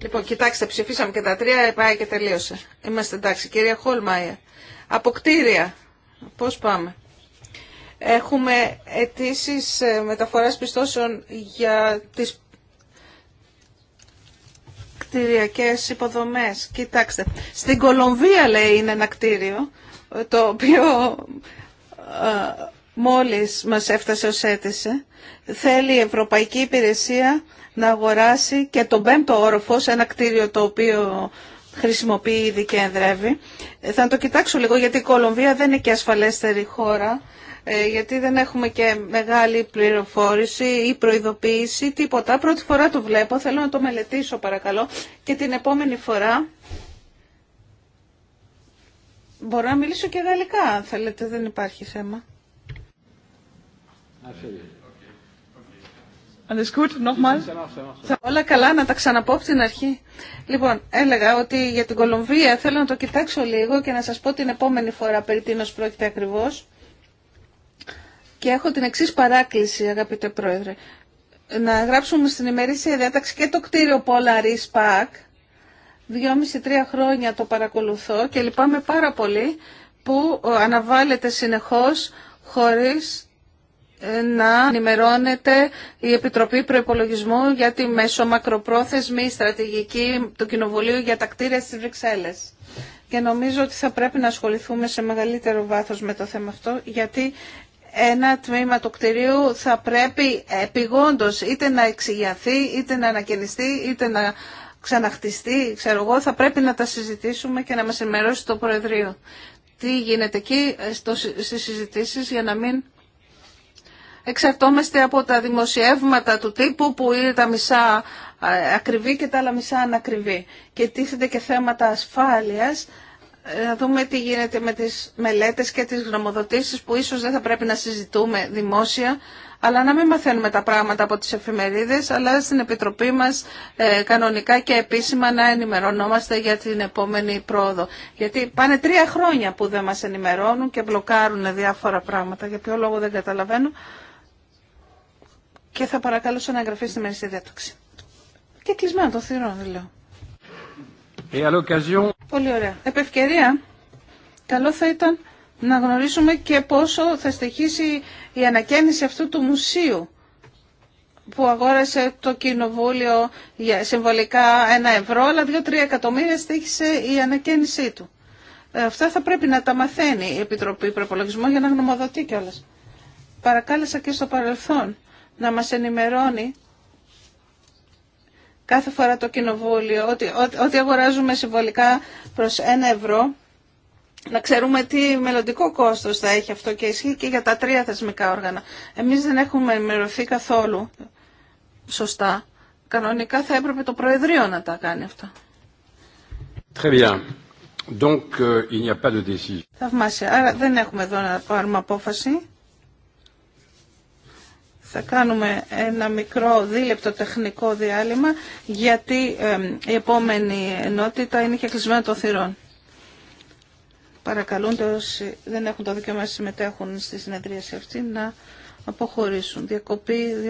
Λοιπόν, κοιτάξτε, ψηφίσαμε και τα τρία, πάει και τελείωσε. Είμαστε εντάξει. Κυρία Χόλμαια, από κτίρια, πώς πάμε. Έχουμε αιτήσει ε, μεταφοράς πιστώσεων για τις κτηριακές υποδομές. Κοιτάξτε, στην Κολομβία λέει είναι ένα κτίριο, ε, το οποίο ε, μόλις μας έφτασε ως αίτηση, θέλει η Ευρωπαϊκή Υπηρεσία να αγοράσει και τον πέμπτο όροφο σε ένα κτίριο το οποίο χρησιμοποιεί ήδη και ενδρεύει. Ε, θα το κοιτάξω λίγο γιατί η Κολομβία δεν είναι και ασφαλέστερη χώρα ε, γιατί δεν έχουμε και μεγάλη πληροφόρηση ή προειδοποίηση, τίποτα. Πρώτη φορά το βλέπω, θέλω να το μελετήσω παρακαλώ και την επόμενη φορά μπορώ να μιλήσω και γαλλικά αν θέλετε, δεν υπάρχει θέμα. Alles gut, Όλα καλά, να τα ξαναπώ από την αρχή. Λοιπόν, έλεγα ότι για την Κολομβία θέλω να το κοιτάξω λίγο και να σας πω την επόμενη φορά περί τίνος πρόκειται ακριβώς. Και έχω την εξής παράκληση, αγαπητέ Πρόεδρε. Να γράψουμε στην ημερήσια διάταξη και το κτίριο Polaris Park. Δυόμιση-τρία χρόνια το παρακολουθώ και λυπάμαι πάρα πολύ που αναβάλλεται συνεχώς χωρίς να ενημερώνεται η Επιτροπή Προπολογισμού για τη μεσομακροπρόθεσμη στρατηγική του Κοινοβουλίου για τα κτίρια στις Βρυξέλλες. Και νομίζω ότι θα πρέπει να ασχοληθούμε σε μεγαλύτερο βάθος με το θέμα αυτό, γιατί ένα τμήμα του κτηρίου θα πρέπει επιγόντως είτε να εξηγιαθεί, είτε να ανακαινιστεί, είτε να ξαναχτιστεί, ξέρω εγώ, θα πρέπει να τα συζητήσουμε και να μας ενημερώσει το Προεδρείο. Τι γίνεται εκεί στι στις για να μην εξαρτώμαστε από τα δημοσιεύματα του τύπου που είναι τα μισά ε, ακριβή και τα άλλα μισά ανακριβή. Και τίθεται και θέματα ασφάλειας, ε, να δούμε τι γίνεται με τις μελέτες και τις γνωμοδοτήσεις που ίσως δεν θα πρέπει να συζητούμε δημόσια, αλλά να μην μαθαίνουμε τα πράγματα από τις εφημερίδες, αλλά στην Επιτροπή μας ε, κανονικά και επίσημα να ενημερωνόμαστε για την επόμενη πρόοδο. Γιατί πάνε τρία χρόνια που δεν μας ενημερώνουν και μπλοκάρουν διάφορα πράγματα, για ποιο λόγο δεν καταλαβαίνω και θα παρακαλούσα να εγγραφεί στη μερική διάταξη. Και κλεισμένο το θηρόν, λέω. Et Πολύ ωραία. Επ' ευκαιρία, καλό θα ήταν να γνωρίσουμε και πόσο θα στοιχήσει η ανακαίνιση αυτού του μουσείου που αγόρασε το κοινοβούλιο για συμβολικά ένα ευρώ, αλλά δύο-τρία εκατομμύρια στήχησε η ανακαίνισή του. Ε, αυτά θα πρέπει να τα μαθαίνει η Επιτροπή Προπολογισμού για να γνωμοδοτεί κιόλα. Παρακάλεσα και στο παρελθόν να μας ενημερώνει κάθε φορά το κοινοβούλιο ότι ό,τι αγοράζουμε συμβολικά προς ένα ευρώ να ξέρουμε τι μελλοντικό κόστος θα έχει αυτό και ισχύει και για τα τρία θεσμικά όργανα. Εμείς δεν έχουμε ενημερωθεί καθόλου σωστά. Κανονικά θα έπρεπε το Προεδρείο να τα κάνει αυτά. Très euh, il a pas de Θαυμάσια. Άρα δεν έχουμε εδώ να πάρουμε απόφαση. Θα κάνουμε ένα μικρό δίλεπτο τεχνικό διάλειμμα γιατί η επόμενη ενότητα είναι και κλεισμένα των θυρών. Παρακαλούνται όσοι δεν έχουν το δικαίωμα να συμμετέχουν στη συνεδρίαση αυτή να αποχωρήσουν. Διακοπή